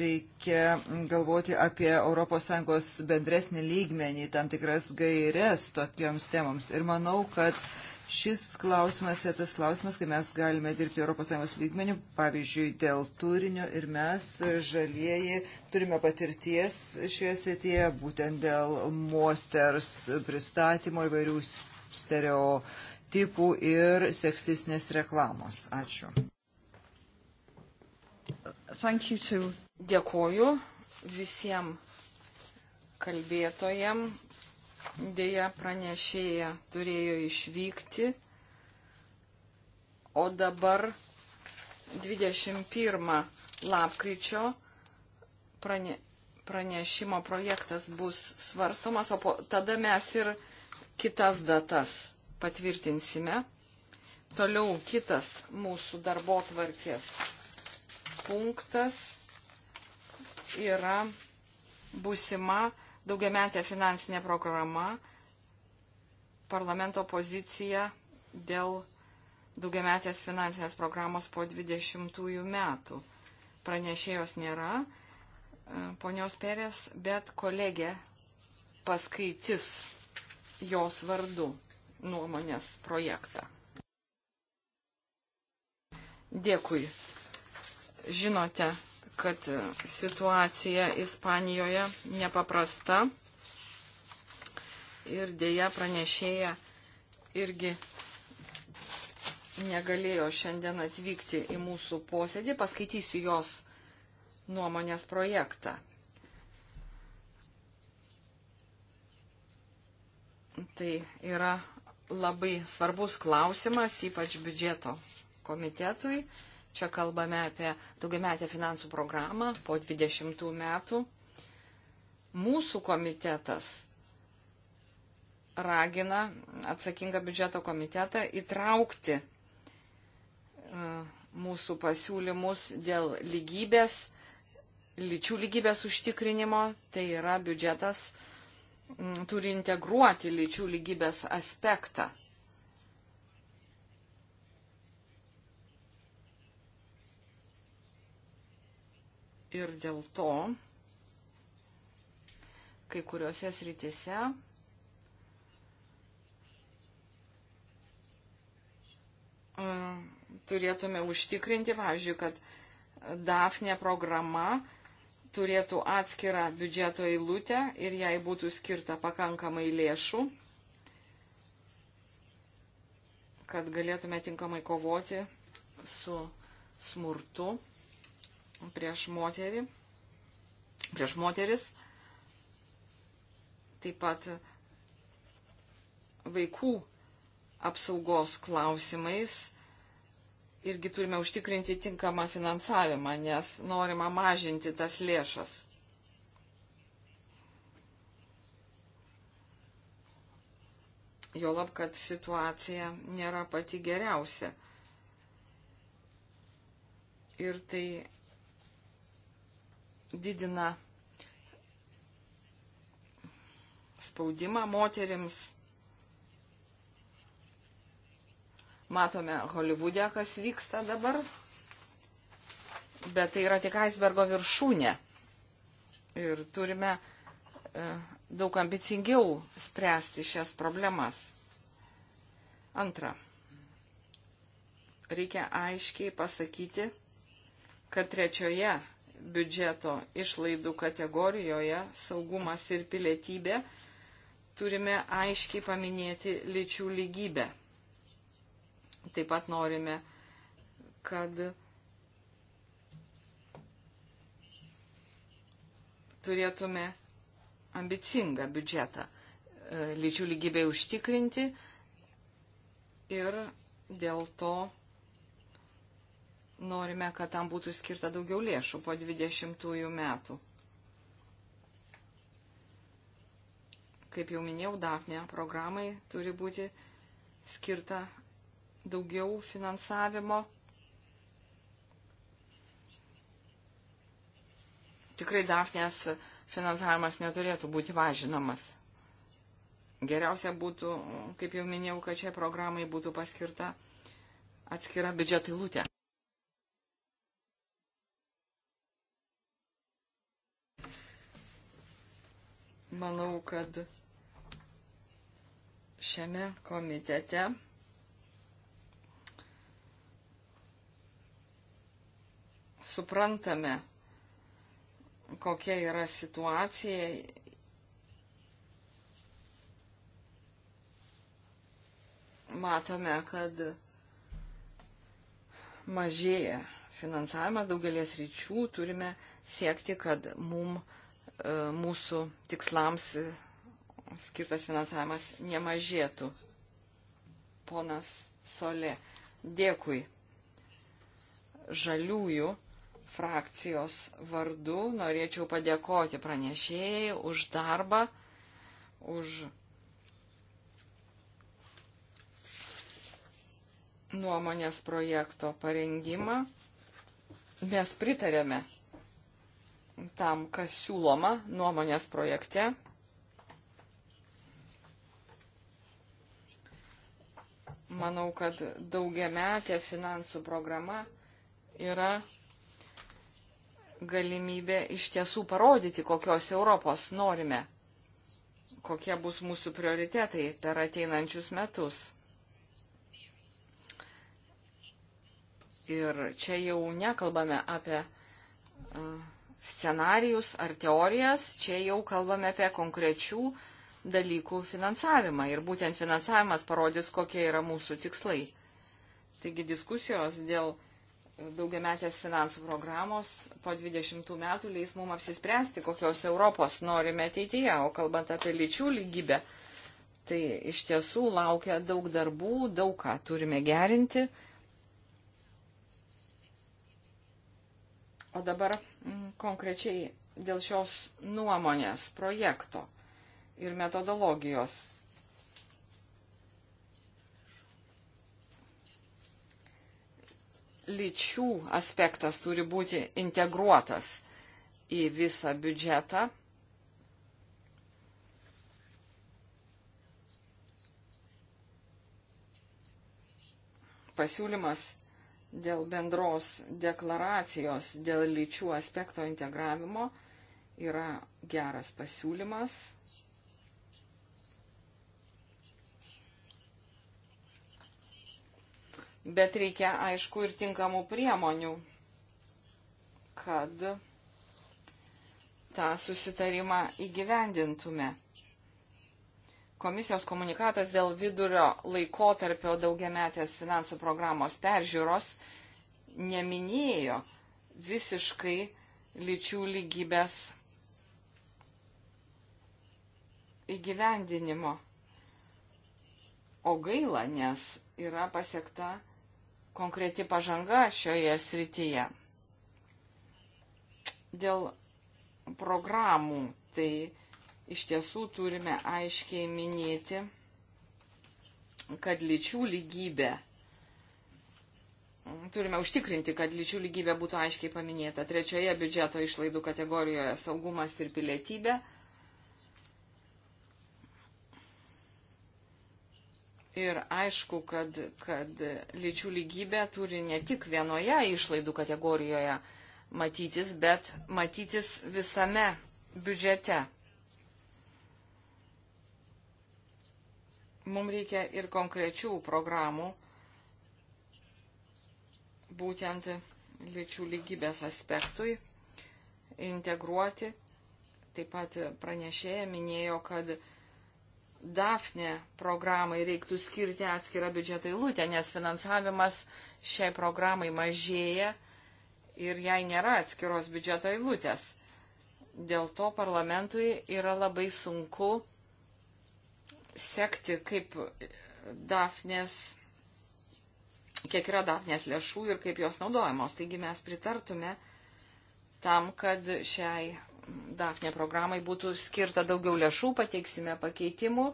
reikia galvoti apie ES bendresnį lygmenį, tam tikras gairias tokioms temoms. Ir manau, kad uh, Šis klausimas yra tas klausimas, kai mes galime dirbti ES lygmenių, pavyzdžiui, dėl turinio ir mes žalieji turime patirties šioje srityje, būtent dėl moters pristatymo įvairių stereotipų ir seksistinės reklamos. Ačiū. Dėkoju visiems kalbėtojams Deja, pranešėja turėjo išvykti, o dabar 21 lapkričio prane, pranešimo projektas bus svarstomas, o po, tada mes ir kitas datas patvirtinsime. Toliau kitas mūsų darbo tvarkės punktas yra būsima daugiametė finansinė programa, parlamento pozicija dėl daugiametės finansinės programos po 20 metų. Pranešėjos nėra, e, ponios Perės, bet kolegė paskaitys jos vardu nuomonės projektą. Dėkui. Žinote, kad situacija Ispanijoje nepaprasta ir dėja pranešėja irgi negalėjo šiandien atvykti į mūsų posėdį, paskaitysiu jos nuomonės projektą. Tai yra labai svarbus klausimas, ypač biudžeto komitetui. Čia kalbame apie daugiametę finansų programą po 20 metų. Mūsų komitetas ragina atsakingą biudžeto komitetą įtraukti e, mūsų pasiūlymus dėl lygybės, lyčių lygybės užtikrinimo, tai yra biudžetas turi integruoti lyčių lygybės aspektą. ir dėl to kai kuriuose sritise e, turėtume užtikrinti, pavyzdžiui, kad DAFNE programa turėtų atskirą biudžeto eilutę ir jai būtų skirta pakankamai lėšų, kad galėtume tinkamai kovoti su smurtu prieš moterį, prieš moteris, taip pat vaikų apsaugos klausimais irgi turime užtikrinti tinkamą finansavimą, nes norima mažinti tas lėšas. Jolab, kad situacija nėra pati geriausia. Ir tai didina spaudimą moterims. Matome Holivudė, kas vyksta dabar, bet tai yra tik aisbergo viršūnė. Ir turime e, daug ambicingiau spręsti šias problemas. Antra. Reikia aiškiai pasakyti, kad trečioje biudžeto išlaidų kategorijoje saugumas ir pilietybė turime aiškiai paminėti lyčių lygybę. Taip pat norime, kad turėtume ambicingą biudžetą e, lyčių lygybei užtikrinti ir dėl to norime, kad tam būtų skirta daugiau lėšų po 20 metų. Kaip jau minėjau, DAFNE programai turi būti skirta daugiau finansavimo. Tikrai DAFNES finansavimas neturėtų būti mažinamas. Geriausia būtų, kaip jau minėjau, kad šiai programai būtų paskirta atskira biudžeto įlūtė. Manau, kad šiame komitete suprantame, kokia yra situacija. Matome, kad mažėja finansavimas daugelės ryčių, turime siekti, kad mum E, mūsų tikslams e, skirtas finansavimas nemažėtų. Ponas Solė, dėkui. Žaliųjų frakcijos vardu norėčiau padėkoti pranešėjai už darbą, už nuomonės projekto parengimą. Mes pritarėme tam, kas siūloma nuomonės projekte. Manau, kad daugiametė finansų programa yra galimybė iš tiesų parodyti, kokios Europos norime, kokie bus mūsų prioritetai per ateinančius metus. Ir čia jau nekalbame apie uh, scenarius ar teorijas, čia jau kalbame apie konkrečių dalykų finansavimą. Ir būtent finansavimas parodys, kokie yra mūsų tikslai. Taigi diskusijos dėl daugiametės finansų programos po 20 metų leis mums apsispręsti, kokios Europos norime ateityje. O kalbant apie lyčių lygybę, tai iš tiesų laukia daug darbų, daug ką turime gerinti. O dabar m, mm, konkrečiai dėl šios nuomonės, projekto ir metodologijos. Lyčių aspektas turi būti integruotas į visą biudžetą. Pasiūlymas dėl bendros deklaracijos dėl lyčių aspekto integravimo yra geras pasiūlymas. Bet reikia, aišku, ir tinkamų priemonių, kad tą susitarimą įgyvendintume komisijos komunikatas dėl vidurio laikotarpio daugiametės finansų programos peržiūros neminėjo visiškai lyčių lygybės įgyvendinimo. O gaila, nes yra pasiekta konkreti pažanga šioje srityje. Dėl programų tai iš tiesų turime aiškiai minėti, kad lyčių lygybė, turime užtikrinti, kad lyčių lygybė būtų aiškiai paminėta. Trečioje biudžeto išlaidų kategorijoje saugumas ir pilietybė. Ir aišku, kad, kad lyčių lygybė turi ne tik vienoje išlaidų kategorijoje matytis, bet matytis visame biudžete. mums reikia ir konkrečių programų, būtent lyčių lygybės aspektui integruoti. Taip pat pranešėja minėjo, kad DAFNE programai reiktų skirti atskirą biudžetą įlūtę, nes finansavimas šiai programai mažėja ir jai nėra atskiros biudžeto įlūtės. Dėl to parlamentui yra labai sunku sekti, kaip Dafnės, kiek yra Dafnės lėšų ir kaip jos naudojamos. Taigi mes pritartume tam, kad šiai Dafnė programai būtų skirta daugiau lėšų, pateiksime pakeitimų,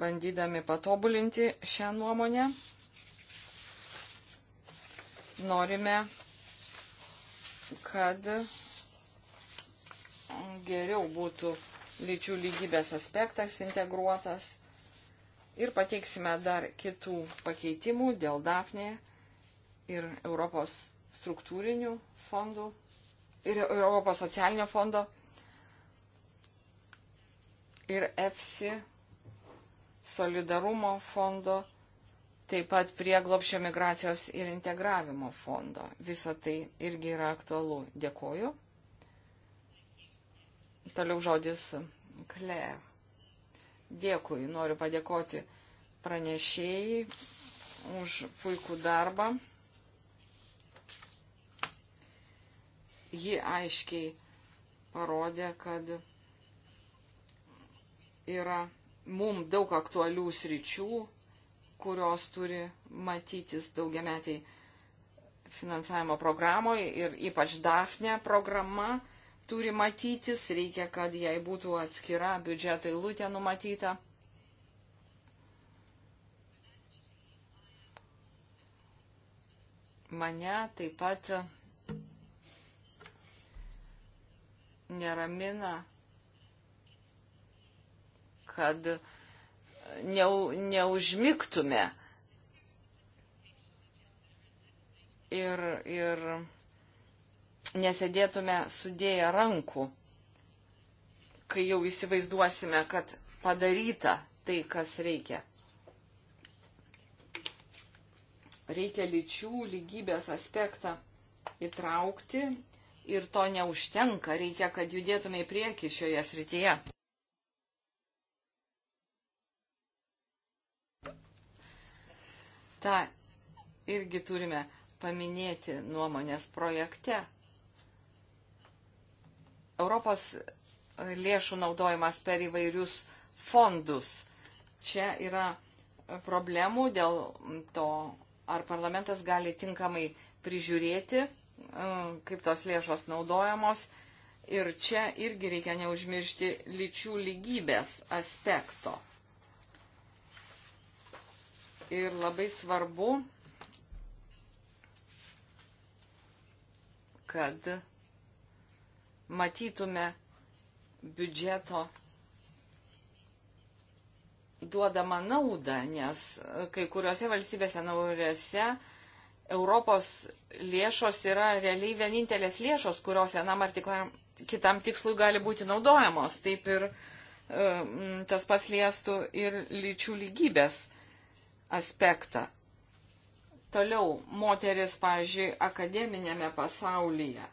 bandydami patobulinti šią nuomonę. Norime, kad geriau būtų lyčių lygybės aspektas integruotas. Ir pateiksime dar kitų pakeitimų dėl DAFNE ir Europos struktūrinių fondų ir Europos socialinio fondo ir EFSI solidarumo fondo, taip pat prieglopščio migracijos ir integravimo fondo. Visa tai irgi yra aktualu. Dėkoju. Toliau žodis Claire. Dėkui, noriu padėkoti pranešėjai už puikų darbą. Ji aiškiai parodė, kad yra mum daug aktualių sričių, kurios turi matytis daugiametiai finansavimo programoje ir ypač DAFNE programa turi matytis, reikia, kad jai būtų atskira biudžetai lūtė numatyta. Mane taip pat neramina, kad ne, neužmygtume. Ir, ir nesėdėtume sudėję rankų, kai jau įsivaizduosime, kad padaryta tai, kas reikia. Reikia lyčių lygybės aspektą įtraukti ir to neužtenka, reikia, kad judėtume į priekį šioje srityje. Ta irgi turime paminėti nuomonės projekte. Europos lėšų naudojimas per įvairius fondus. Čia yra problemų dėl to, ar parlamentas gali tinkamai prižiūrėti, e, kaip tos lėšos naudojamos. Ir čia irgi reikia neužmiršti lyčių lygybės aspekto. Ir labai svarbu, kad matytume biudžeto duodama naudą, nes kai kuriuose valstybėse naurėse Europos lėšos yra realiai vienintelės lėšos, kurios vienam ar tiklam, kitam tikslui gali būti naudojamos. Taip ir mm, tas pats liestų ir lyčių lygybės aspektą. Toliau moteris, pavyzdžiui, akademinėme pasaulyje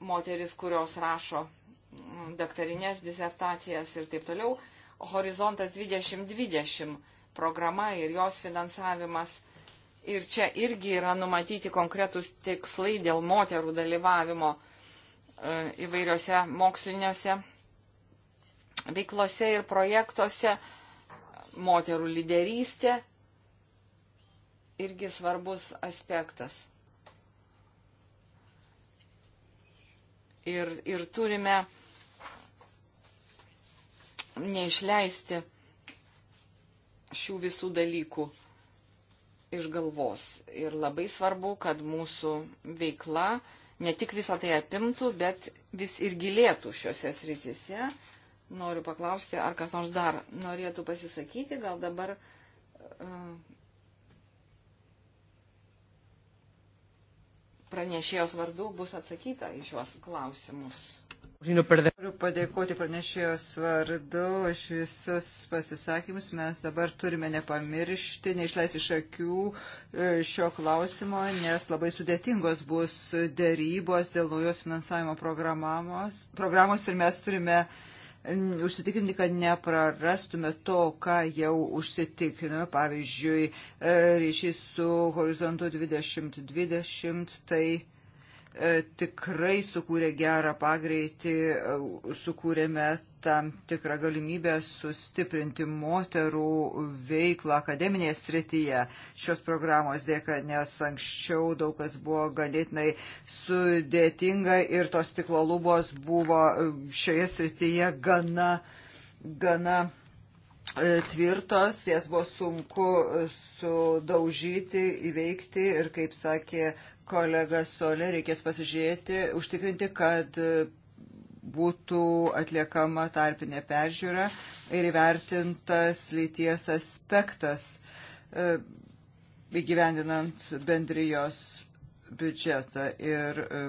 moteris, kurios rašo mm, daktarinės disertacijas ir taip toliau. Horizontas 2020 programa ir jos finansavimas. Ir čia irgi yra numatyti konkretus tikslai dėl moterų dalyvavimo e, įvairiose moksliniuose veiklose ir projektuose, moterų lyderystė irgi svarbus aspektas. ir, ir turime neišleisti šių visų dalykų iš galvos. Ir labai svarbu, kad mūsų veikla ne tik visą tai apimtų, bet vis ir gilėtų šiuose srityse. Noriu paklausti, ar kas nors dar norėtų pasisakyti, gal dabar uh, pranešėjos vardu bus atsakyta į šiuos klausimus. Noriu padėkoti pranešėjos vardu už visus pasisakymus. Mes dabar turime nepamiršti, neišleisti iš akių e, šio klausimo, nes labai sudėtingos bus dėrybos dėl naujos finansavimo programos ir mes turime uh, Mm, užsitikrinti, kad neprarastume to, ką jau užsitikrinome, pavyzdžiui, e, ryšys su horizontu 2020, tai e, tikrai sukūrė gerą pagreitį, e, sukūrėme tam tikrą galimybę sustiprinti moterų veiklą akademinėje srityje šios programos dėka, nes anksčiau daug kas buvo ganėtinai sudėtinga ir tos stiklo lubos buvo e, šioje srityje gana, gana e, tvirtos, jas buvo sunku e, sudaužyti, įveikti ir, kaip sakė kolega Solė, reikės pasižiūrėti, užtikrinti, kad būtų atliekama tarpinė peržiūra ir įvertintas lyties aspektas e, įgyvendinant bendrijos biudžetą. Ir e,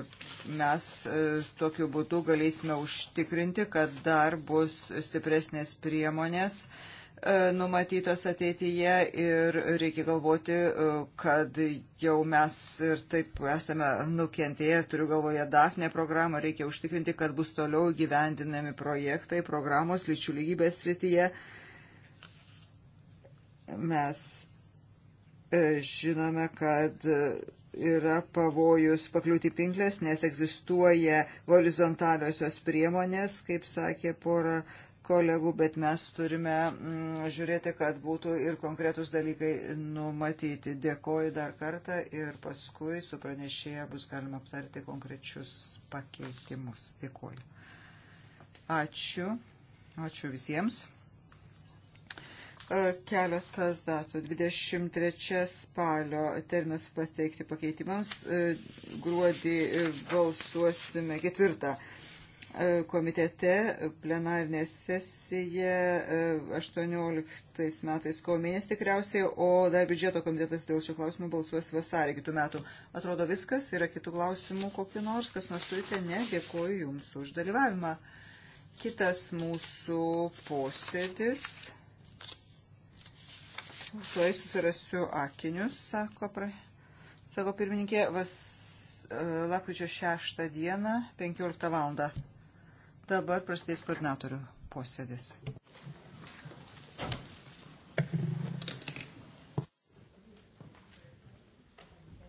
mes e, tokiu būdu galėsime užtikrinti, kad dar bus stipresnės priemonės uh, E, numatytos ateityje ir reikia galvoti, e, kad jau mes ir taip esame nukentėję, turiu galvoje DAFNE programą, reikia užtikrinti, kad bus toliau gyvendinami projektai, programos lyčių lygybės srityje. Mes e, žinome, kad yra pavojus pakliūti pinklės, nes egzistuoja horizontaliosios priemonės, kaip sakė pora kolegų, bet mes turime mm, žiūrėti, kad būtų ir konkretus dalykai numatyti. Dėkoju dar kartą ir paskui su pranešėja bus galima aptarti konkrečius pakeitimus. Dėkoju. Ačiū. Ačiū visiems. E, keletas datų. 23 spalio terminas pateikti pakeitimams. E, gruodį e, balsuosime ketvirtą. E, komitete e, plenarinė sesija 18 e, metais kovo mėnesį tikriausiai, o dar biudžeto komitetas dėl šio klausimo balsuos vasarį kitų metų. Atrodo viskas, yra kitų klausimų kokiu nors, kas nors turite, ne, dėkoju Jums už dalyvavimą. Kitas mūsų posėdis. Tuoj susirasiu akinius, sako, pra... sako pirmininkė, vas, lapkričio 6 dieną, 15 valandą. Dabar prasidės koordinatorių posėdis.